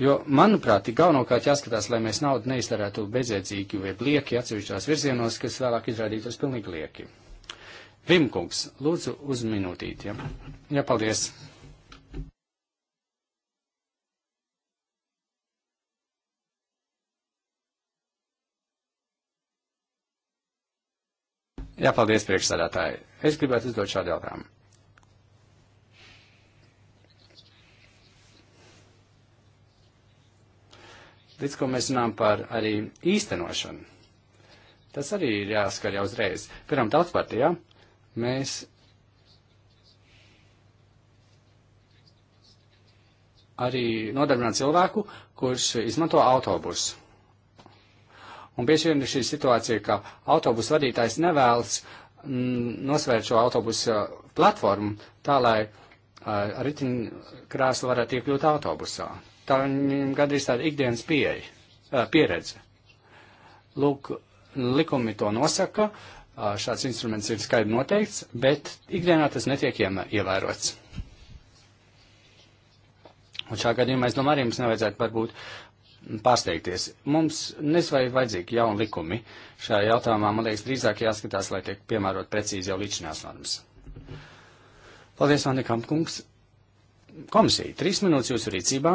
Jo, manuprāt, ir galvenokārt jāskatās, lai mēs naudu neizdarētu bezjēdzīgi vai lieki atsevišķās virzienos, kas vēlāk izrādītos pilnīgi lieki. Vimkungs, lūdzu uz minūtītiem. Jā, ja, paldies. Jā, paldies priekšsādātāji. Es gribētu uzdot šādu jautājumu. līdz ko mēs runājam par arī īstenošanu. Tas arī ir jāskar jau uzreiz. Pirmām tautspartijām mēs arī nodarbinām cilvēku, kurš izmanto autobusu. Un bieži vien ir šī situācija, ka autobusu vadītājs nevēlas mm, nosvērt šo autobusu uh, platformu tā, lai uh, ar ritiņkrēslu varētu iekļūt autobusā. Tā viņam gadījis tāda ikdienas pieeja, uh, pieredze. Lūk, likumi to nosaka, uh, šāds instruments ir skaidri noteikts, bet ikdienā tas netiek ievērots. Un šā gadījumā, es domāju, arī mums nevajadzētu varbūt pārsteigties. Mums nesvai vajadzīgi jauni likumi. Šajā jautājumā, man liekas, drīzāk jāskatās, lai tiek piemērot precīzi jau līdzinās normas. Paldies, Vandi Kampkungs. Komisija, trīs minūtes jūsu rīcībā.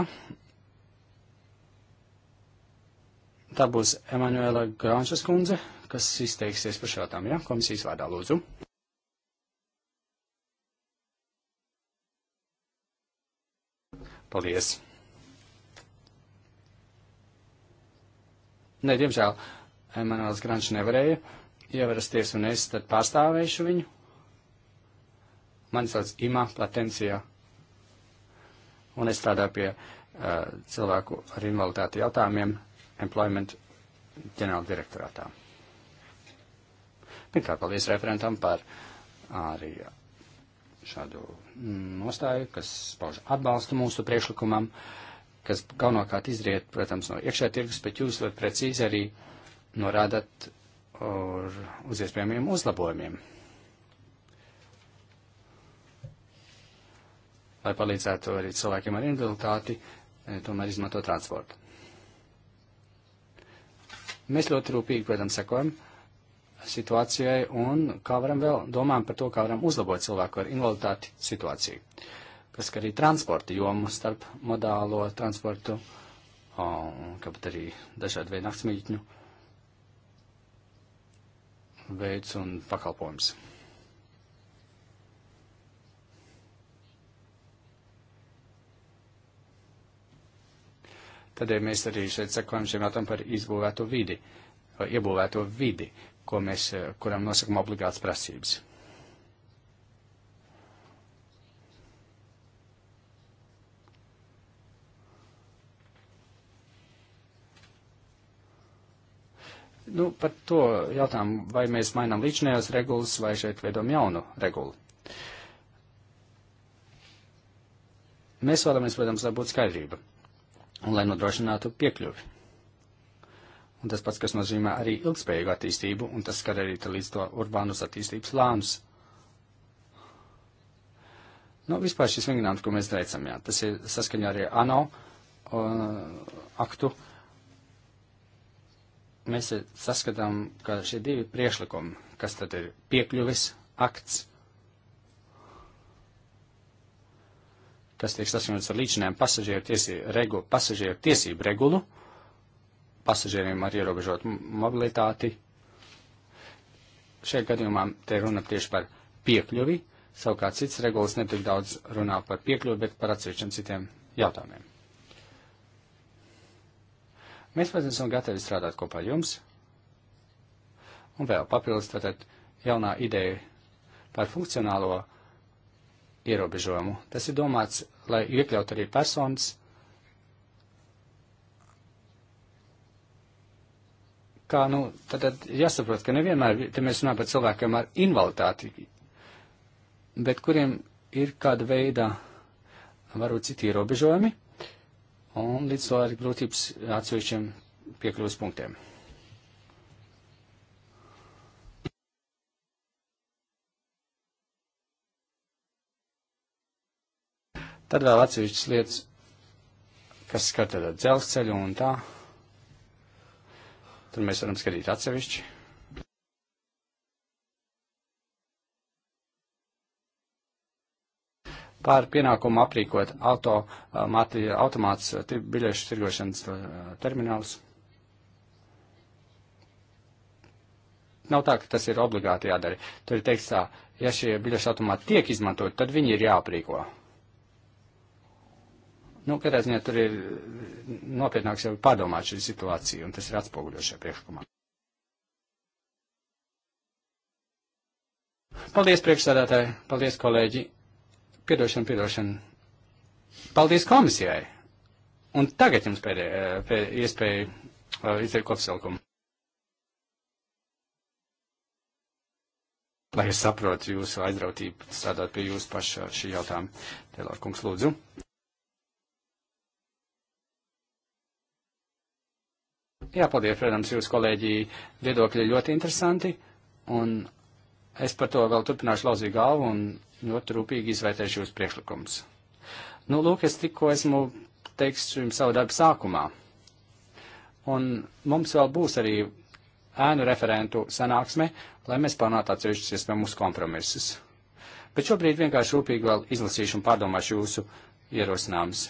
Tā būs Emanuela Grānšas kundze, kas izteiksies par šo jautājumu, ja? Komisijas vārdā lūdzu. Paldies. Nē, diemžēl Emanuels Grančs nevarēja ievarasties, un es tad pārstāvēšu viņu. Mani sauc Imā Platencijā, un es strādāju pie uh, cilvēku ar invaliditāti jautājumiem Employment ģenerāla direktorātā. Pirmkārt, paldies referentam par arī šādu nostāju, kas pauž atbalstu mūsu priekšlikumam, kas galvenokārt izriet, protams, no iekšē tirgus, bet jūs ļoti precīzi arī norādat uz iespējamiem uzlabojumiem. Lai palīdzētu arī cilvēkiem ar invaliditāti, eh, tomēr izmanto transportu. Mēs ļoti rūpīgi, protams, sekojam situācijai un kā varam vēl domām par to, kā varam uzlabot cilvēku ar invaliditāti situāciju, kas ka arī transporta jomu starp modālo transportu, kāpēc arī dažādi veidi naktsmītņu veids un pakalpojums. Tādēļ ja mēs arī šeit sekojam šiem jautājumam par izbūvēto vidi, iebūvēto vidi, ko mēs, eh, kuram nosakam obligāts prasības. Nu, par to jautājumu, vai mēs mainām līdzinējos regulas vai šeit veidom jaunu regulu. Mēs vēlamies, protams, lai būtu skaidrība un lai nodrošinātu piekļuvi. Un tas pats, kas nozīmē arī ilgspējīgu attīstību, un tas skar arī līdz to urbānus attīstības plānus. Nu, vispār šis vingrinājums, ko mēs veicam, jā, tas ir saskaņā arī ANO uh, aktu. Mēs saskatām, ka šie divi priekšlikumi, kas tad ir piekļuvis akts, kas tiek saskaņots ar līdzinēm pasažieru tiesību, regu, pasažieru tiesību regulu, uh, pasažieriem ar ierobežotu mobilitāti. Šajā gadījumā te runa tieši par piekļuvi, savukārt cits regulas netik daudz runā par piekļuvi, bet par atsevišķiem citiem jautājumiem. Mēs, protams, esam gatavi strādāt kopā ar jums. Un vēl papildus tātad jaunā ideja par funkcionālo ierobežojumu. Tas ir domāts, lai iekļaut arī personas, kā, nu, tad, tad jāsaprot, ka nevienmēr, te mēs runājam par cilvēkiem ar invaliditāti, bet kuriem ir kāda veida, varbūt citi ierobežojumi, un līdz to arī grūtības atsevišķiem piekļuvas punktiem. Tad vēl atsevišķas lietas, kas skar tad dzelzceļu un tā. Tur mēs varam skatīt atsevišķi. Pār pienākumu aprīkot auto, mati, automāts biļešu tirgošanas uh, terminālus. Nav tā, ka tas ir obligāti jādara. Tur ir teiks tā, ja šie biļešu automāti tiek izmantot, tad viņi ir jāaprīko. Nu, katrā ziņā tur ir nopietnāks jau pārdomāt šī situācija, un tas ir atspoguļošajā priekšlikumā. Paldies, priekšsādātāji, paldies, kolēģi. Piedošana, piedošana. Paldies komisijai. Un tagad jums pēdējā pēdē, iespēja uh, izteikt kopsalkumu. Lai es saprotu jūsu aizrautību strādāt pie jūsu paša šī jautājuma. Tēlāk, kungs, lūdzu. Jā, paldies, protams, jūs kolēģi viedokļi ļoti interesanti, un es par to vēl turpināšu lauzīt galvu un ļoti rūpīgi izvērtēšu jūs priekšlikums. Nu, lūk, es tikko esmu, teiksim, savu darbu sākumā. Un mums vēl būs arī ēnu referentu sanāksme, lai mēs panātu atsevišķus iespējamus kompromisus. Bet šobrīd vienkārši rūpīgi vēl izlasīšu un pārdomāšu jūsu ierosinājumus.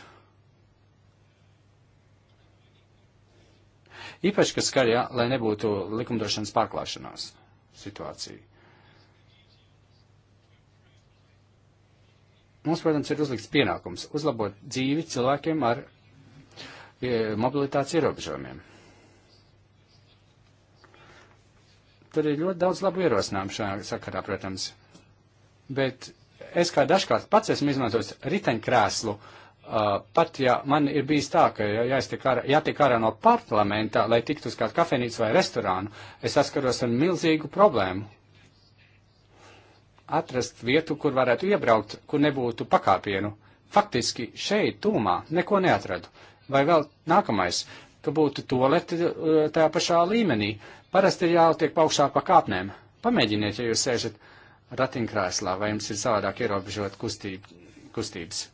Īpaši, kas skar, ja, lai nebūtu likumdošanas pārklāšanās situācija. Mums, protams, ir uzlikts pienākums uzlabot dzīvi cilvēkiem ar e, mobilitātes ierobežojumiem. Tur ir ļoti daudz labu ierosinājumu šajā sakarā, protams. Bet es kā dažkārt pats esmu izmantojis riteņkrēslu uh, Uh, pat ja man ir bijis tā, ka jātiek ārā, jātiek ārā no parlamenta, lai tiktu uz kādu kafejnīcu vai restorānu, es saskaros ar milzīgu problēmu. Atrast vietu, kur varētu iebraukt, kur nebūtu pakāpienu. Faktiski šeit, tūmā, neko neatradu. Vai vēl nākamais, ka būtu tolete uh, tajā pašā līmenī. Parasti ir jātiek paugšā pa kāpnēm. Pamēģiniet, ja jūs sēžat ratinkrēslā, vai jums ir savādāk ierobežot kustību, kustības.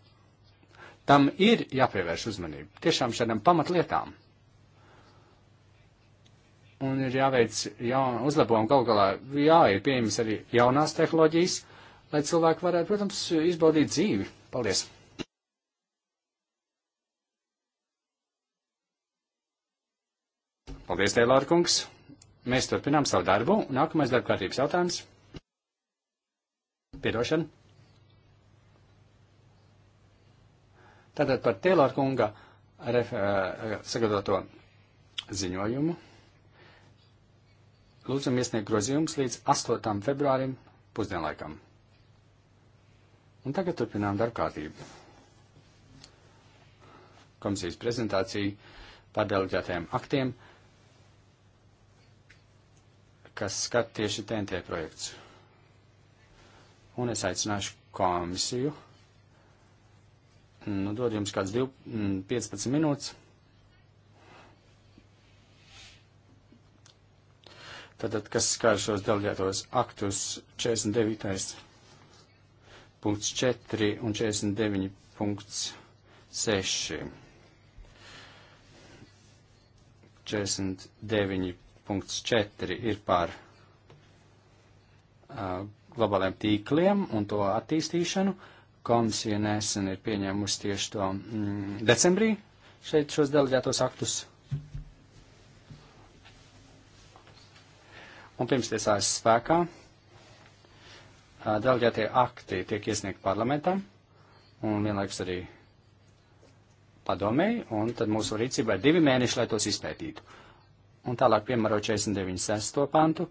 Tam ir jāpievērš uzmanība tiešām šādām pamatlietām. Un ir jāveic jaun, uzlabojumi gal galā. Jā, ir pieejamas arī jaunās tehnoloģijas, lai cilvēki varētu, protams, izbaudīt dzīvi. Paldies! Paldies, Teilāra kungs! Mēs turpinām savu darbu. Nākamais darbkārtības jautājums. Piedošana. Tātad par Tēlāra kunga eh, eh, sagatavoto ziņojumu. Lūdzam iesniegt grozījumus līdz 8. februārim pusdienlaikam. Un tagad turpinām darbkārtību. Komisijas prezentācija par delegētajiem aktiem, kas skat tieši TNT projekts. Un es aicināšu komisiju Nu, dod jums kāds 12, 15 mm, minūtes. Tātad, kas skar šos delegētos aktus 49. punkts 4 un 49. punkts 6. 49.4 ir par uh, globāliem tīkliem un to attīstīšanu. Uh, Komisija nesen ir pieņēmusi tieši to mm, decembrī šeit šos delegētos aktus. Un pirms tiesājas spēkā delegētie akti tiek iesniegti parlamentam un vienlaikus arī padomēji, un tad mūsu rīcībā ir divi mēneši, lai tos izpētītu. Un tālāk piemēro 49.6. pantu,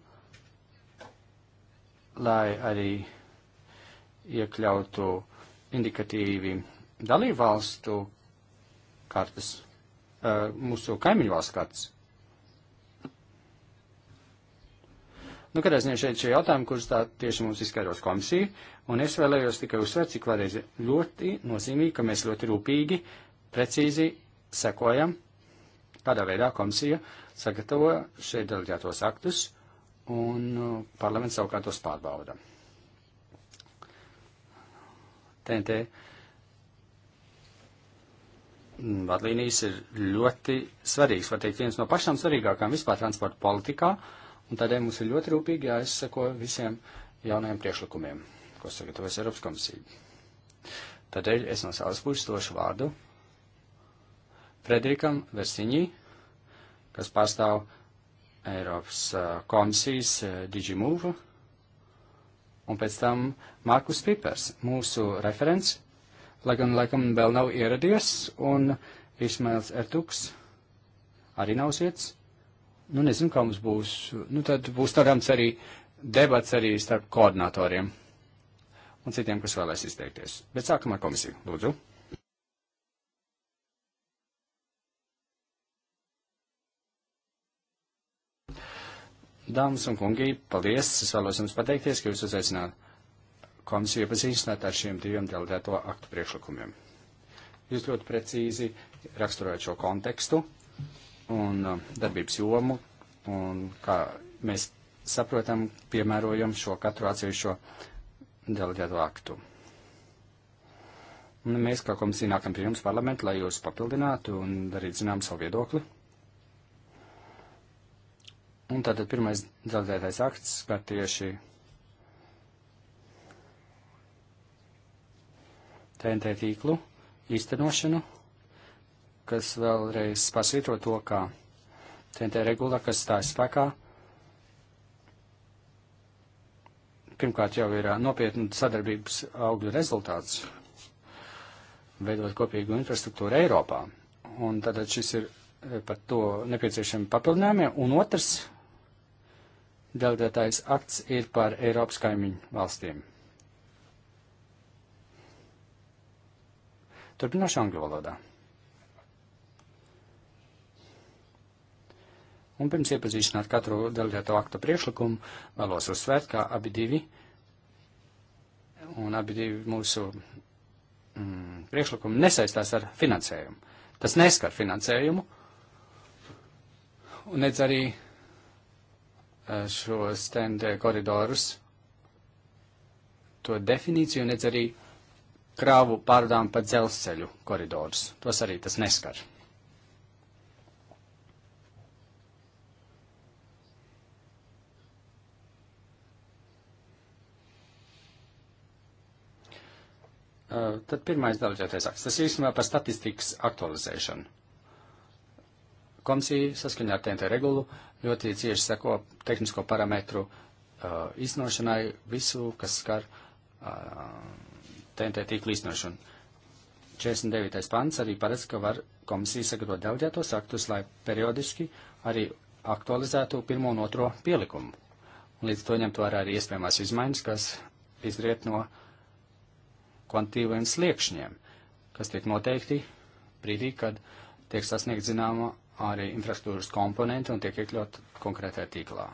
lai arī iekļautu indikatīvi dalībvalstu kartes, mūsu kaimiņu valsts kartes. Nu, kad es zinu šeit šie jautājumi, kurus tā tieši mums izskaidros komisija, un es vēlējos tikai uzsvērt, cik vēlreiz ļoti nozīmīgi, ka mēs ļoti rūpīgi, precīzi sekojam, kādā veidā komisija sagatavo šeit deleģētos aktus, un parlaments savukārt tos pārbauda. TNT vadlīnijas ir ļoti svarīgas, var teikt, viens no pašām svarīgākām vispār transporta politikā, un tādēļ mums ir ļoti rūpīgi jāizsako visiem jaunajiem priekšlikumiem, ko sagatavojas Eiropas komisija. Tādēļ es no savas puses došu vārdu Frederikam Versiņī, kas pārstāv Eiropas eh, komisijas eh, Digimove un pēc tam Markus Pipers, mūsu referents, lai gan laikam vēl nav ieradies, un Ismails Ertuks arī nav sirds. Nu, nezinu, kā mums būs. Nu, tad būs tādams arī debats arī starp koordinatoriem un citiem, kas vēlēs izteikties. Bet sākam ar komisiju. Lūdzu. Dāmas un kungi, paldies! Es vēlos jums pateikties, ka jūs uzaicināt komisiju iepazīstināt ar šiem diviem delegēto aktu priekšlikumiem. Jūs ļoti precīzi raksturojat šo kontekstu un um, darbības jomu, un kā mēs saprotam, piemērojam šo katru atsevišķo delegēto aktu. Un mēs, kā komisija, nākam pie jums parlamentu, lai jūs papildinātu un darītu zinām savu viedokli. Un tātad pirmais zaudētais akts skar tieši TNT tīklu īstenošanu, kas vēlreiz pasvītro to, ka TNT regula, kas stājas spēkā, pirmkārt jau ir nopietna sadarbības augļu rezultāts, veidot kopīgu infrastruktūru Eiropā. Un tātad šis ir par to nepieciešami papildinājumi. Un otrs Delegētājs akts ir par Eiropas kaimiņu valstīm. Turpināšu angļu valodā. Un pirms iepazīstināt katru delegēto aktu priekšlikumu, vēlos uzsvērt, ka abi divi un abi divi mūsu mm, priekšlikumi nesaistās ar finansējumu. Tas neskar finansējumu, un nedz arī šos tendē koridorus, to definīciju, nedz arī krāvu pārdām pa dzelzceļu koridorus. Tos arī tas neskar. Uh, tad pirmais delģētais akts. Tas īstenībā par statistikas aktualizēšanu. Komisija saskaņā ar TNT regulu uh, ļoti cieši seko tehnisko parametru uh, iznošanai visu, kas skar uh, TNT tīklu iznošanu. 49. pants arī paredz, ka var komisija sagatavot delģētos aktus, lai periodiski arī aktualizētu pirmo un otro pielikumu. Un līdz to ņemt vērā arī iespējamās izmaiņas, kas izriet no kvantitīviem sliekšņiem, kas tiek noteikti brīdī, kad tiek sasniegt zināma arī infrastruktūras komponenti un tiek iekļaut konkrētā tīklā.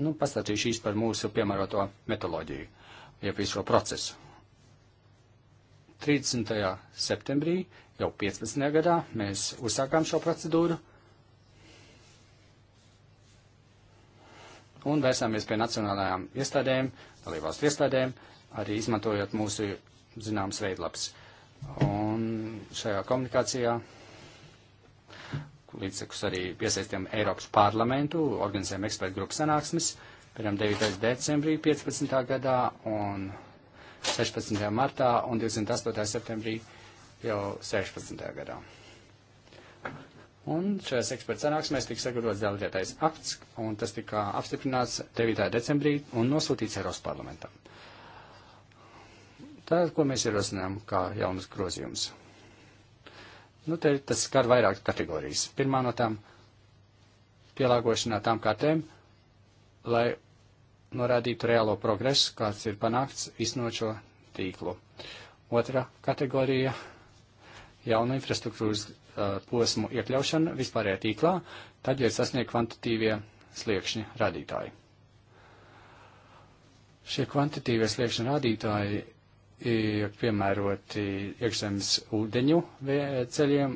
Nu, pastāstīšu īsti par mūsu piemēroto metoloģiju, jeb visu šo procesu. 30. septembrī, jau 15. gadā, mēs uzsākām šo procedūru un vērsāmies pie nacionālajām iestādēm, dalībvalstu iestādēm, arī izmantojot mūsu zināmas veidlaps. Un Un šajā komunikācijā līdzekus arī piesaistījām Eiropas parlamentu, organizējām ekspertu grupu sanāksmes, piemēram, 9. decembrī 15. gadā un 16. martā un 28. septembrī jau 16. gadā. Un šajās eksperta sanāksmēs tika sagatavots delegētais akts, un tas tika apstiprināts 9. decembrī un nosūtīts Eiropas parlamentam. Tātad, ko mēs ierosinām kā jaunas grozījums? Nu, te tas skar vairākas kategorijas. Pirmā no tām pielāgošanā tām kārtēm, lai norādītu reālo progresu, kāds ir panākts iznočo tīklu. Otra kategorija - jauna infrastruktūras uh, posmu iekļaušana vispārējā tīklā, tad, ja sasniegt kvantitīvie sliekšņi radītāji. Šie kvantitīvie sliekšņi radītāji ir piemēroti iekšzemes ūdeņu ceļiem,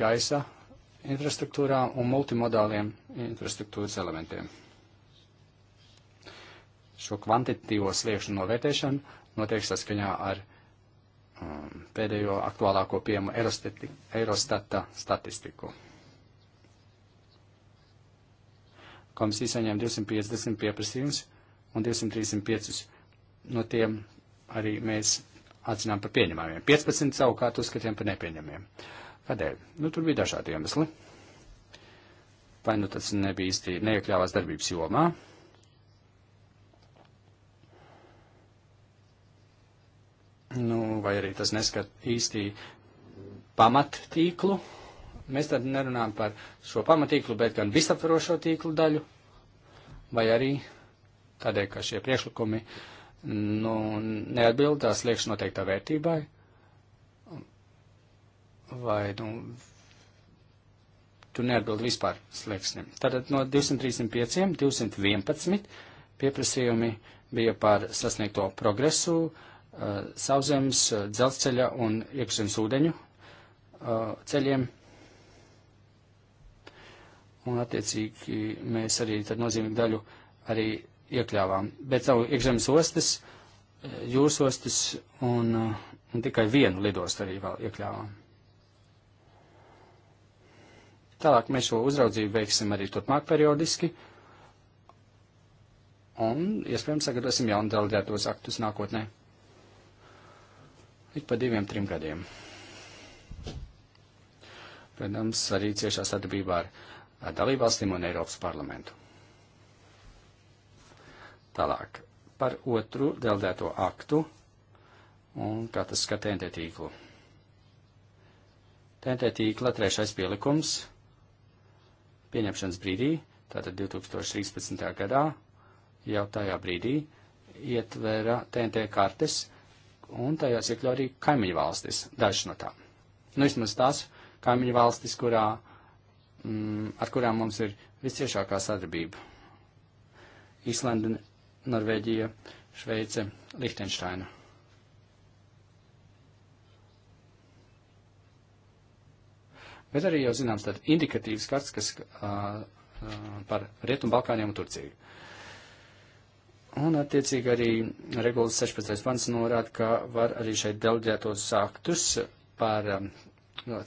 gaisa infrastruktūrā un multimodāliem infrastruktūras elementiem. Šo kvantitīvo sliekšņu novērtēšanu notiek saskaņā ar um, pēdējo aktuālāko piemu Eurostata statistiku. Komisija saņēma 250 pieprasījums un 235 no tiem arī mēs atzinām par pieņemamiem. 15 savukārt uzskatījām par nepieņemamiem. Kādēļ? Nu, tur bija dažādi iemesli. Vai nu tas nebija īsti neiekļāvās darbības jomā, nu, vai arī tas neskat īsti pamattīklu. Mēs tad nerunājam par šo pamatīklu, bet gan visaptvarošo tīklu daļu, vai arī tādēļ, ka šie priekšlikumi uh, nu, neatbildās liekš noteiktā vērtībai, vai, nu, tu neatbildi vispār slieksnim. Tātad no 235, 211 pieprasījumi bija par sasniegto progresu, eh, sauszemes, eh, dzelzceļa un iekšzemes ūdeņu eh, ceļiem. Un attiecīgi mēs arī tad nozīmīgu daļu arī iekļāvām, bet savu iekšzemes ostas, eh, jūras ostas un, eh, un tikai vienu lidostu arī vēl iekļāvām. Tālāk mēs šo uzraudzību veiksim arī turpmāk periodiski un iespējams sagatavosim jaunu delegētos aktus nākotnē. Ik pa diviem, trim gadiem. Protams, arī ciešā sadarbībā ar, ar dalībvalstīm un Eiropas parlamentu. Tālāk par otru deldēto aktu un kā tas skar TNT tīklu. TNT tīkla trešais pielikums pieņemšanas brīdī, tātad 2013. gadā, jau tajā brīdī ietvēra TNT kartes un tajās iekļauj arī kaimiņu valstis, dažas no tām. Nu, vismaz tās kaimiņu valstis, kurā, mm, ar kurām mums ir visciešākā sadarbība. Islanda, Norvēģija, Šveice, Lihtenšteina. Bet arī jau zināms tāds indikatīvs skats, kas uh, par Rietumu Balkāniem un Turciju. Un, attiecīgi, arī regulas 16. pants norāda, ka var arī šeit delģētos aktus par um,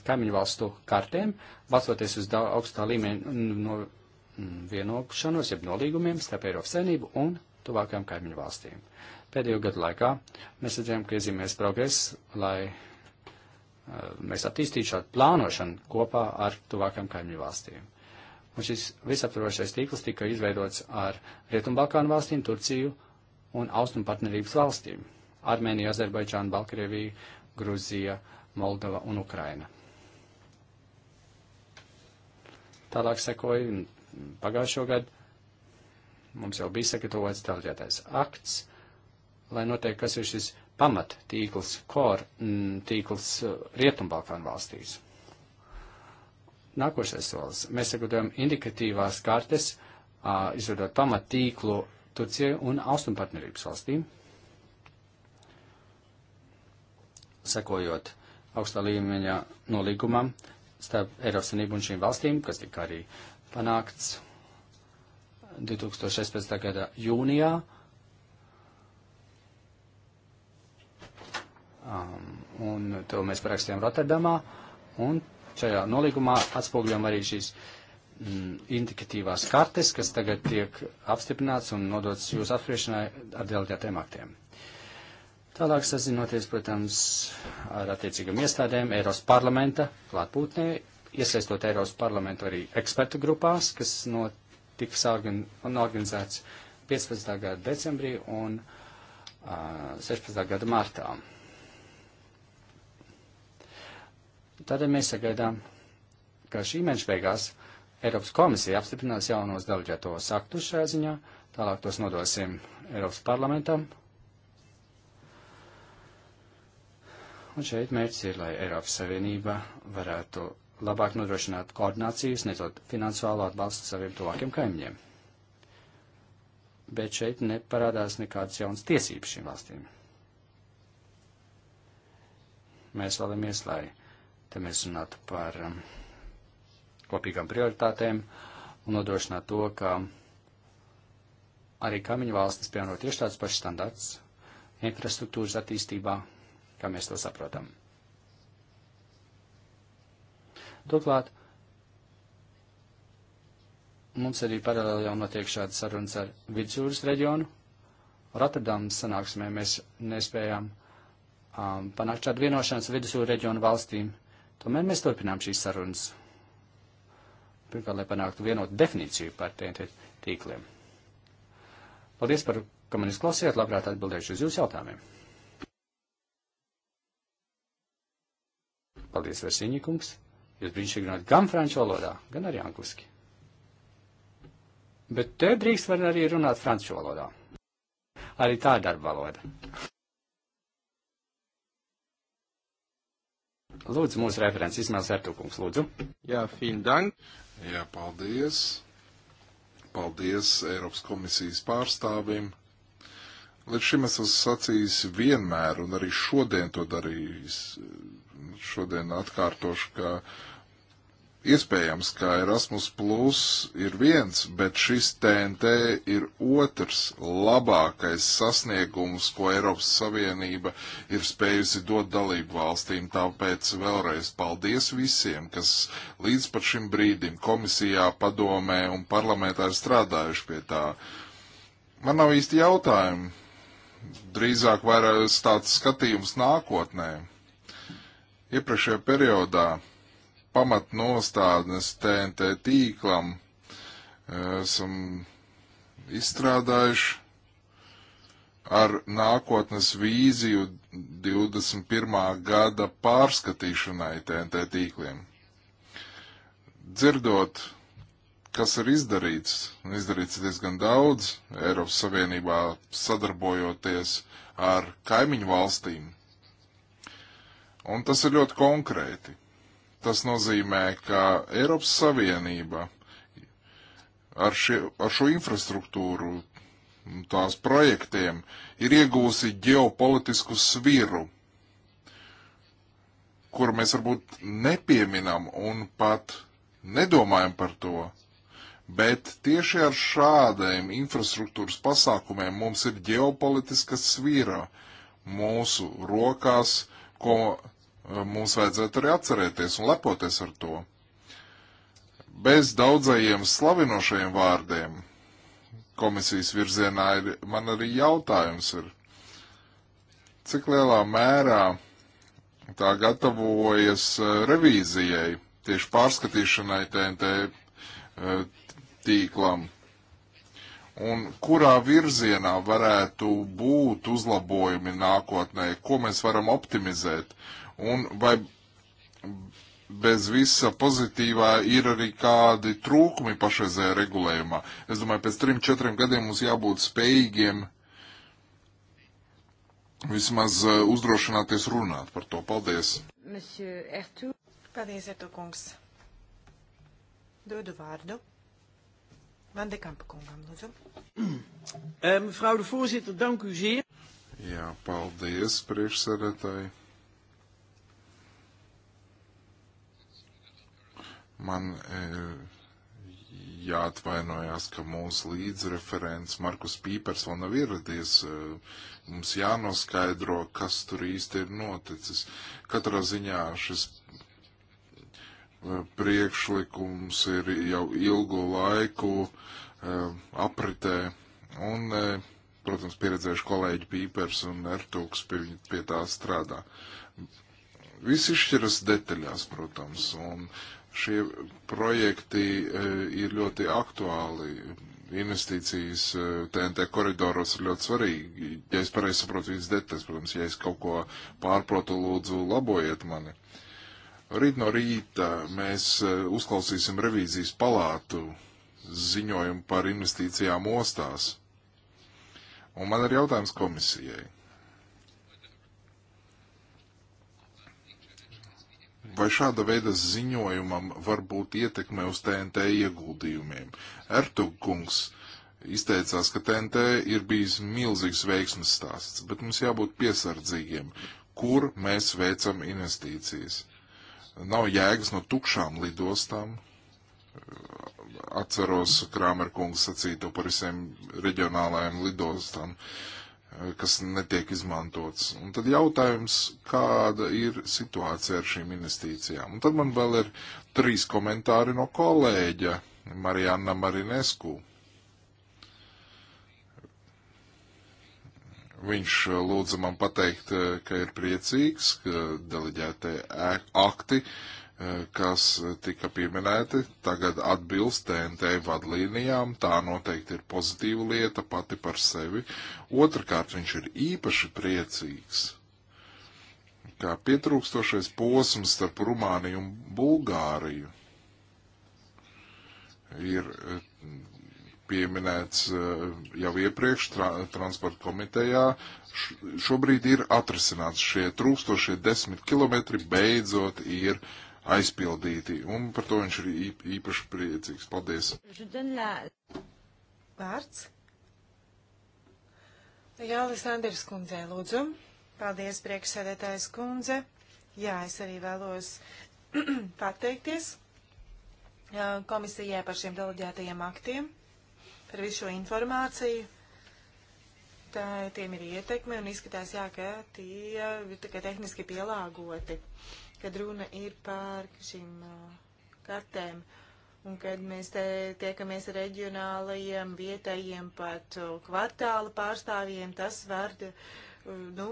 kaimiņu valstu kartēm, balstoties uz augstā līmeņa no mm, vienokšanos, jeb nolīgumiem starp Eiropas saimnību un tuvākajām kaimiņu valstīm. Pēdējo gadu laikā mēs redzējām, ka iezīmēs progress, lai eh, mēs attīstītu šādu plānošanu kopā ar tuvākajām kaimiņu valstīm. Un šis visaptvarošais tīkls tika izveidots ar Rietumbalkānu valstīm, Turciju un Austrumu partnerības valstīm - Armēnija, Azerbaidžāna, Balkrievija, Gruzija, Moldova un Ukraina. Tālāk sekoja pagājušo gadu Mums jau bija sagatavots delģētais akts, lai noteikti, kas ir šis pamattīkls, kor mm, tīkls uh, Rietumbalkānu valstīs. Nākošais solis. Mēs sagatavojam indikatīvās kartes, uh, izvedot pamattīklu Turcijai un Austrumpartnerības valstīm. Sekojot augstā līmeņa nolīgumam starp Eiropas Savienību un šīm valstīm, kas tika arī panākts 2016. gada jūnijā. Um, un to mēs parakstījām Rotterdamā. Un šajā nolīgumā atspogļam arī šīs mm, indikatīvās kartes, kas tagad tiek apstiprināts un nodots jūsu apspriešanai ar delegātiem aktiem. Tālāk sazinoties, protams, ar attiecīgām iestādēm Eiros parlamenta klātbūtnē, iesaistot Eiros parlamentu arī ekspertu grupās, kas not tiks organizēts 15. gada decembrī un uh, 16. gada martā. Tādēļ mēs sagaidām, ka šī mēneša beigās Eiropas komisija apstiprinās jaunos deleģētos aktus šajā ziņā, tālāk tos nodosim Eiropas parlamentam. Un šeit mērķis ir, lai Eiropas Savienība varētu labāk nodrošināt koordināciju, sniedzot finansuālo atbalstu saviem tuvākiem kaimiņiem. Bet šeit neparādās nekādas jaunas tiesības šīm valstīm. Mēs vēlamies, lai te mēs runātu par um, kopīgām prioritātēm un nodrošinātu to, ka arī kaimiņu valstis piemērot tieši tāds pašs standarts infrastruktūras attīstībā, kā mēs to saprotam. Turklāt mums arī paralēli jau notiek šādas sarunas ar Vidusjūras reģionu. Rotterdams sanāksmē mēs nespējām um, panākt šādu vienošanos Vidusjūras reģionu valstīm. Tomēr mēs turpinām šīs sarunas. Pirmkārt, lai panāktu vienotu definīciju par TNT tīkliem. Paldies par, ka man izklausījāt, labprāt atbildēšu uz jūsu jautājumiem. Paldies, Versiņikungs. Jūs viņš runāt gan franču valodā, gan arī angliski. Bet te drīkst var arī runāt franču valodā. Arī tā ir darba valoda. Lūdzu, mūsu referents Ismēls Ertūkums, lūdzu. Jā, fin dank. Jā, paldies. Paldies Eiropas komisijas pārstāvim. Līdz šim es esmu sacījis vienmēr, un arī šodien to darījis. Šodien atkārtošu, ka Iespējams, ka Erasmus Plus ir viens, bet šis TNT ir otrs labākais sasniegums, ko Eiropas Savienība ir spējusi dot dalību valstīm. Tāpēc vēlreiz paldies visiem, kas līdz pat šim brīdim komisijā, padomē un parlamentā ir strādājuši pie tā. Man nav īsti jautājumu, drīzāk vairāk tāds skatījums nākotnē. Iepriekšējā periodā pamatnostādnes TNT tīklam esam izstrādājuši ar nākotnes vīziju 21. gada pārskatīšanai TNT tīkliem. Dzirdot, kas ir izdarīts, un izdarīts diezgan daudz Eiropas Savienībā sadarbojoties ar kaimiņu valstīm, un tas ir ļoti konkrēti. Tas nozīmē, ka Eiropas Savienība ar, šie, ar šo infrastruktūru, tās projektiem, ir iegūsi ģeopolitisku sviru, kuru mēs varbūt nepieminam un pat nedomājam par to. Bet tieši ar šādiem infrastruktūras pasākumiem mums ir ģeopolitiska svīra mūsu rokās, ko Eh, mums vajadzētu arī atcerēties un lepoties ar to. Bez daudzajiem slavinošajiem vārdiem komisijas virzienā ir, man arī jautājums ir, cik lielā mērā tā gatavojas eh, revīzijai, tieši pārskatīšanai TNT eh, tīklam, un kurā virzienā varētu būt uzlabojumi nākotnē, ko mēs varam optimizēt. Uh, un vai bez visa pozitīvā ir arī kādi trūkumi pašreizējā regulējumā. Es domāju, pēc trim, četriem gadiem mums jābūt spējīgiem vismaz eh, uzdrošināties runāt par to. Paldies! Paldies, Ertu kungs! Dodu vārdu. Van de Kampa kungam, lūdzu. Eh, mevrouw de voorzitter, dank u zeer. Jā, paldies, priekšsēdētāji. Man e, jāatvainojās, ka mūsu līdzreferents Markus Pīpers vēl nav ieradies. E, mums jānoskaidro, kas tur īsti ir noticis. Katrā ziņā šis e, priekšlikums ir jau ilgu laiku apritē un, protams, pieredzējuši kolēģi Pīpers un Ertūks pie, pie tā strādā. Viss izšķiras detaļās, protams, un uh, Šie projekti e, ir ļoti aktuāli. Investīcijas TNT e, koridoros ir ļoti svarīgi. Ja es pareizi saprotu visas detaļas, protams, ja es kaut ko pārprotu, lūdzu, labojiet mani. Rīt no rīta mēs e, uzklausīsim revīzijas palātu ziņojumu par investīcijām ostās. Un man ir jautājums komisijai. Vai šāda veida ziņojumam var būt ietekme uz TNT ieguldījumiem? Ertugkungs izteicās, ka TNT ir bijis milzīgs veiksmes stāsts, bet mums jābūt piesardzīgiem, kur mēs veicam investīcijas. Nav jēgas no tukšām lidostām. Atceros Krāmerkungs sacīto par visiem reģionālajiem lidostām. Uh, kas netiek izmantots. Un tad jautājums, kāda ir situācija ar šīm investīcijām. Un tad man vēl ir trīs komentāri no kolēģa Marijana Marinesku. Viņš eh, lūdza man pateikt, eh, ka ir priecīgs, ka deleģētie akti uh, kas tika pieminēti, tagad atbilst TNT vadlīnijām. Tā noteikti ir pozitīva lieta pati par sevi. Otrakārt, viņš ir īpaši priecīgs, kā pietrūkstošais posms starp Rumāniju un Bulgāriju ir eh, pieminēts eh, jau iepriekš tra transporta komitejā. Šobrīd ir atrisināts šie trūkstošie desmit kilometri, beidzot ir uh, aizpildīti, un par to viņš ir īpaši priecīgs. Paldies! Vārds. Jālis Andris kundzē, lūdzu. Paldies, priekšsēdētājs kundze. Jā, es arī vēlos pateikties komisijai par šiem deleģētajiem aktiem, par visu šo informāciju. Tā, tiem ir ietekme un izskatās, jā, ka tie ir tikai tehniski pielāgoti. Uh, kad runa ir par šīm kartēm. Un kad mēs te tiekamies ar reģionālajiem, vietējiem, pat kvartāla pārstāvjiem, tas var nu,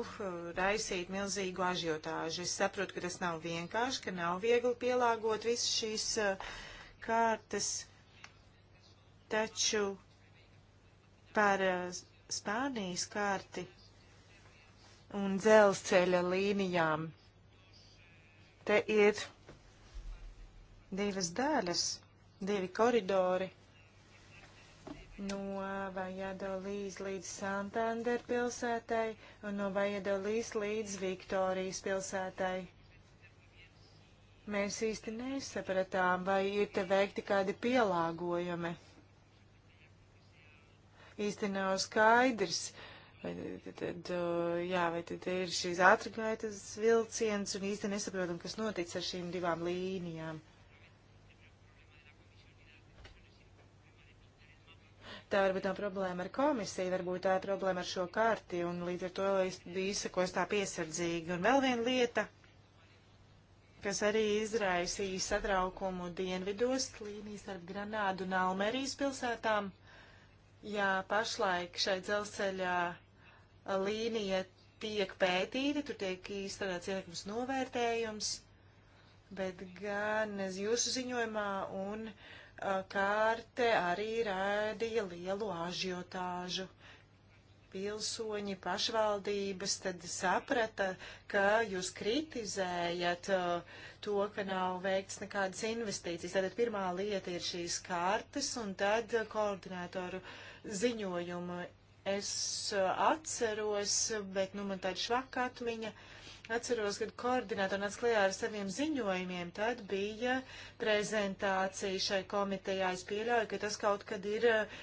raisīt milzīgu ažiotāžu. Es saprotu, ka tas nav vienkārši, ka nav viegli pielāgot visas šīs kārtas, taču par Spānijas kārti un dzelzceļa līnijām te ir divas daļas, divi koridori no Vajadolīs līdz Santander pilsētai un no Vajadolīs līdz Viktorijas pilsētai. Mēs īsti nesapratām, vai ir te veikti kādi pielāgojumi. Īsti nav skaidrs, uh, Vai tad, uh, jā, vai tad ir šīs ātrgaitas vilciens un īsti nesaprotam, kas notiks ar šīm divām līnijām. Tā varbūt nav problēma ar komisiju, varbūt tā ir problēma ar šo karti, un līdz ar to izsakos tā piesardzīgi. Un vēl viena lieta, kas arī izraisīja satraukumu dienvidos līnijas ar Granādu un Almerijas pilsētām. Jā, pašlaik šai dzelzceļā līnija tiek pētīta, tur tiek izstrādāts ietekmes novērtējums, bet gan jūsu ziņojumā un kārte arī rādīja lielu ažiotāžu pilsoņi, pašvaldības, tad saprata, ka jūs kritizējat to, ka nav veikts nekādas investīcijas. Tātad pirmā lieta ir šīs kartes un tad koordinātoru ziņojuma es uh, atceros, bet nu, man tāda švaka atmiņa. Atceros, kad koordinātori nāca klajā ar saviem ziņojumiem, tad bija prezentācija šai komitejā. Es pieļauju, ka tas kaut kad ir uh,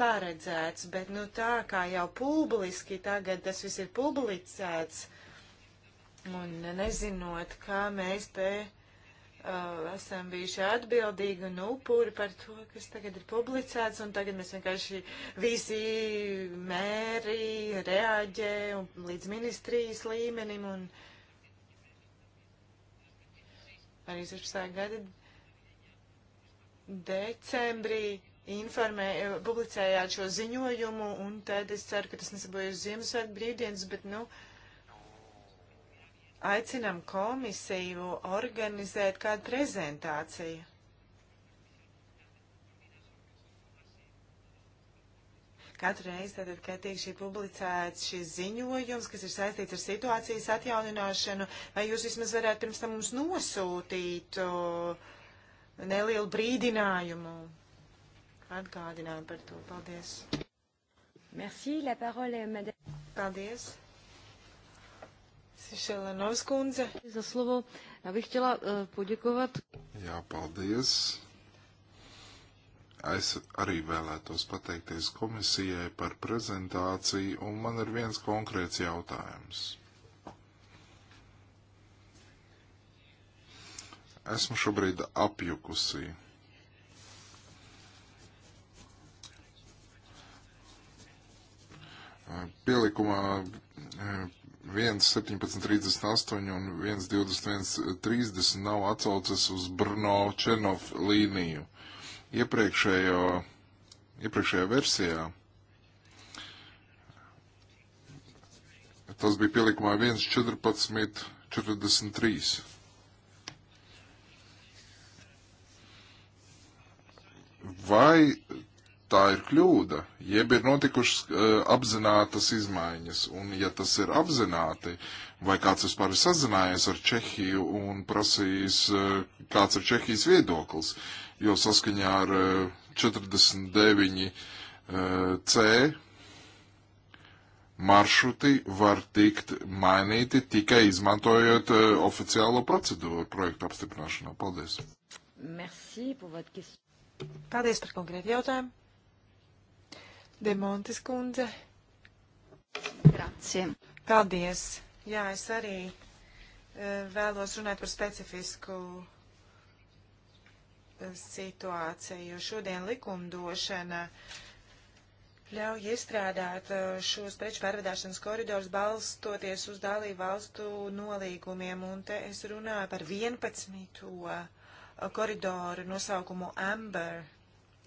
paredzēts, bet nu, tā kā jau publiski tagad tas viss ir publicēts un nezinot, kā mēs te. Pie uh, esam bijuši atbildīgi un upuri par to, kas tagad ir publicēts, un tagad mēs vienkārši visi mēri reaģē un līdz ministrijas līmenim, un arī 16. gada decembrī informē, publicējāt šo ziņojumu, un tad es ceru, ka tas nesabojos Ziemassvētku brīvdienas, bet, nu, uh, aicinam komisiju organizēt kādu prezentāciju. Katru reizi, tad, kad tiek šī publicēts šis ziņojums, kas ir saistīts ar situācijas atjaunināšanu, vai jūs vismaz varētu pirms tam mums nosūtīt nelielu brīdinājumu, atgādinājumu par to. Paldies. Merci, la parole, madame. Paldies. Šelenovs kundze. Za slovo. Ja bih htjela uh, eh, poģekovat. Jā, paldies. Es arī vēlētos pateikties komisijai par prezentāciju, un man ir viens konkrēts jautājums. Esmu šobrīd apjukusī. Pielikumā eh, 1.1738 un 1.21.30 nav atsaucas uz Brno-Černov līniju. Iepriekšējo, iepriekšējā versijā tas bija pielikumā 1.14.43. Vai tā ir kļūda, jeb ir notikušas uh, apzinātas izmaiņas. Un, ja tas ir apzināti, vai kāds vispār ir sazinājies ar Čehiju un prasījis, uh, e, kāds ir Čehijas viedoklis, jo saskaņā ar uh, e, 49 C maršruti var tikt mainīti tikai izmantojot oficiālo procedūru projektu apstiprināšanā. Paldies! Merci pour votre question. Paldies par konkrētu jautājumu. Demontes kundze. Grazie. Paldies. Jā, es arī e, vēlos runāt par specifisku e, situāciju, jo šodien likumdošana ļauj iestrādāt e, šos preču pārvedāšanas koridors balstoties uz dalību valstu nolīgumiem, un te es runāju par 11. koridoru nosaukumu Amber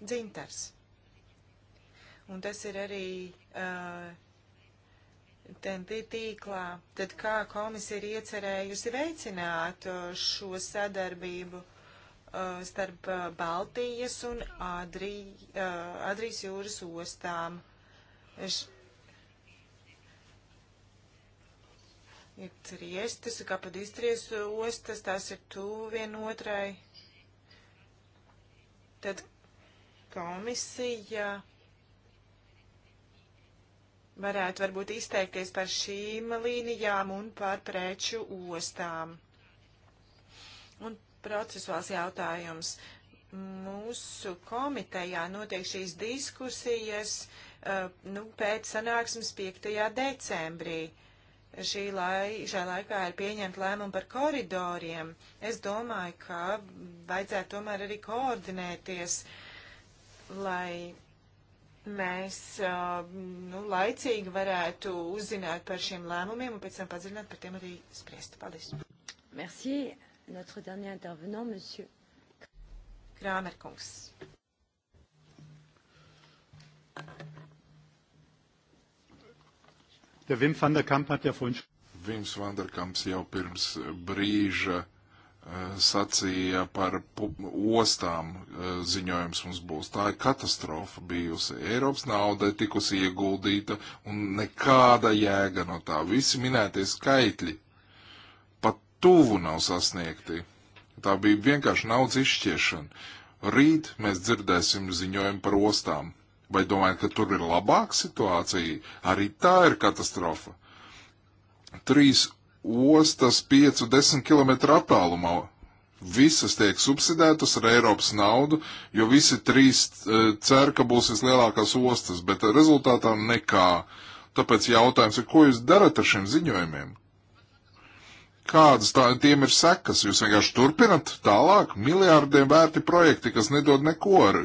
dzintars un tas ir arī uh, TNT tīklā. Tad kā komisija ir iecerējusi veicināt uh, šo sadarbību uh, starp uh, Baltijas un Adrī, uh, Adrijas jūras ostām? Š ir triestas, kā pat iztries ostas, tās ir tuvu vienotrai. Tad komisija. Uh, varētu varbūt izteikties par šīm līnijām un par preču ostām. Un procesuāls jautājums. Mūsu komitejā notiek šīs diskusijas uh, nu, pēc sanāksmes 5. decembrī. Šī lai, šai laikā ir pieņemta lēmuma par koridoriem. Es domāju, ka vajadzētu tomēr arī koordinēties, lai mēs nu, laicīgi varētu uzzināt par šiem lēmumiem un pēc tam padziļināt par tiem arī spriest. Paldies. Merci. Notre dernier intervenant, monsieur Krāmerkungs. Der Wim van der Kamp hat ja vorhin. Vims Vanderkamps jau pirms brīža Eh, sacīja par ostām eh, ziņojums mums būs. Tā ir katastrofa bijusi. Eiropas nauda ir tikusi ieguldīta un nekāda jēga no tā. Visi minētie skaitļi pat tuvu nav sasniegti. Tā bija vienkārši naudas izšķiešana. Rīt mēs dzirdēsim ziņojumu par ostām. Vai domājat, ka tur ir labāka situācija? Arī tā ir katastrofa. Trīs ostas 5-10 km attālumā. Visas tiek subsidētas ar Eiropas naudu, jo visi trīs e, cer, ka būs vislielākās ostas, bet rezultātā nekā. Tāpēc jautājums ir, ko jūs darat ar šiem ziņojumiem? Kādas tā, tiem ir sekas? Jūs vienkārši turpinat tālāk miljārdiem vērti projekti, kas nedod neko ar e,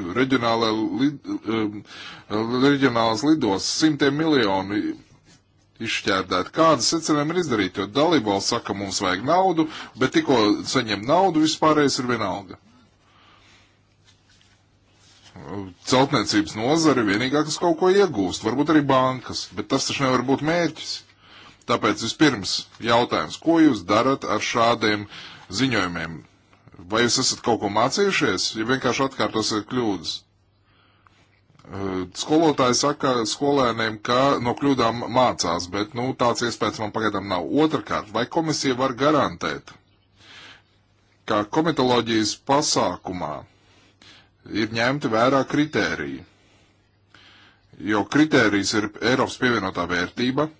reģionālās lidos, simtiem miljonu izšķērdēti. Kādas secinājumi ir izdarīti? Jo dalībvalsts saka, mums vajag naudu, bet tikko saņem naudu, vispārējais ir vienalga. Celtniecības nozare vienīgā, kas kaut ko iegūst, varbūt arī bankas, bet tas taču nevar būt mērķis. Tāpēc vispirms jautājums, ko jūs darat ar šādiem ziņojumiem? Vai jūs esat kaut ko mācījušies, ja vienkārši atkārtosiet kļūdas? Eh, skolotāji saka skolēniem, ka no kļūdām mācās, bet nu, tāds iespējas man pagaidām nav. Otrakārt, vai komisija var garantēt, ka komitoloģijas pasākumā ir ņemti vērā kritēriji? Jo kritērijs ir Eiropas pievienotā vērtība,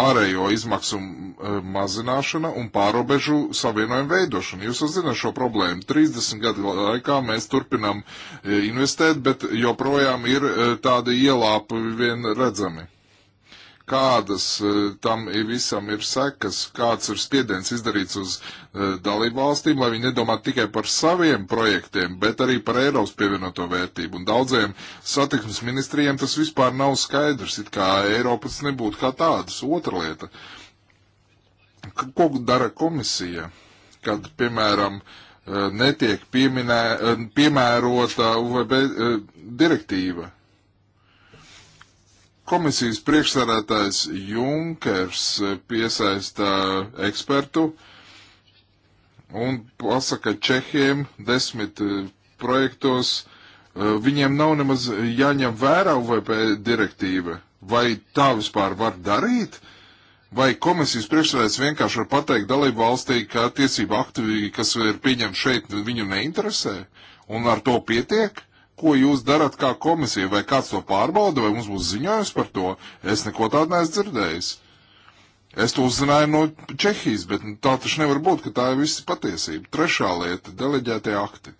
ārējo izmaksu eh, mazināšana un pārobežu savienojumu veidošana. Jūs uzzināt šo problēmu. 30 gadu laikā mēs turpinam eh, investēt, bet joprojām ir eh, tādi ielāpi vien redzami kādas e, tam visam ir sekas, kāds ir spiediens izdarīts uz e, dalību valstīm, lai viņi nedomā tikai par saviem projektiem, bet arī par Eiropas pievienoto vērtību. Un daudziem satiksmes ministrijiem tas vispār nav skaidrs, it kā Eiropas nebūtu kā tādas. Otra lieta. Ko dara komisija, kad, piemēram, e, netiek pieminē, piemērota UVB direktīva? Komisijas priekšsēdētājs Junkers piesaista ekspertu un pasaka Čehiem desmit eh, projektos, eh, viņiem nav nemaz jāņem vērā UVP direktīva. Vai tā vispār var darīt? Vai komisijas priekšsēdētājs vienkārši var pateikt dalību valstī, ka tiesība aktīvi, kas ir pieņemta šeit, viņu neinteresē? Un ar to pietiek? ko jūs darat kā komisija, vai kāds to pārbauda, vai mums būs ziņojums par to. Es neko tādu neesmu dzirdējis. Es to uzzināju no Čehijas, bet nu, tā taču nevar būt, ka tā ir visa patiesība. Trešā lieta - deleģētie akti.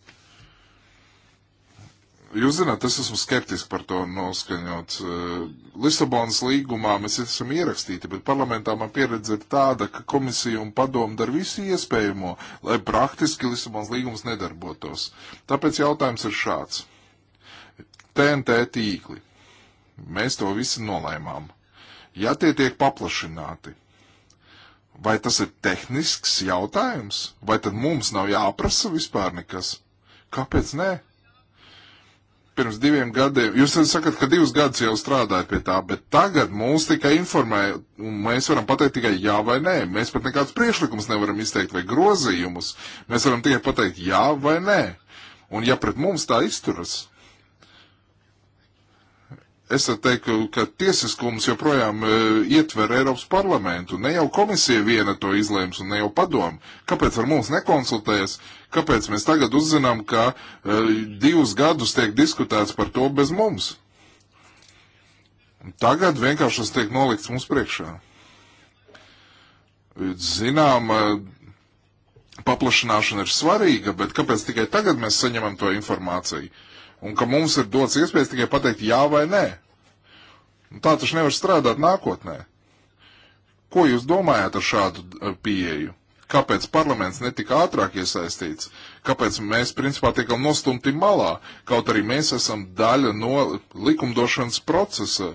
Jūs zināt, es esmu skeptiski par to noskaņots. Eh, Lisabonas līgumā mēs esam ierakstīti, bet parlamentā man pieredze ir tāda, ka komisija un padomu dar visu iespējamo, lai praktiski Lisabonas līgums nedarbotos. Tāpēc jautājums ir šāds. TNT tīkli. Mēs to visu nolēmām. Ja tie tiek paplašināti, vai tas ir tehnisks jautājums, vai tad mums nav jāprasa vispār nekas? Kāpēc nē? Pirms diviem gadiem, jūs sakat, ka divus gadus jau strādājat pie tā, bet tagad mūs tikai informē, un mēs varam pateikt tikai jā vai nē. Mēs pat nekādus priešlikumus nevaram izteikt vai grozījumus. Mēs varam tikai pateikt jā vai nē. Un ja pret mums tā izturas, Es teiktu, ka tiesiskums joprojām e, ietver Eiropas parlamentu. Ne jau komisija viena to izlēms un ne jau padomu. Kāpēc ar mums nekonsultējas? Kāpēc mēs tagad uzzinām, ka uh, divus gadus tiek diskutēts par to bez mums? Tagad vienkārši tas tiek nolikts mums priekšā. Zinām, e, paplašināšana ir svarīga, bet kāpēc tikai tagad mēs saņemam to informāciju? Uh, un ka mums ir dots iespējas tikai pateikt jā vai nē. Un tā taču nevar strādāt nākotnē. Ko jūs domājat ar šādu pieeju? Kāpēc parlaments netika ātrāk iesaistīts? Kāpēc mēs principā tiekam nostumti malā, kaut arī mēs esam daļa no likumdošanas procesa,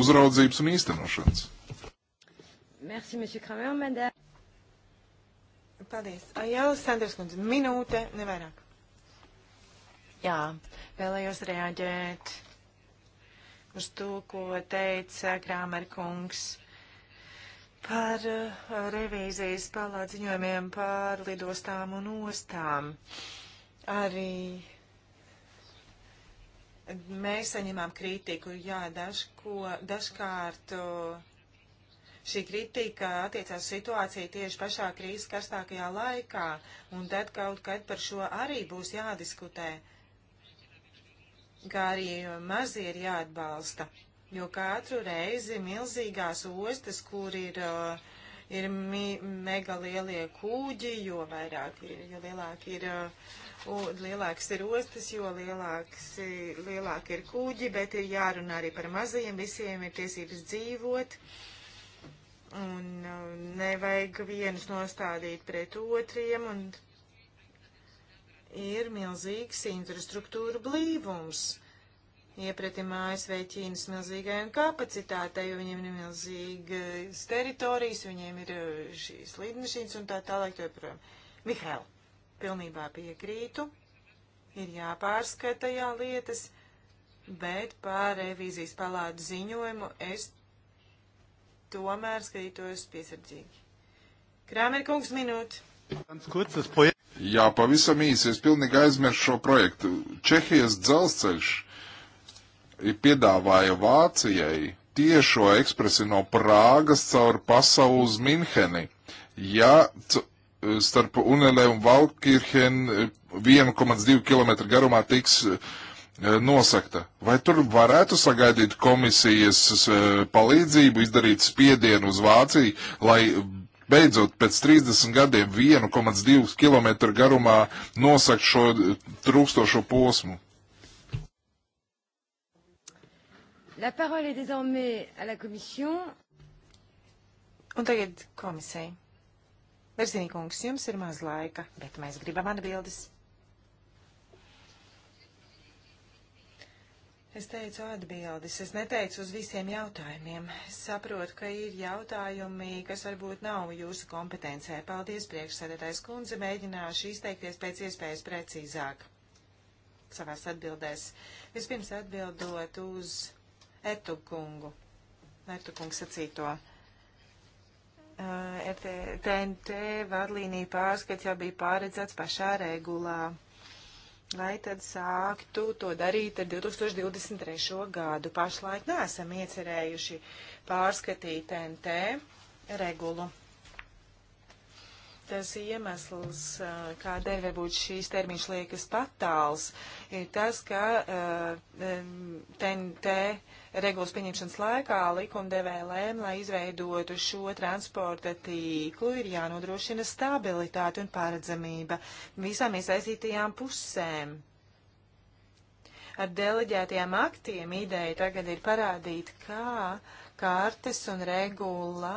uzraudzības un īstenošanas? Merci, monsieur Kramer, madame. Paldies. Jā, Sanders kundze, minūte, nevairāk. Jā, vēlējos reaģēt uz to, ko teica Krāmerkungs par uh, revīzijas palādziņojumiem par lidostām un ostām. Arī mēs saņemam kritiku, jā, dažko, dažkārt uh, šī kritika attiecās situācija tieši pašā krīzes karstākajā laikā, un tad kaut kad par šo arī būs jādiskutē. Uh, kā arī mazie ir jāatbalsta, jo katru reizi milzīgās ostas, kur ir, uh, ir mi, mega lielie kūģi, jo vairāk ir, jo lielāk ir, uh, lielāks ir ostas, jo lielāks, lielāk ir kūģi, bet ir jārunā arī par mazajiem, visiem ir tiesības dzīvot. Un uh, nevajag vienus nostādīt pret otriem, un ir milzīgs infrastruktūra blīvums. Iepratim ASV Ķīnas milzīgajai kapacitātei, jo viņiem ir milzīgas teritorijas, viņiem ir uh, šīs lidmašīnas un tā tālāk. Joprojām. Mihail, pilnībā piekrītu, ir jāpārskata jā lietas, bet pār revīzijas palādu ziņojumu es tomēr skatītos piesardzīgi. Krāmer kungs minūte. Jā, pavisam īsi, es pilnīgi aizmirsu šo projektu. Čehijas dzelzceļš piedāvāja Vācijai tiešo ekspresi no Prāgas caur Pasau uz Minheni. Ja starp Unelē un Valkirhen 1,2 km garumā tiks e, nosakta. Vai tur varētu sagaidīt komisijas e, palīdzību, izdarīt spiedienu uz Vāciju, lai beidzot pēc 30 gadiem 1,2 km garumā nosakt šo trūkstošo posmu. La parole est désormais à la Commission. Un tagad komisija. Verzinīkungs, jums ir maz laika, bet mēs gribam atbildes. Es teicu atbildes, es neteicu uz visiem jautājumiem. Es saprotu, ka ir jautājumi, kas varbūt nav jūsu kompetencē. Paldies, priekšsēdētājs kundze, mēģināšu izteikties pēc iespējas precīzāk savās atbildēs. Vispirms atbildot uz Ertukungu, Ertukungu sacīto. Uh, TNT vadlīnija pārskats jau bija pārredzēts pašā regulā lai tad sāktu to darīt ar 2023. gadu. Pašlaik neesam iecerējuši pārskatīt NT regulu. Tas iemesls, eh, kādēļ varbūt šīs termiņš liekas patāls, ir tas, ka uh, TNT uh, regulas pieņemšanas laikā likumdevēja lēma, lai izveidotu šo transporta tīklu, ir jānodrošina stabilitāte un paredzamība visām iesaistītajām pusēm. Ar deleģētajiem aktiem ideja tagad ir parādīt, kā kartes un regula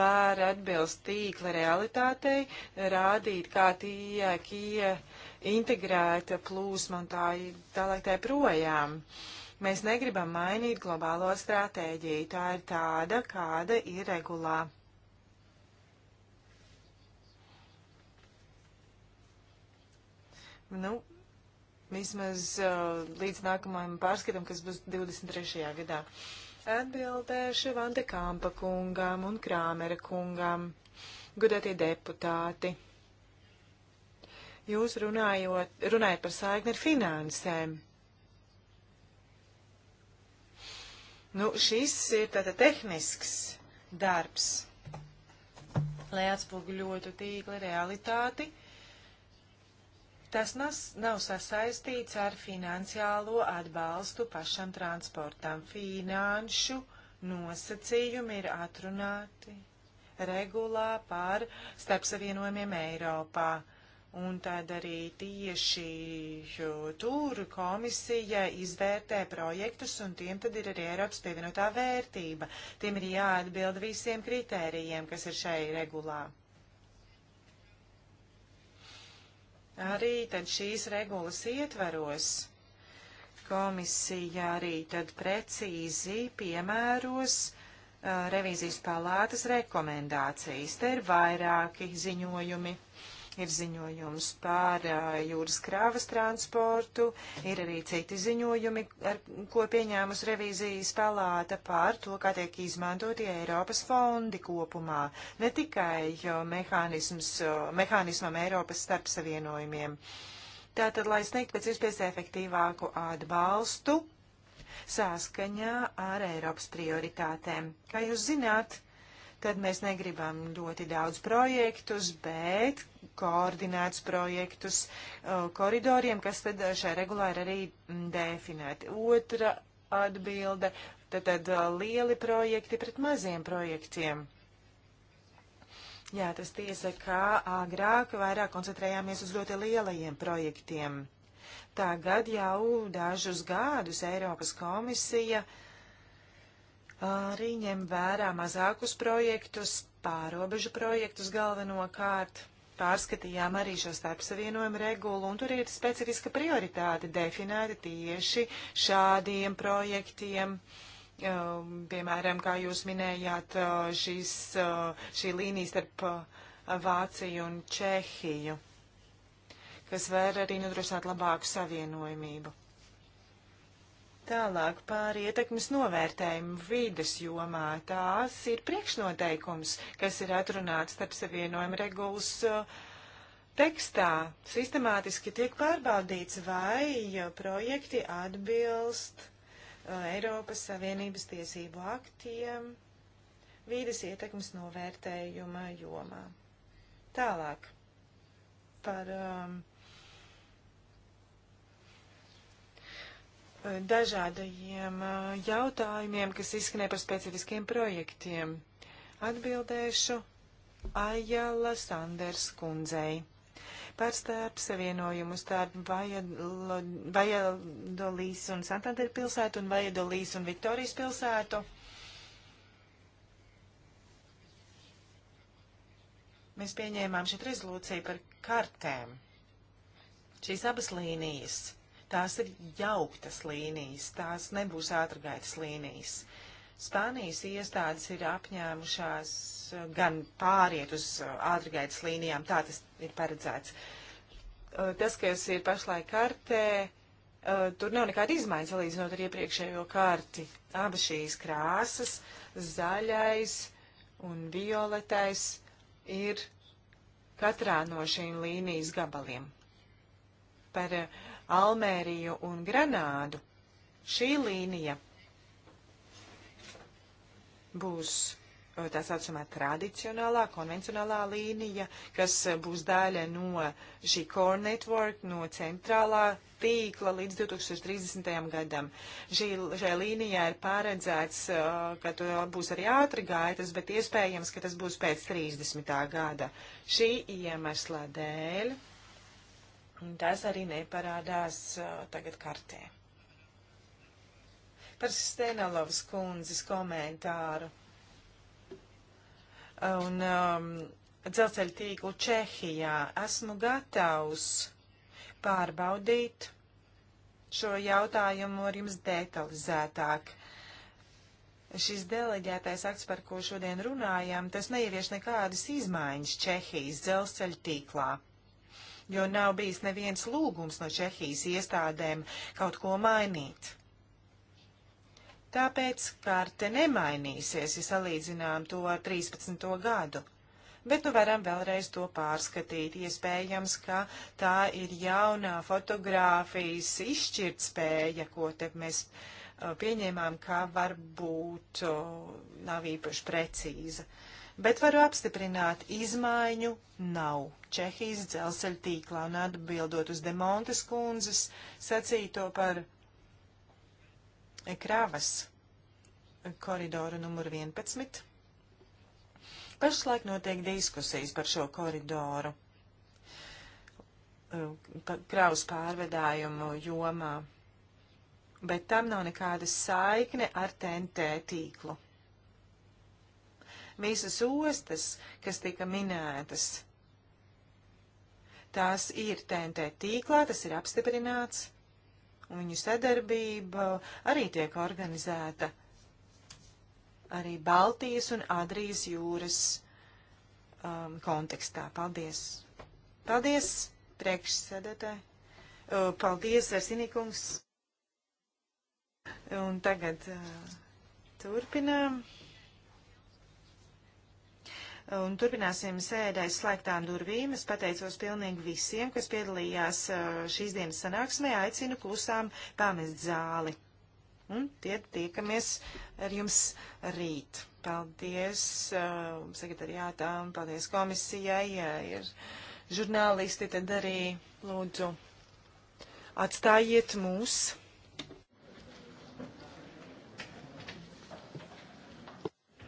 var atbilst tīkla realitātei, rādīt, kā tiek integrēta plūsma un tā, tālāk tā projām. Uh, Mēs negribam mainīt globālo stratēģiju. Tā ir tāda, kāda ir regulā. Nu, vismaz uh, līdz nākamajam pārskatam, kas būs 23. gadā. Atbildēšu Vande Kampa kungam un Krāmera kungam, gudētie deputāti. Jūs runājot, runājat par saikni ar finansēm. Nu, šis ir tātad tehnisks darbs, lai atspoguļotu tīkla realitāti. Tas nas, nav sasaistīts ar finansiālo atbalstu pašam transportam. Finanšu nosacījumi ir atrunāti regulā par starpsavienojumiem Eiropā. Un tad arī tieši tur komisija izvērtē projektus, un tiem tad ir arī Eiropas pievienotā vērtība. Tiem ir jāatbild visiem kritērijiem, kas ir šai regulā. Arī tad šīs regulas ietveros komisija arī tad precīzi piemēros uh, revīzijas palātas rekomendācijas. Te ir vairāki ziņojumi. Ir ziņojums par jūras krāvas transportu, ir arī citi ziņojumi, ar ko pieņēmus revīzijas palāta par to, kā tiek izmantoti Eiropas fondi kopumā. Ne tikai mehānismam Eiropas starpsavienojumiem. Tātad, lai sniegtu pēc iespējas efektīvāku atbalstu saskaņā ar Eiropas prioritātēm. Kā jūs zināt, tad mēs negribam ļoti daudz projektus, bet koordinētus projektus uh, koridoriem, kas tad šai regulā ir arī mm, definēti. Otra atbilde - tad, tad uh, lieli projekti pret maziem projektiem. Jā, tas tiesa, kā agrāk vairāk koncentrējāmies uz ļoti lielajiem projektiem. Tagad jau dažus gadus Eiropas komisija uh, arī ņem vērā mazākus projektus, pārobežu projektus galvenokārt. Pārskatījām arī šo starpsavienojumu regulu, un tur ir specifiska prioritāte definēta tieši šādiem projektiem. Um, piemēram, kā jūs minējāt, uh, šis, uh, šī līnija starp uh, Vāciju un Čehiju, kas var arī nodrošināt labāku savienojumību. Tālāk pār ietekmes novērtējumu vīdes jomā. Tās ir priekšnoteikums, kas ir atrunāts starp savienojuma regulas uh, tekstā. Sistemātiski tiek pārbaudīts, vai uh, projekti atbilst uh, Eiropas Savienības tiesību aktiem vīdes ietekmes novērtējuma jomā. Tālāk par um, dažādajiem jautājumiem, kas izskanēja par specifiskiem projektiem. Atbildēšu Ajala Sanders kundzei par starp savienojumu starp Vajadolīs un Santander pilsētu un Vajadolīs un Viktorijas pilsētu. Mēs pieņēmām šeit rezolūciju par kartēm. Šīs abas līnijas Tās ir jauktas līnijas, tās nebūs ātrgaitas līnijas. Spānijas iestādes ir apņēmušās eh, gan pāriet uz eh, ātrgaitas līnijām, tā tas ir paredzēts. Eh, tas, kas ir pašlaik kartē, tur nav nekāda izmaiņa salīdzinot ar iepriekšējo karti. Abas šīs krāsas, zaļais un violetais, ir katrā no šīm līnijas gabaliem. Par uh, Almēriju un Granādu. Šī līnija būs eh, tā saucamā tradicionālā, konvencionālā līnija, kas eh, būs daļa no šī core network, no centrālā tīkla līdz 2030. gadam. Šī, šajā līnijā ir paredzēts, eh, ka tur būs arī ātri gaitas, bet iespējams, ka tas būs pēc 30. gada. Šī iemesla dēļ Un tas arī neparādās uh, tagad kartē. Par Stenalovas kundzes komentāru un um, dzelzceļa tīklu Čehijā esmu gatavs pārbaudīt šo jautājumu ar jums detalizētāk. Šis deleģētais akts, par ko šodien runājam, tas neievieš nekādas izmaiņas Čehijas dzelzceļa tīklā jo nav bijis neviens lūgums no Čehijas iestādēm kaut ko mainīt. Tāpēc karte nemainīsies, ja salīdzinām to ar 13. gadu. Bet nu varam vēlreiz to pārskatīt. Iespējams, ka tā ir jaunā fotogrāfijas izšķirtspēja, ko te mēs uh, pieņēmām, ka varbūt uh, nav īpaši precīza. Uh, bet varu apstiprināt, izmaiņu nav Čehijas dzelzceļa tīklā un atbildot uz Demontes kundzes sacīto par kravas koridoru numur 11. Pašlaik notiek diskusijas par šo koridoru kravas pārvedājumu jomā, bet tam nav nekāda saikne ar TNT tīklu. Visas ostas, kas tika minētas, tās ir TNT tīklā, tas ir apstiprināts, un viņu sadarbība arī tiek organizēta arī Baltijas un Adrijas jūras um, kontekstā. Paldies! Paldies, priekšsēdētāji! Uh, paldies, Arsinīkungs! Un tagad uh, turpinām un turpināsim sēdē slēgtām durvīm. Es pateicos pilnīgi visiem, kas piedalījās uh, šīs dienas sanāksmē. Aicinu klusām pamest zāli. Un tie tiekamies ar jums rīt. Paldies uh, sekretariātām, paldies komisijai, ja ir žurnālisti, tad arī lūdzu atstājiet mūs.